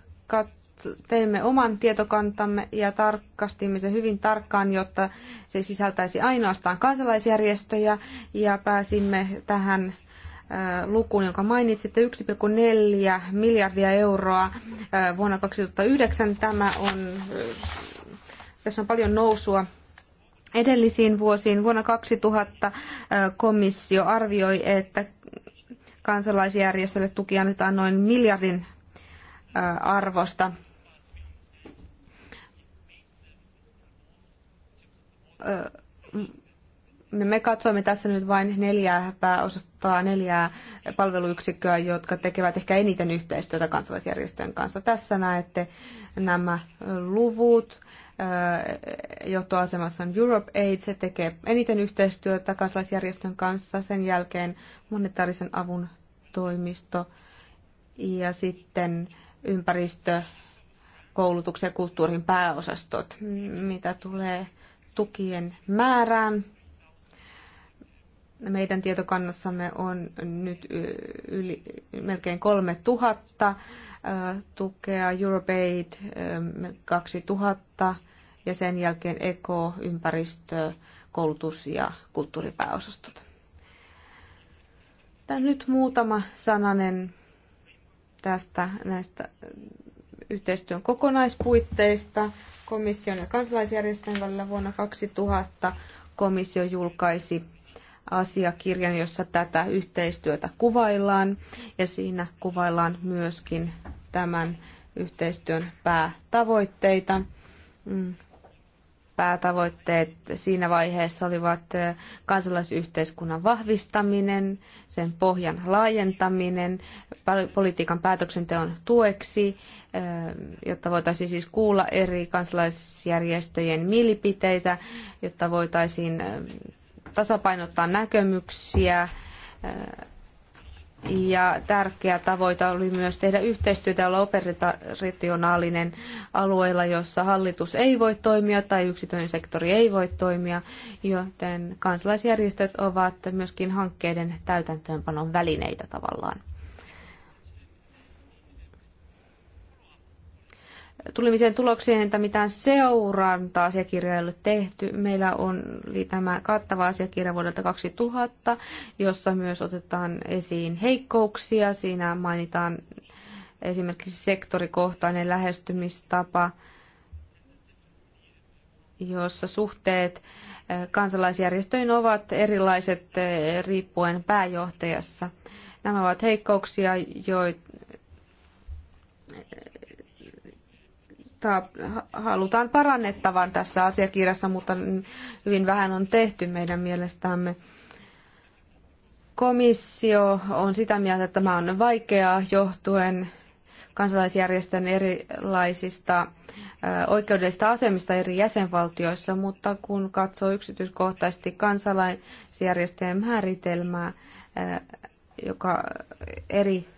teimme oman tietokantamme ja tarkastimme sen hyvin tarkkaan, jotta se sisältäisi ainoastaan kansalaisjärjestöjä ja pääsimme tähän lukuun, jonka mainitsitte, 1,4 miljardia euroa vuonna 2009. Tämä on, tässä on paljon nousua edellisiin vuosiin. Vuonna 2000 komissio arvioi, että kansalaisjärjestöille tuki annetaan noin miljardin arvosta. Ö, me katsoimme tässä nyt vain neljää pääosastoa, neljää palveluyksikköä, jotka tekevät ehkä eniten yhteistyötä kansalaisjärjestöjen kanssa. Tässä näette nämä luvut. Johtoasemassa on Europe Aid, se tekee eniten yhteistyötä kansalaisjärjestön kanssa, sen jälkeen monetaarisen avun toimisto ja sitten ympäristö, koulutuksen ja kulttuurin pääosastot, mitä tulee tukien määrään. Meidän tietokannassamme on nyt yli, melkein 3000 tukea, EuroBaid 2000 ja sen jälkeen eko, ympäristö, koulutus ja kulttuuripääosastot. Tämä nyt muutama sananen tästä näistä yhteistyön kokonaispuitteista komission ja kansalaisjärjestöjen välillä vuonna 2000 komissio julkaisi asiakirjan, jossa tätä yhteistyötä kuvaillaan ja siinä kuvaillaan myöskin tämän yhteistyön päätavoitteita. Mm. Päätavoitteet siinä vaiheessa olivat kansalaisyhteiskunnan vahvistaminen, sen pohjan laajentaminen, politiikan päätöksenteon tueksi, jotta voitaisiin siis kuulla eri kansalaisjärjestöjen mielipiteitä, jotta voitaisiin tasapainottaa näkemyksiä. Ja tärkeä tavoite oli myös tehdä yhteistyötä ja olla operationaalinen alueilla, jossa hallitus ei voi toimia tai yksityinen sektori ei voi toimia, joten kansalaisjärjestöt ovat myöskin hankkeiden täytäntöönpanon välineitä tavallaan. tulimiseen tulokseen, että mitään seurantaa asiakirjaa ei ole tehty. Meillä on tämä kattava asiakirja vuodelta 2000, jossa myös otetaan esiin heikkouksia. Siinä mainitaan esimerkiksi sektorikohtainen lähestymistapa, jossa suhteet eh, kansalaisjärjestöihin ovat erilaiset eh, riippuen pääjohtajassa. Nämä ovat heikkouksia, joita halutaan parannettavan tässä asiakirjassa, mutta hyvin vähän on tehty meidän mielestämme. Komissio on sitä mieltä, että tämä on vaikeaa johtuen kansalaisjärjestön erilaisista oikeudellisista asemista eri jäsenvaltioissa, mutta kun katsoo yksityiskohtaisesti kansalaisjärjestöjen määritelmää, joka eri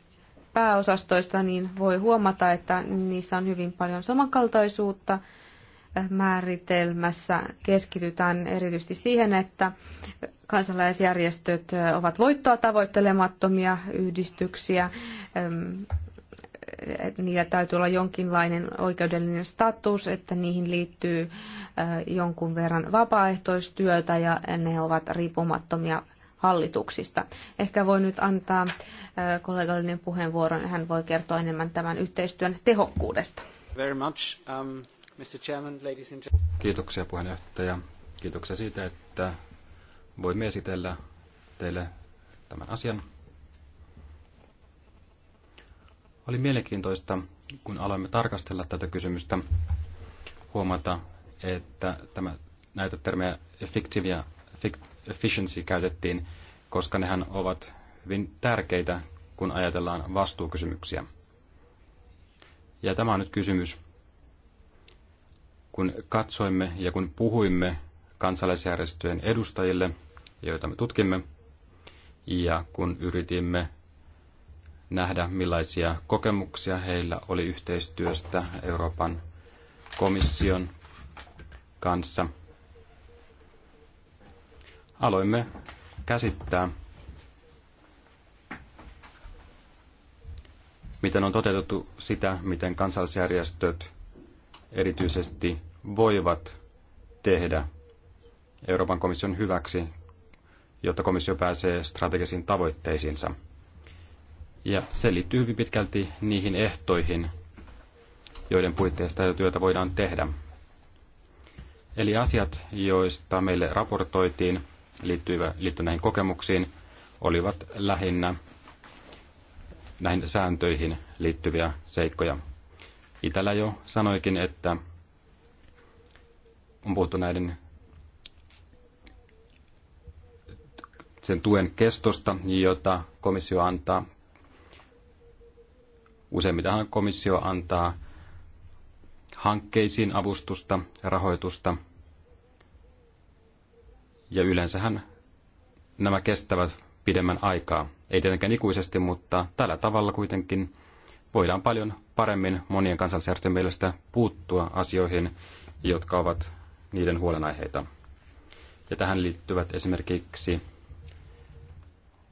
pääosastoista, niin voi huomata, että niissä on hyvin paljon samankaltaisuutta. Määritelmässä keskitytään erityisesti siihen, että kansalaisjärjestöt ovat voittoa tavoittelemattomia yhdistyksiä, niillä täytyy olla jonkinlainen oikeudellinen status, että niihin liittyy jonkun verran vapaaehtoistyötä ja ne ovat riippumattomia hallituksista. Ehkä voi nyt antaa kollegallinen puheenvuoron, hän voi kertoa enemmän tämän yhteistyön tehokkuudesta. Very much, um, Mr. Chairman, ladies and gentlemen. Kiitoksia puheenjohtaja. Kiitoksia siitä, että voimme esitellä teille tämän asian. Oli mielenkiintoista, kun aloimme tarkastella tätä kysymystä, huomata, että tämä, näitä termejä effective efficiency käytettiin koska nehän ovat hyvin tärkeitä, kun ajatellaan vastuukysymyksiä. Ja tämä on nyt kysymys. Kun katsoimme ja kun puhuimme kansalaisjärjestöjen edustajille, joita me tutkimme, ja kun yritimme nähdä, millaisia kokemuksia heillä oli yhteistyöstä Euroopan komission kanssa. Aloimme käsittää, miten on toteutettu sitä, miten kansallisjärjestöt erityisesti voivat tehdä Euroopan komission hyväksi, jotta komissio pääsee strategisiin tavoitteisiinsa. Ja se liittyy hyvin pitkälti niihin ehtoihin, joiden puitteissa tätä työtä voidaan tehdä. Eli asiat, joista meille raportoitiin, liittyneihin kokemuksiin olivat lähinnä näihin sääntöihin liittyviä seikkoja. Itälä jo sanoikin, että on puhuttu näiden sen tuen kestosta, jota komissio antaa. Useimmitahan komissio antaa hankkeisiin avustusta, rahoitusta, ja yleensähän nämä kestävät pidemmän aikaa. Ei tietenkään ikuisesti, mutta tällä tavalla kuitenkin voidaan paljon paremmin monien kansallisjärjestöjen mielestä puuttua asioihin, jotka ovat niiden huolenaiheita. Ja tähän liittyvät esimerkiksi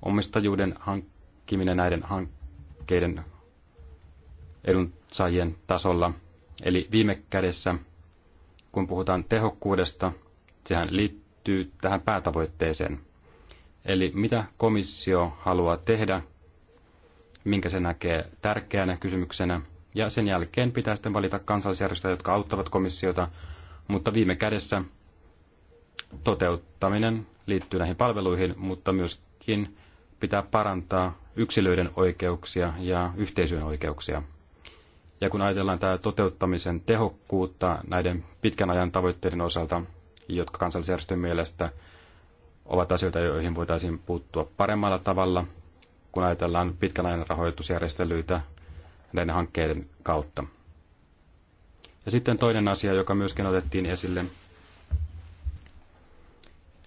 omistajuuden hankkiminen näiden hankkeiden edunsaajien tasolla. Eli viime kädessä, kun puhutaan tehokkuudesta, sehän liittyy liittyy tähän päätavoitteeseen. Eli mitä komissio haluaa tehdä, minkä se näkee tärkeänä kysymyksenä, ja sen jälkeen pitää sitten valita kansallisjärjestöjä, jotka auttavat komissiota, mutta viime kädessä toteuttaminen liittyy näihin palveluihin, mutta myöskin pitää parantaa yksilöiden oikeuksia ja yhteisöjen oikeuksia. Ja kun ajatellaan tämä toteuttamisen tehokkuutta näiden pitkän ajan tavoitteiden osalta, jotka kansallisjärjestön mielestä ovat asioita, joihin voitaisiin puuttua paremmalla tavalla, kun ajatellaan pitkän ajan rahoitusjärjestelyitä näiden hankkeiden kautta. Ja sitten toinen asia, joka myöskin otettiin esille,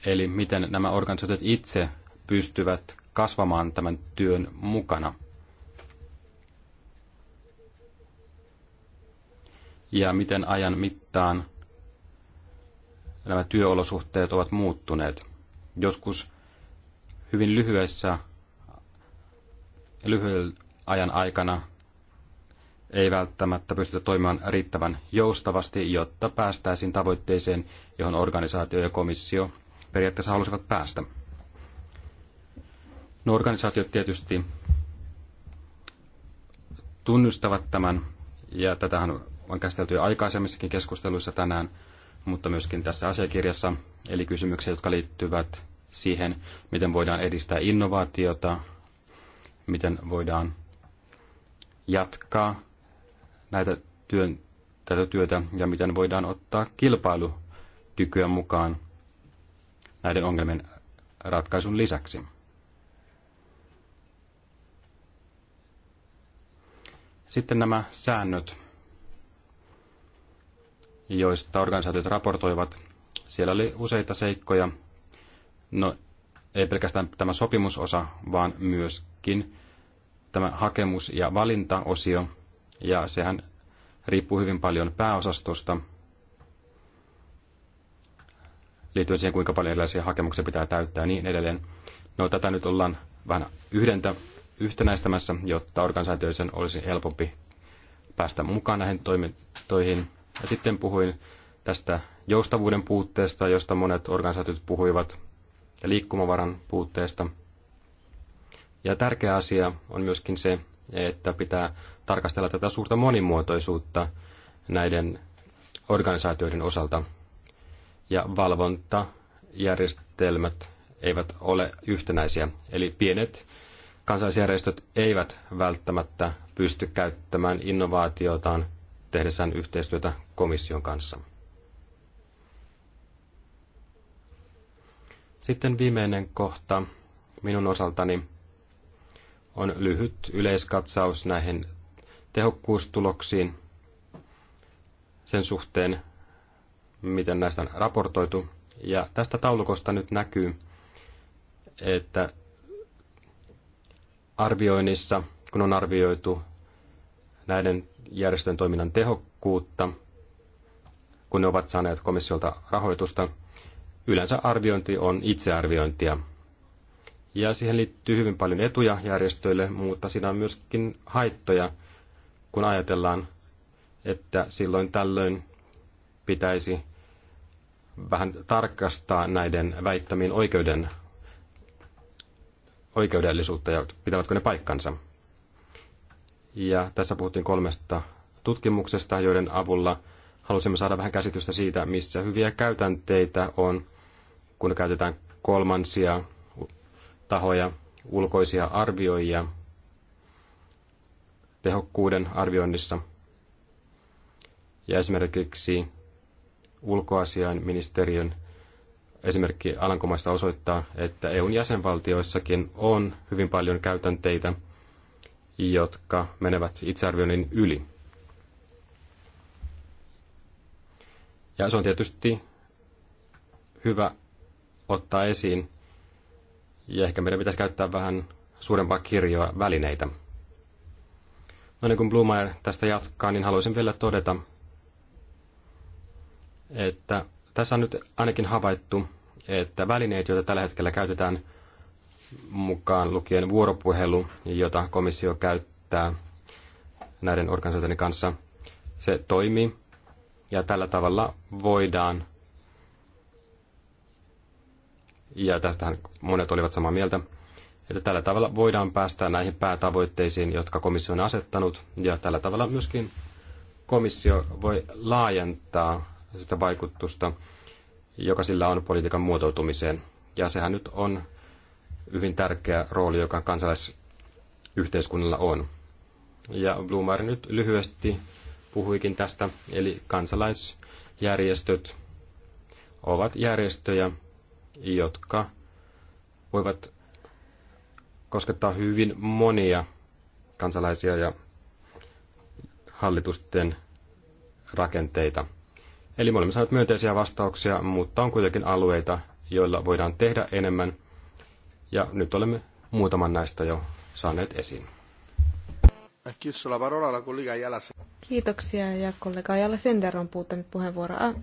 eli miten nämä organisaatiot itse pystyvät kasvamaan tämän työn mukana. Ja miten ajan mittaan nämä työolosuhteet ovat muuttuneet. Joskus hyvin lyhyessä lyhyen ajan aikana ei välttämättä pystytä toimimaan riittävän joustavasti, jotta päästäisiin tavoitteeseen, johon organisaatio ja komissio periaatteessa halusivat päästä. No organisaatiot tietysti tunnustavat tämän, ja tätähän on käsitelty jo aikaisemmissakin keskusteluissa tänään, mutta myöskin tässä asiakirjassa, eli kysymyksiä, jotka liittyvät siihen, miten voidaan edistää innovaatiota, miten voidaan jatkaa näitä työn, tätä työtä ja miten voidaan ottaa kilpailukykyä mukaan näiden ongelmien ratkaisun lisäksi. Sitten nämä säännöt, joista organisaatiot raportoivat. Siellä oli useita seikkoja. No, ei pelkästään tämä sopimusosa, vaan myöskin tämä hakemus- ja valintaosio. Ja sehän riippuu hyvin paljon pääosastosta, liittyen siihen, kuinka paljon erilaisia hakemuksia pitää täyttää ja niin edelleen. No, tätä nyt ollaan vähän yhdentä, yhtenäistämässä, jotta organisaatioiden olisi helpompi päästä mukaan näihin toimintoihin. Ja sitten puhuin tästä joustavuuden puutteesta, josta monet organisaatiot puhuivat, ja liikkumavaran puutteesta. Ja tärkeä asia on myöskin se, että pitää tarkastella tätä suurta monimuotoisuutta näiden organisaatioiden osalta. Ja valvontajärjestelmät eivät ole yhtenäisiä. Eli pienet kansalaisjärjestöt eivät välttämättä pysty käyttämään innovaatiotaan tehdessään yhteistyötä komission kanssa. Sitten viimeinen kohta minun osaltani on lyhyt yleiskatsaus näihin tehokkuustuloksiin sen suhteen, miten näistä on raportoitu. Ja tästä taulukosta nyt näkyy, että arvioinnissa, kun on arvioitu näiden järjestön toiminnan tehokkuutta, kun ne ovat saaneet komissiolta rahoitusta. Yleensä arviointi on itsearviointia. Ja siihen liittyy hyvin paljon etuja järjestöille, mutta siinä on myöskin haittoja, kun ajatellaan, että silloin tällöin pitäisi vähän tarkastaa näiden väittämiin oikeuden, oikeudellisuutta ja pitävätkö ne paikkansa. Ja tässä puhuttiin kolmesta tutkimuksesta, joiden avulla halusimme saada vähän käsitystä siitä, missä hyviä käytänteitä on, kun käytetään kolmansia tahoja, ulkoisia arvioijia tehokkuuden arvioinnissa. Ja esimerkiksi ulkoasiainministeriön esimerkki Alankomaista osoittaa, että EUn jäsenvaltioissakin on hyvin paljon käytänteitä – jotka menevät itsearvioinnin yli. Ja se on tietysti hyvä ottaa esiin, ja ehkä meidän pitäisi käyttää vähän suurempaa kirjoa välineitä. No niin kuin Blumeyer tästä jatkaa, niin haluaisin vielä todeta, että tässä on nyt ainakin havaittu, että välineet, joita tällä hetkellä käytetään – mukaan lukien vuoropuhelu, jota komissio käyttää näiden organisaatioiden kanssa. Se toimii ja tällä tavalla voidaan, ja tästähän monet olivat samaa mieltä, että tällä tavalla voidaan päästä näihin päätavoitteisiin, jotka komissio on asettanut, ja tällä tavalla myöskin komissio voi laajentaa sitä vaikutusta, joka sillä on politiikan muotoutumiseen. Ja sehän nyt on hyvin tärkeä rooli, joka kansalaisyhteiskunnalla on. Ja Blumar nyt lyhyesti puhuikin tästä, eli kansalaisjärjestöt ovat järjestöjä, jotka voivat koskettaa hyvin monia kansalaisia ja hallitusten rakenteita. Eli me olemme saaneet myönteisiä vastauksia, mutta on kuitenkin alueita, joilla voidaan tehdä enemmän – ja nyt olemme muutaman näistä jo saaneet esiin. Kiitoksia ja kollega Ajala Sender on puuttanut puheenvuoroa.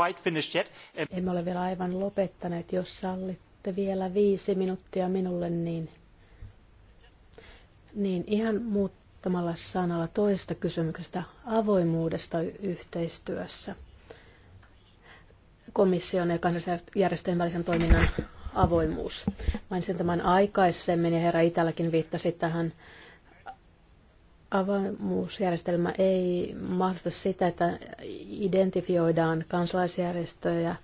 Quite finished yet. Emme ole vielä aivan lopettaneet, jos sallitte vielä viisi minuuttia minulle, niin, niin ihan muuttamalla sanalla toista kysymyksestä avoimuudesta yhteistyössä komission ja kansallisjärjestöjen välisen toiminnan avoimuus. Mainitsin tämän aikaisemmin ja herra Itälläkin viittasi tähän. Avoimuusjärjestelmä ei mahdollista sitä, että identifioidaan kansalaisjärjestöjä.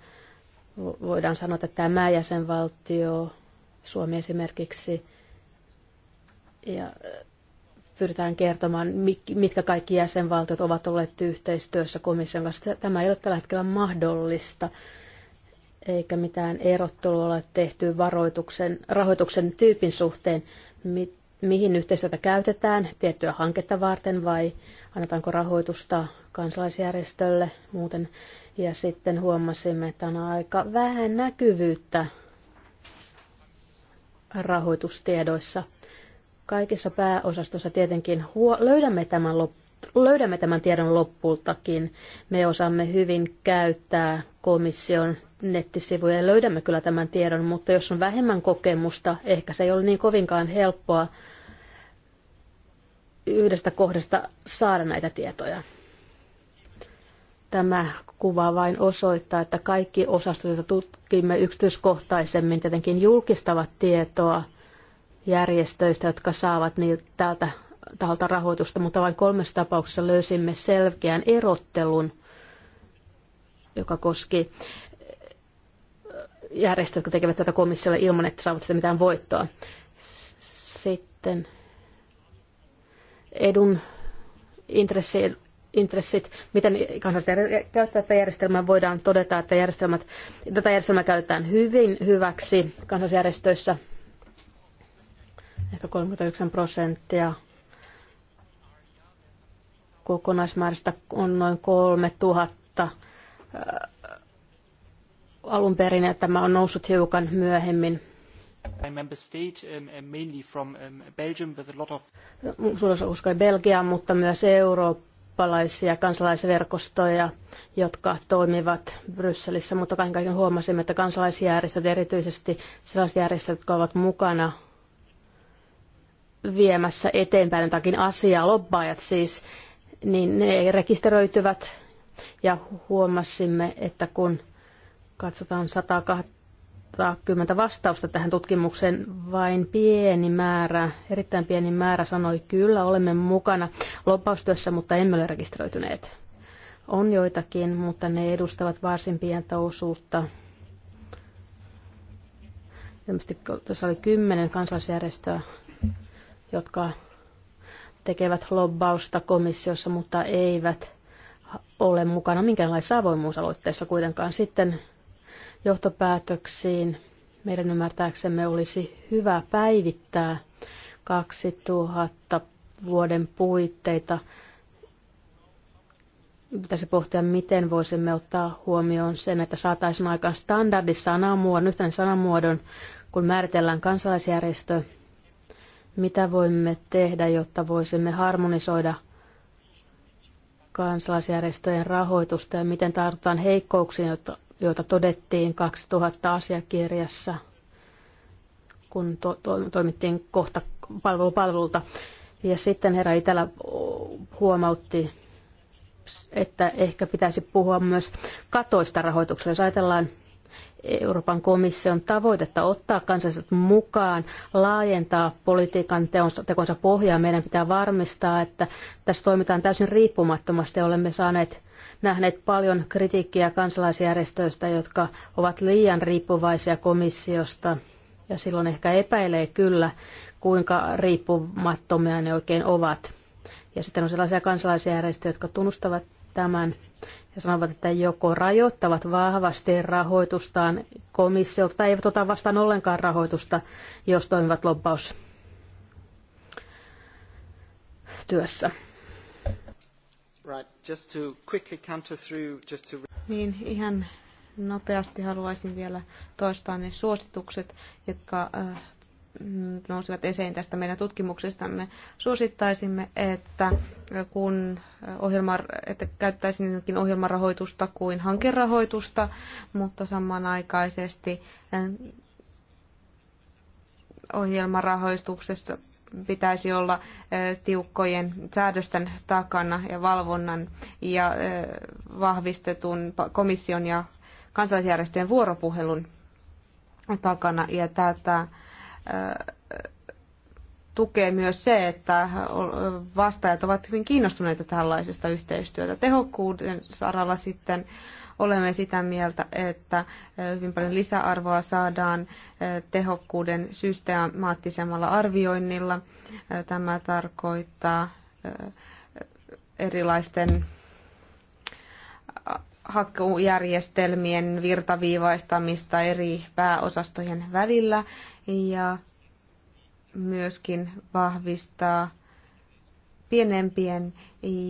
Voidaan sanoa, että tämä jäsenvaltio, Suomi esimerkiksi, ja pyritään kertomaan, mitkä kaikki jäsenvaltiot ovat olleet yhteistyössä komission kanssa. Tämä ei ole tällä hetkellä mahdollista eikä mitään erottelua ole tehty varoituksen, rahoituksen tyypin suhteen, mi, mihin yhteistyötä käytetään tiettyä hanketta varten vai annetaanko rahoitusta kansalaisjärjestölle muuten. Ja sitten huomasimme, että on aika vähän näkyvyyttä rahoitustiedoissa. Kaikissa pääosastossa tietenkin löydämme tämän loppuun löydämme tämän tiedon loppultakin. me osaamme hyvin käyttää komission nettisivuja löydämme kyllä tämän tiedon, mutta jos on vähemmän kokemusta, ehkä se ei ole niin kovinkaan helppoa yhdestä kohdasta saada näitä tietoja. Tämä kuva vain osoittaa, että kaikki osastot, joita tutkimme yksityiskohtaisemmin, tietenkin julkistavat tietoa järjestöistä, jotka saavat niiltä täältä taholta rahoitusta, mutta vain kolmessa tapauksessa löysimme selkeän erottelun, joka koski järjestöt, jotka tekevät tätä komissiolle ilman, että saavat sitä mitään voittoa. Sitten edun intressi, intressit, miten kansalaiset käyttävät tätä järjestelmää, voidaan todeta, että järjestelmät, tätä järjestelmää käytetään hyvin hyväksi kansalaisjärjestöissä, ehkä 39 prosenttia kokonaismäärästä on noin 3000 alun perin ja tämä on noussut hiukan myöhemmin. Member state, um, um, um, uskoi mutta myös eurooppalaisia kansalaisverkostoja, jotka toimivat Brysselissä, mutta kaiken kaiken huomasimme, että kansalaisjärjestöt, erityisesti sellaiset järjestöt, jotka ovat mukana viemässä eteenpäin jotakin asiaa, lobbaajat siis, niin ne rekisteröityvät ja huomasimme, että kun Katsotaan 120 vastausta tähän tutkimukseen. Vain pieni määrä, erittäin pieni määrä sanoi, kyllä olemme mukana loppaustyössä, mutta emme ole rekisteröityneet. On joitakin, mutta ne edustavat varsin pientä osuutta. Ilmeisesti tässä oli kymmenen kansalaisjärjestöä, jotka tekevät lobbausta komissiossa, mutta eivät ole mukana minkäänlaisessa avoimuusaloitteessa kuitenkaan. Sitten johtopäätöksiin meidän ymmärtääksemme olisi hyvä päivittää 2000 vuoden puitteita. Pitäisi pohtia, miten voisimme ottaa huomioon sen, että saataisiin aikaan standardisanamuodon, yhtenä sanamuodon, kun määritellään kansalaisjärjestö, mitä voimme tehdä, jotta voisimme harmonisoida kansalaisjärjestöjen rahoitusta ja miten tartutaan heikkouksiin, jotta joita todettiin 2000 asiakirjassa, kun to- to- toimittiin kohta palvelupalvelulta. Ja sitten herra Itälä huomautti, että ehkä pitäisi puhua myös katoista rahoituksella. Jos ajatellaan Euroopan komission tavoitetta ottaa kansalliset mukaan, laajentaa politiikan tekonsa pohjaa. Meidän pitää varmistaa, että tässä toimitaan täysin riippumattomasti ja olemme saaneet nähneet paljon kritiikkiä kansalaisjärjestöistä, jotka ovat liian riippuvaisia komissiosta ja silloin ehkä epäilee kyllä, kuinka riippumattomia ne oikein ovat. Ja sitten on sellaisia kansalaisjärjestöjä, jotka tunnustavat tämän ja sanovat, että joko rajoittavat vahvasti rahoitustaan komissiolta tai eivät ota vastaan ollenkaan rahoitusta, jos toimivat lobbaus työssä. Right just to quickly counter through, just to... Niin ihan nopeasti haluaisin vielä toistaa ne suositukset, jotka äh, nousivat esiin tästä meidän tutkimuksestamme. Suosittaisimme, että kun ohjelma, että käyttäisin ohjelmarahoitusta kuin hankerahoitusta, mutta samanaikaisesti äh, ohjelmarahoituksesta pitäisi olla tiukkojen säädösten takana ja valvonnan ja vahvistetun komission ja kansalaisjärjestöjen vuoropuhelun takana. Ja tätä tukee myös se, että vastaajat ovat hyvin kiinnostuneita tällaisesta yhteistyötä. Tehokkuuden saralla sitten Olemme sitä mieltä, että hyvin paljon lisäarvoa saadaan tehokkuuden systemaattisemmalla arvioinnilla. Tämä tarkoittaa erilaisten hakujärjestelmien virtaviivaistamista eri pääosastojen välillä ja myöskin vahvistaa pienempien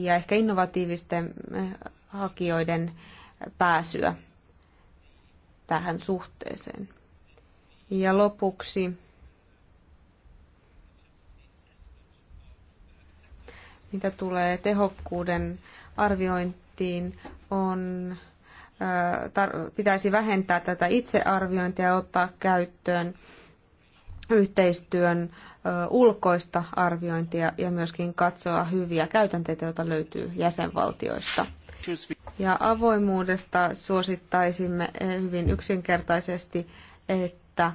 ja ehkä innovatiivisten hakijoiden pääsyä tähän suhteeseen. Ja lopuksi mitä tulee tehokkuuden arviointiin, on, pitäisi vähentää tätä itsearviointia ja ottaa käyttöön yhteistyön ulkoista arviointia ja myöskin katsoa hyviä käytänteitä, joita löytyy jäsenvaltioista. Ja avoimuudesta suosittaisimme eh, hyvin yksinkertaisesti, että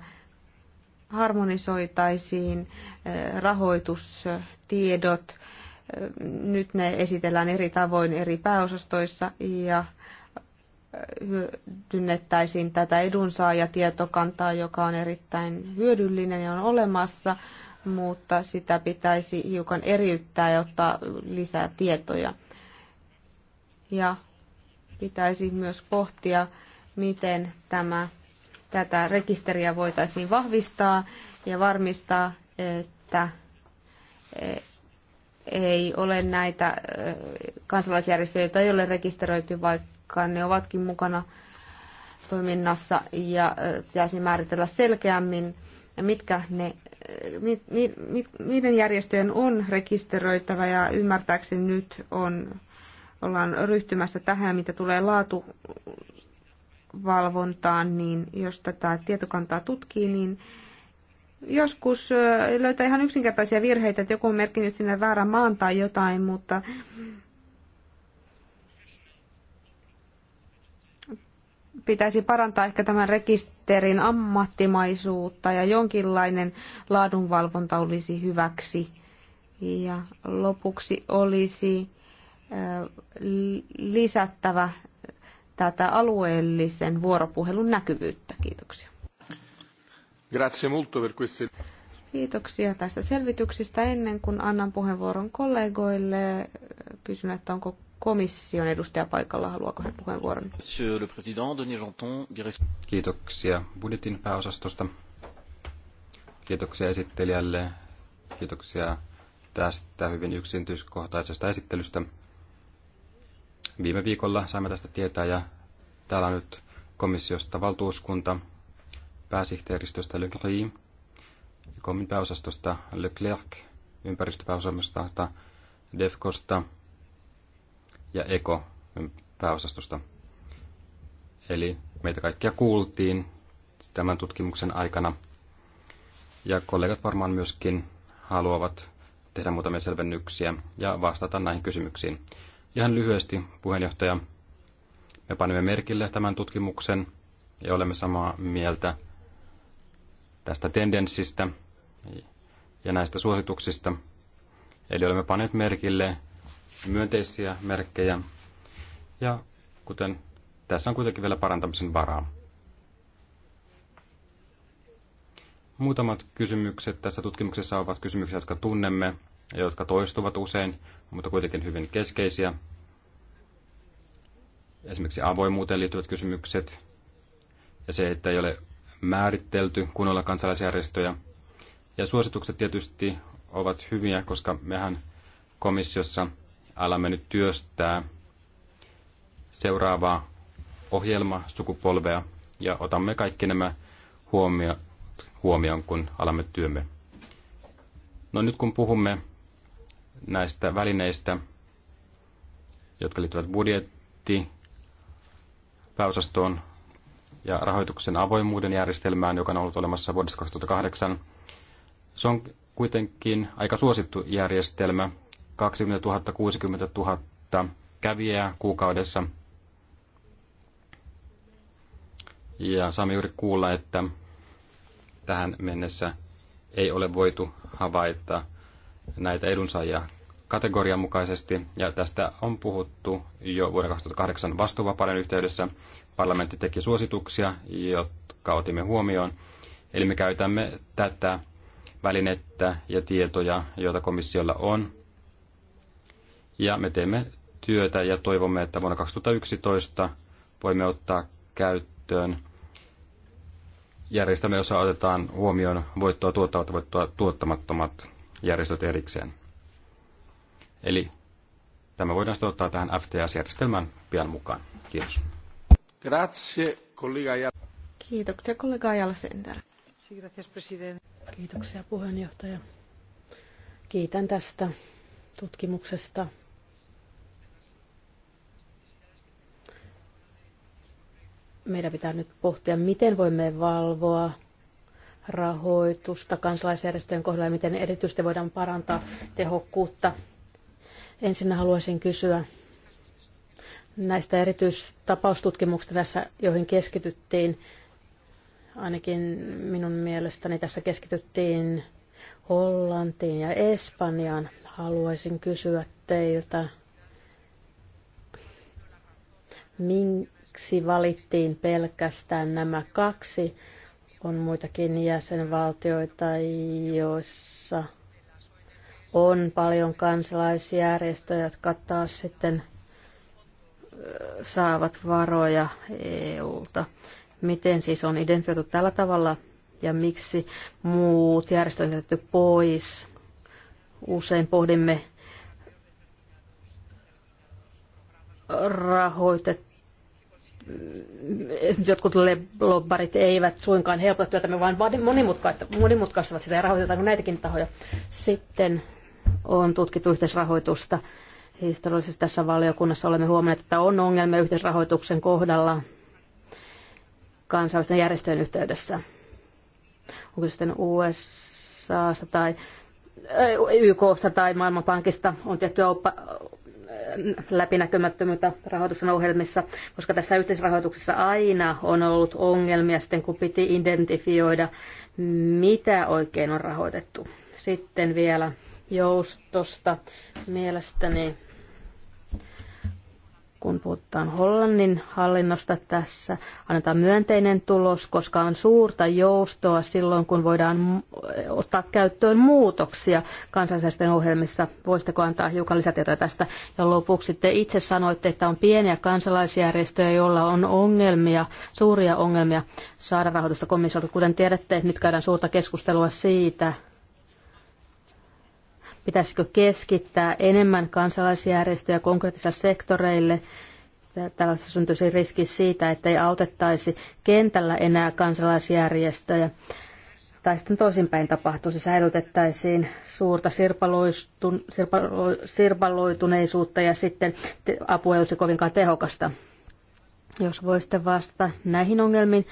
harmonisoitaisiin eh, rahoitustiedot. Eh, nyt ne esitellään eri tavoin eri pääosastoissa ja hyödynnettäisiin tätä edunsaajatietokantaa, joka on erittäin hyödyllinen ja on olemassa, mutta sitä pitäisi hiukan eriyttää ja ottaa lisää tietoja ja pitäisi myös pohtia, miten tämä, tätä rekisteriä voitaisiin vahvistaa ja varmistaa, että e, ei ole näitä e, kansalaisjärjestöjä, joita ei ole rekisteröity, vaikka ne ovatkin mukana toiminnassa ja e, pitäisi määritellä selkeämmin, mitkä ne, mit, mit, mit, miten järjestöjen on rekisteröitävä ja ymmärtääkseni nyt on ollaan ryhtymässä tähän, mitä tulee laatuvalvontaan, niin jos tätä tietokantaa tutkii, niin joskus löytää ihan yksinkertaisia virheitä, että joku on merkinnyt sinne väärän maan tai jotain, mutta pitäisi parantaa ehkä tämän rekisterin ammattimaisuutta ja jonkinlainen laadunvalvonta olisi hyväksi. Ja lopuksi olisi lisättävä tätä alueellisen vuoropuhelun näkyvyyttä. Kiitoksia. Grazie molto per queste... Kiitoksia tästä selvityksestä. Ennen kuin annan puheenvuoron kollegoille, kysyn, että onko komission edustaja paikalla. Haluaako hän puheenvuoron? Monsieur le Président, Denis Janton, Kiitoksia budjetin pääosastosta. Kiitoksia esittelijälle. Kiitoksia tästä hyvin yksityiskohtaisesta esittelystä. Viime viikolla saimme tästä tietää ja täällä on nyt komissiosta valtuuskunta pääsihteeristöstä Le Gris, komin pääosastosta Le Clerc, ympäristöpääosastosta Defkosta ja eko pääosastosta. Eli meitä kaikkia kuultiin tämän tutkimuksen aikana. Ja kollegat varmaan myöskin haluavat tehdä muutamia selvennyksiä ja vastata näihin kysymyksiin. Ihan lyhyesti, puheenjohtaja. Me panemme merkille tämän tutkimuksen ja olemme samaa mieltä tästä tendenssistä ja näistä suosituksista. Eli olemme panneet merkille myönteisiä merkkejä ja kuten tässä on kuitenkin vielä parantamisen varaa. Muutamat kysymykset tässä tutkimuksessa ovat kysymyksiä, jotka tunnemme jotka toistuvat usein, mutta kuitenkin hyvin keskeisiä. Esimerkiksi avoimuuteen liittyvät kysymykset ja se, että ei ole määritelty kunnolla kansalaisjärjestöjä. Ja suositukset tietysti ovat hyviä, koska mehän komissiossa alamme nyt työstää seuraavaa sukupolvea ja otamme kaikki nämä huomio, huomioon, kun alamme työmme. No nyt kun puhumme näistä välineistä, jotka liittyvät budjetti, pääosastoon ja rahoituksen avoimuuden järjestelmään, joka on ollut olemassa vuodesta 2008. Se on kuitenkin aika suosittu järjestelmä, 20 000, 60 000 kävijää kuukaudessa. Ja saamme juuri kuulla, että tähän mennessä ei ole voitu havaita näitä edunsaajia kategorian mukaisesti, ja tästä on puhuttu jo vuoden 2008 vastuuvapauden yhteydessä. Parlamentti teki suosituksia, jotka otimme huomioon, eli me käytämme tätä välinettä ja tietoja, joita komissiolla on, ja me teemme työtä ja toivomme, että vuonna 2011 voimme ottaa käyttöön järjestelmä, jossa otetaan huomioon voittoa tuottavat voittoa tuottamattomat järjestöt erikseen. Eli tämä voidaan sitten ottaa tähän FTS-järjestelmään pian mukaan. Kiitos. Grazie, kollega Jal- Kiitoksia, kollega Jalsender. Kiitoksia, puheenjohtaja. Kiitän tästä tutkimuksesta. Meidän pitää nyt pohtia, miten voimme valvoa rahoitusta kansalaisjärjestöjen kohdalla ja miten erityisesti voidaan parantaa tehokkuutta. Ensin haluaisin kysyä näistä erityistapaustutkimuksista tässä, joihin keskityttiin. Ainakin minun mielestäni tässä keskityttiin Hollantiin ja Espanjaan. Haluaisin kysyä teiltä, miksi valittiin pelkästään nämä kaksi on muitakin jäsenvaltioita, joissa on paljon kansalaisjärjestöjä, jotka taas sitten saavat varoja EUlta. Miten siis on identifioitu tällä tavalla ja miksi muut järjestöt on jätetty pois? Usein pohdimme rahoitettu jotkut lobbarit eivät suinkaan helpota työtämme, vaan monimutkaistavat sitä ja rahoitetaan näitäkin tahoja. Sitten on tutkittu yhteisrahoitusta. Historiallisesti tässä valiokunnassa olemme huomanneet, että on ongelmia yhteisrahoituksen kohdalla kansainvälisten järjestöjen yhteydessä. Onko se sitten USAsta tai YKsta tai Maailmanpankista on tiettyä oppa- läpinäkymättömyyttä rahoituksen ohjelmissa, koska tässä yhteisrahoituksessa aina on ollut ongelmia sitten, kun piti identifioida, mitä oikein on rahoitettu. Sitten vielä joustosta. Mielestäni kun puhutaan Hollannin hallinnosta tässä, annetaan myönteinen tulos, koska on suurta joustoa silloin, kun voidaan ottaa käyttöön muutoksia kansallisten ohjelmissa. Voisitteko antaa hiukan lisätietoa tästä? Ja lopuksi te itse sanoitte, että on pieniä kansalaisjärjestöjä, joilla on ongelmia, suuria ongelmia saada rahoitusta komissiolta. Kuten tiedätte, nyt käydään suurta keskustelua siitä, Pitäisikö keskittää enemmän kansalaisjärjestöjä konkreettisille sektoreille? Tällaisessa syntyisi riski siitä, että ei autettaisi kentällä enää kansalaisjärjestöjä. Tai sitten toisinpäin tapahtuisi, säilytettäisiin suurta sirpaloituneisuutta ja sitten apu ei olisi kovinkaan tehokasta. Jos voisitte vastata näihin ongelmiin,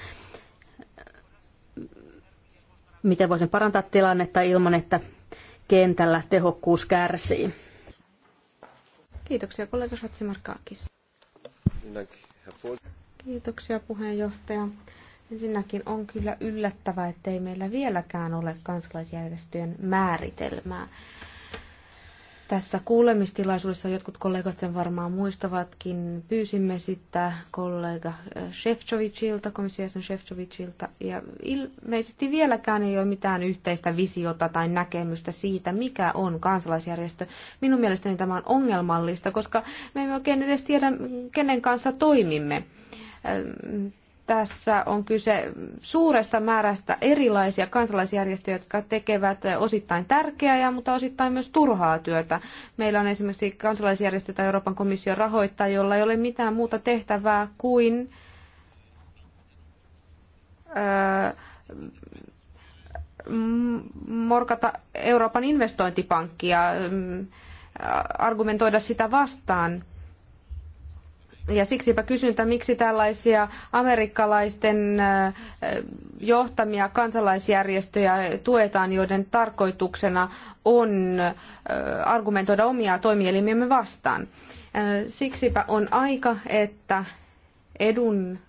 miten voisin parantaa tilannetta ilman, että kentällä tehokkuus kärsii. Kiitoksia kollega Shatsimarkakis. Kiitoksia puheenjohtaja. Ensinnäkin on kyllä yllättävää, ettei meillä vieläkään ole kansalaisjärjestöjen määritelmää. Tässä kuulemistilaisuudessa jotkut kollegat sen varmaan muistavatkin. Pyysimme sitä kollega Shevchovicilta, eh, komissiojäsen Shevchovicilta, ja ilmeisesti vieläkään ei ole mitään yhteistä visiota tai näkemystä siitä, mikä on kansalaisjärjestö. Minun mielestäni tämä on ongelmallista, koska me emme oikein edes tiedä, kenen kanssa toimimme tässä on kyse suuresta määrästä erilaisia kansalaisjärjestöjä, jotka tekevät osittain tärkeää, mutta osittain myös turhaa työtä. Meillä on esimerkiksi kansalaisjärjestö tai Euroopan komission rahoittaa, jolla ei ole mitään muuta tehtävää kuin öö, morkata Euroopan investointipankkia, öö, argumentoida sitä vastaan – ja siksipä kysyntä, miksi tällaisia amerikkalaisten johtamia kansalaisjärjestöjä tuetaan, joiden tarkoituksena on argumentoida omia toimielimiemme vastaan. Siksipä on aika, että edun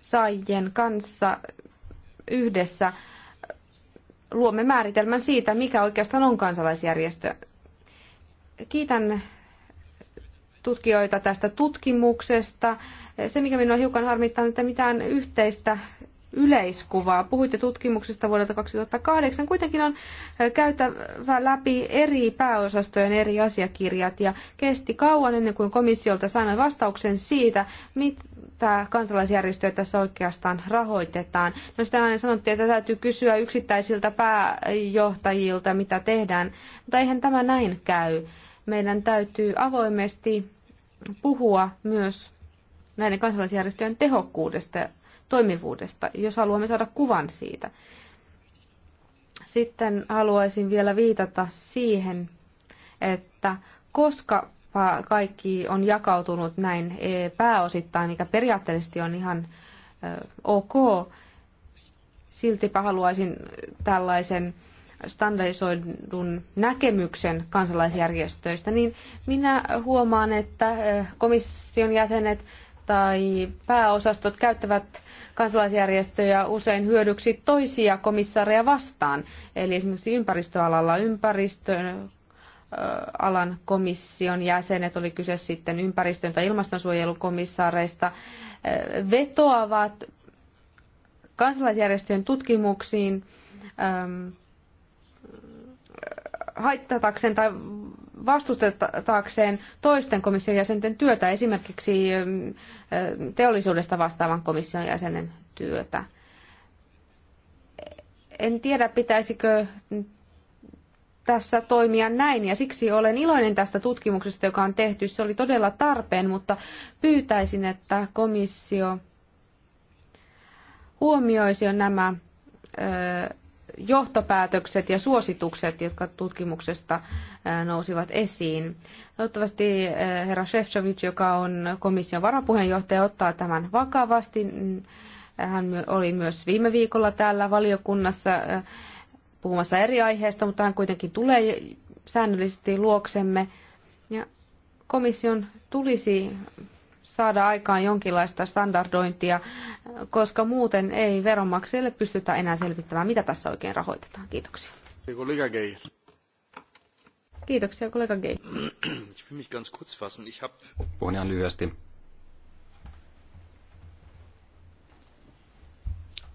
saajien kanssa yhdessä luomme määritelmän siitä, mikä oikeastaan on kansalaisjärjestö. Kiitän tutkijoita tästä tutkimuksesta. Se, mikä minua hiukan harmittaa, on, että mitään yhteistä yleiskuvaa. Puhuitte tutkimuksesta vuodelta 2008. Kuitenkin on käytävä läpi eri pääosastojen eri asiakirjat ja kesti kauan ennen kuin komissiolta saimme vastauksen siitä, mitä kansalaisjärjestöjä tässä oikeastaan rahoitetaan. No sitten aina sanottiin, että täytyy kysyä yksittäisiltä pääjohtajilta, mitä tehdään, mutta eihän tämä näin käy meidän täytyy avoimesti puhua myös näiden kansalaisjärjestöjen tehokkuudesta ja toimivuudesta, jos haluamme saada kuvan siitä. Sitten haluaisin vielä viitata siihen, että koska kaikki on jakautunut näin pääosittain, mikä periaatteellisesti on ihan ok, siltipä haluaisin tällaisen standardisoidun näkemyksen kansalaisjärjestöistä, niin minä huomaan, että eh, komission jäsenet tai pääosastot käyttävät kansalaisjärjestöjä usein hyödyksi toisia komissaareja vastaan. Eli esimerkiksi ympäristöalalla ympäristön eh, alan komission jäsenet, oli kyse sitten ympäristön tai ilmastonsuojelun komissaareista, eh, vetoavat kansalaisjärjestöjen tutkimuksiin ehm, haittatakseen tai vastustetakseen toisten komission jäsenten työtä, esimerkiksi ähm, äh, teollisuudesta vastaavan komission jäsenen työtä. En tiedä, pitäisikö tässä toimia näin ja siksi olen iloinen tästä tutkimuksesta, joka on tehty. Se oli todella tarpeen, mutta pyytäisin, että komissio huomioisi nämä äh, johtopäätökset ja suositukset, jotka tutkimuksesta nousivat esiin. Toivottavasti herra Shevchovic, joka on komission varapuheenjohtaja, ottaa tämän vakavasti. Hän oli myös viime viikolla täällä valiokunnassa puhumassa eri aiheesta, mutta hän kuitenkin tulee säännöllisesti luoksemme. Ja komission tulisi saada aikaan jonkinlaista standardointia, koska muuten ei veronmaksajille pystytä enää selvittämään, mitä tässä oikein rahoitetaan. Kiitoksia. Kollega Gay. Kiitoksia, kollega Gay. Ich will mich ganz kurz fassen. Ich hab... Puhun ihan lyhyesti.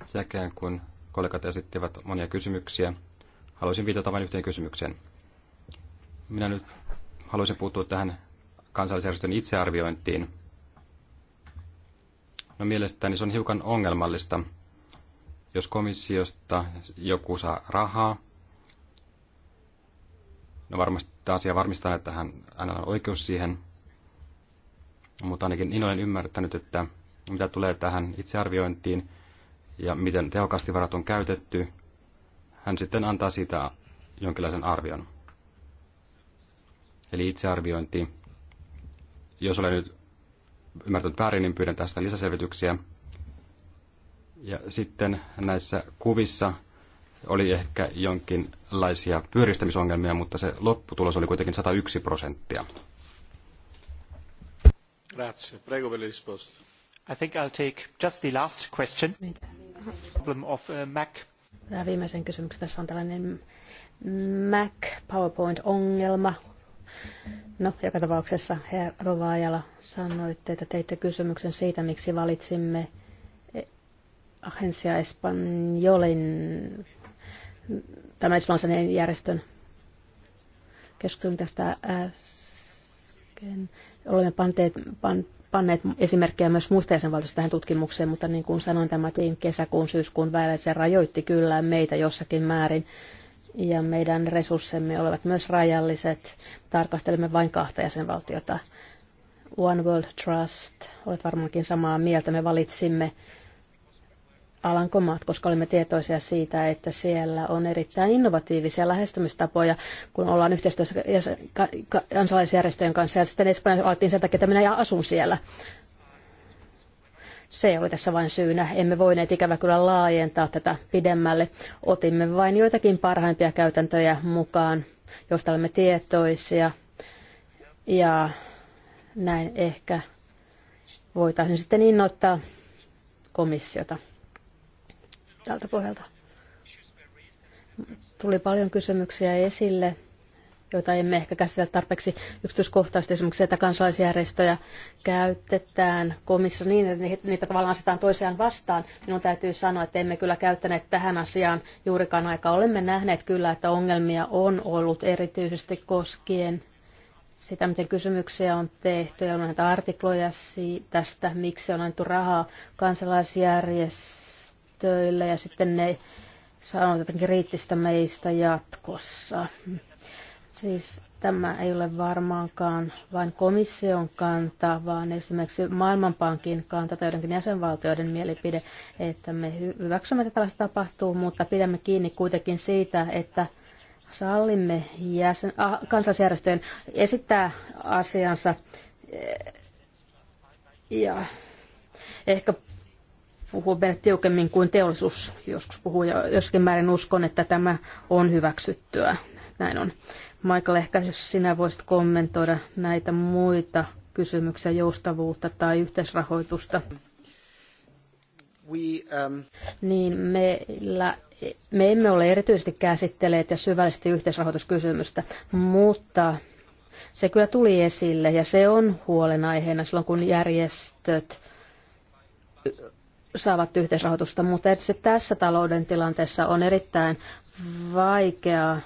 Sen kun kollegat esittivät monia kysymyksiä, haluaisin viitata vain yhteen kysymykseen. Minä nyt haluaisin puuttua tähän kansallisjärjestön itsearviointiin No mielestäni se on hiukan ongelmallista. Jos komissiosta joku saa rahaa, no varmasti tämä asia varmistaa, että hän, aina on oikeus siihen. Mutta ainakin niin olen ymmärtänyt, että mitä tulee tähän itsearviointiin ja miten tehokkaasti varat on käytetty, hän sitten antaa siitä jonkinlaisen arvion. Eli itsearviointi, jos olen nyt ymmärtänyt väärin, niin pyydän tästä lisäselvityksiä. Ja sitten näissä kuvissa oli ehkä jonkinlaisia pyöristämisongelmia, mutta se lopputulos oli kuitenkin 101 prosenttia. Grazie. Prego per le risposte. I think I'll take just the last question. Problem of uh, Mac. Tämä viimeisen kysymyksen tässä on tällainen Mac PowerPoint-ongelma. No, joka tapauksessa, herra Rovaajala, sanoitte, että teitte kysymyksen siitä, miksi valitsimme Agencia Espanjolin, tämän espanjalaisen järjestön keskustelun tästä äsken. Olemme panteet, pan, panneet esimerkkejä myös muista jäsenvaltioista tähän tutkimukseen, mutta niin kuin sanoin, tämä tein kesäkuun, syyskuun se rajoitti kyllä meitä jossakin määrin ja meidän resurssemme olivat myös rajalliset. Tarkastelemme vain kahta jäsenvaltiota. One World Trust, olet varmaankin samaa mieltä, me valitsimme Alankomaat, koska olimme tietoisia siitä, että siellä on erittäin innovatiivisia lähestymistapoja, kun ollaan yhteistyössä kansalaisjärjestöjen kanssa. Ja sitten Espanjassa valittiin sen takia, että minä asun siellä. Se oli tässä vain syynä. Emme voineet ikävä kyllä laajentaa tätä pidemmälle. Otimme vain joitakin parhaimpia käytäntöjä mukaan, joista olemme tietoisia. Ja näin ehkä voitaisiin sitten innoittaa komissiota tältä pohjalta. Tuli paljon kysymyksiä esille joita emme ehkä käsitellä tarpeeksi yksityiskohtaisesti, esimerkiksi että kansalaisjärjestöjä käytetään komissa niin, että niitä tavallaan asetaan toisiaan vastaan. Minun täytyy sanoa, että emme kyllä käyttäneet tähän asiaan juurikaan aikaa. Olemme nähneet kyllä, että ongelmia on ollut erityisesti koskien sitä, miten kysymyksiä on tehty ja on näitä artikloja tästä, miksi on annettu rahaa kansalaisjärjestöille ja sitten ne sanovat jotenkin kriittistä meistä jatkossa. Siis tämä ei ole varmaankaan vain komission kanta, vaan esimerkiksi Maailmanpankin kanta tai joidenkin jäsenvaltioiden mielipide, että me hyväksymme, että tällaista tapahtuu, mutta pidämme kiinni kuitenkin siitä, että sallimme jäsen, ah, kansallisjärjestöjen esittää asiansa ja ehkä puhuu vielä tiukemmin kuin teollisuus joskus puhuu, ja joskin määrin uskon, että tämä on hyväksyttyä. Näin on. Michael, ehkä jos sinä voisit kommentoida näitä muita kysymyksiä, joustavuutta tai yhteisrahoitusta. We, um... Niin meillä, me emme ole erityisesti käsitteleet ja syvällisesti yhteisrahoituskysymystä, mutta se kyllä tuli esille ja se on huolenaiheena silloin, kun järjestöt saavat yhteisrahoitusta, mutta se tässä talouden tilanteessa on erittäin vaikeaa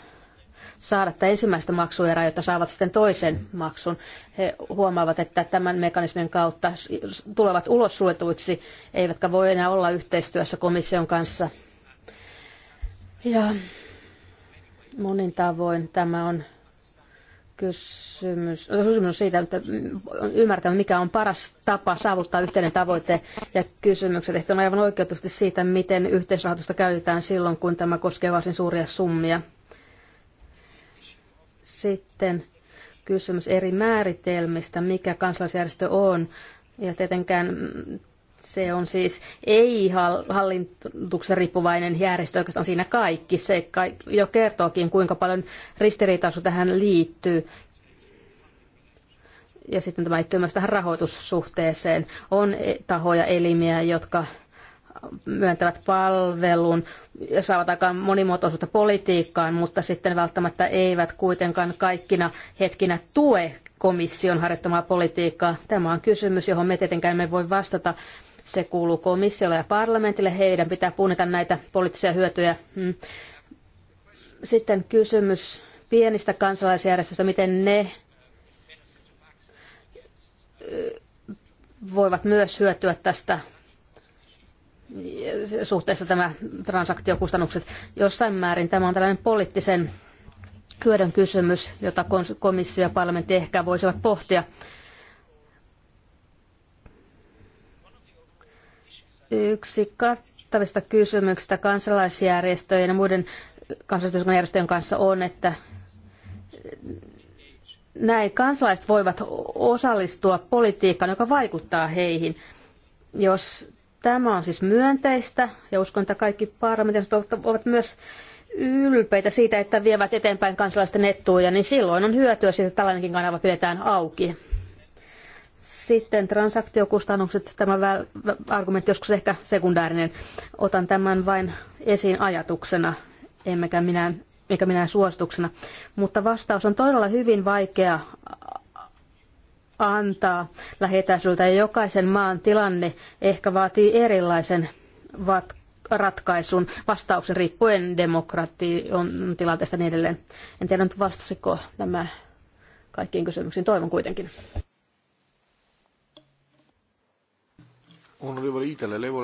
saada tätä ensimmäistä maksuerää, jotta saavat sitten toisen maksun. He huomaavat, että tämän mekanismin kautta tulevat ulos suletuiksi, eivätkä voi enää olla yhteistyössä komission kanssa. Ja monin tavoin tämä on kysymys, no, kysymys on siitä, että ymmärtää, mikä on paras tapa saavuttaa yhteinen tavoite ja kysymykset. Ehkä on aivan oikeutusti siitä, miten yhteisrahoitusta käytetään silloin, kun tämä koskee varsin suuria summia. Sitten kysymys eri määritelmistä, mikä kansalaisjärjestö on. Ja tietenkään se on siis ei-hallituksen riippuvainen järjestö, oikeastaan siinä kaikki. Se jo kertookin, kuinka paljon ristiriitaisu tähän liittyy. Ja sitten tämä liittyy myös tähän rahoitussuhteeseen. On e- tahoja, elimiä, jotka myöntävät palvelun ja saavat aikaan monimuotoisuutta politiikkaan, mutta sitten välttämättä eivät kuitenkaan kaikkina hetkinä tue komission harjoittamaa politiikkaa. Tämä on kysymys, johon me tietenkään emme voi vastata. Se kuuluu komissiolle ja parlamentille. Heidän pitää punnita näitä poliittisia hyötyjä. Hmm. Sitten kysymys pienistä kansalaisjärjestöistä, miten ne voivat myös hyötyä tästä suhteessa tämä transaktiokustannukset. Jossain määrin tämä on tällainen poliittisen hyödyn kysymys, jota komissio ja parlamentti ehkä voisivat pohtia. Yksi kattavista kysymyksistä kansalaisjärjestöjen ja muiden kansalaisjärjestöjen kanssa on, että näin kansalaiset voivat osallistua politiikkaan, joka vaikuttaa heihin. Jos Tämä on siis myönteistä ja uskon, että kaikki parlamentit ovat myös ylpeitä siitä, että vievät eteenpäin kansalaisten etuja, niin silloin on hyötyä siitä, että tällainenkin kanava pidetään auki. Sitten transaktiokustannukset, tämä argumentti joskus ehkä sekundäärinen. Otan tämän vain esiin ajatuksena, emmekä minä, eikä minä suosituksena. Mutta vastaus on todella hyvin vaikea antaa lähietäisyydeltä ja jokaisen maan tilanne ehkä vaatii erilaisen vat- ratkaisun vastauksen riippuen demokratian tilanteesta niin edelleen. En tiedä nyt vastasiko tämä kaikkiin kysymyksiin. Toivon kuitenkin.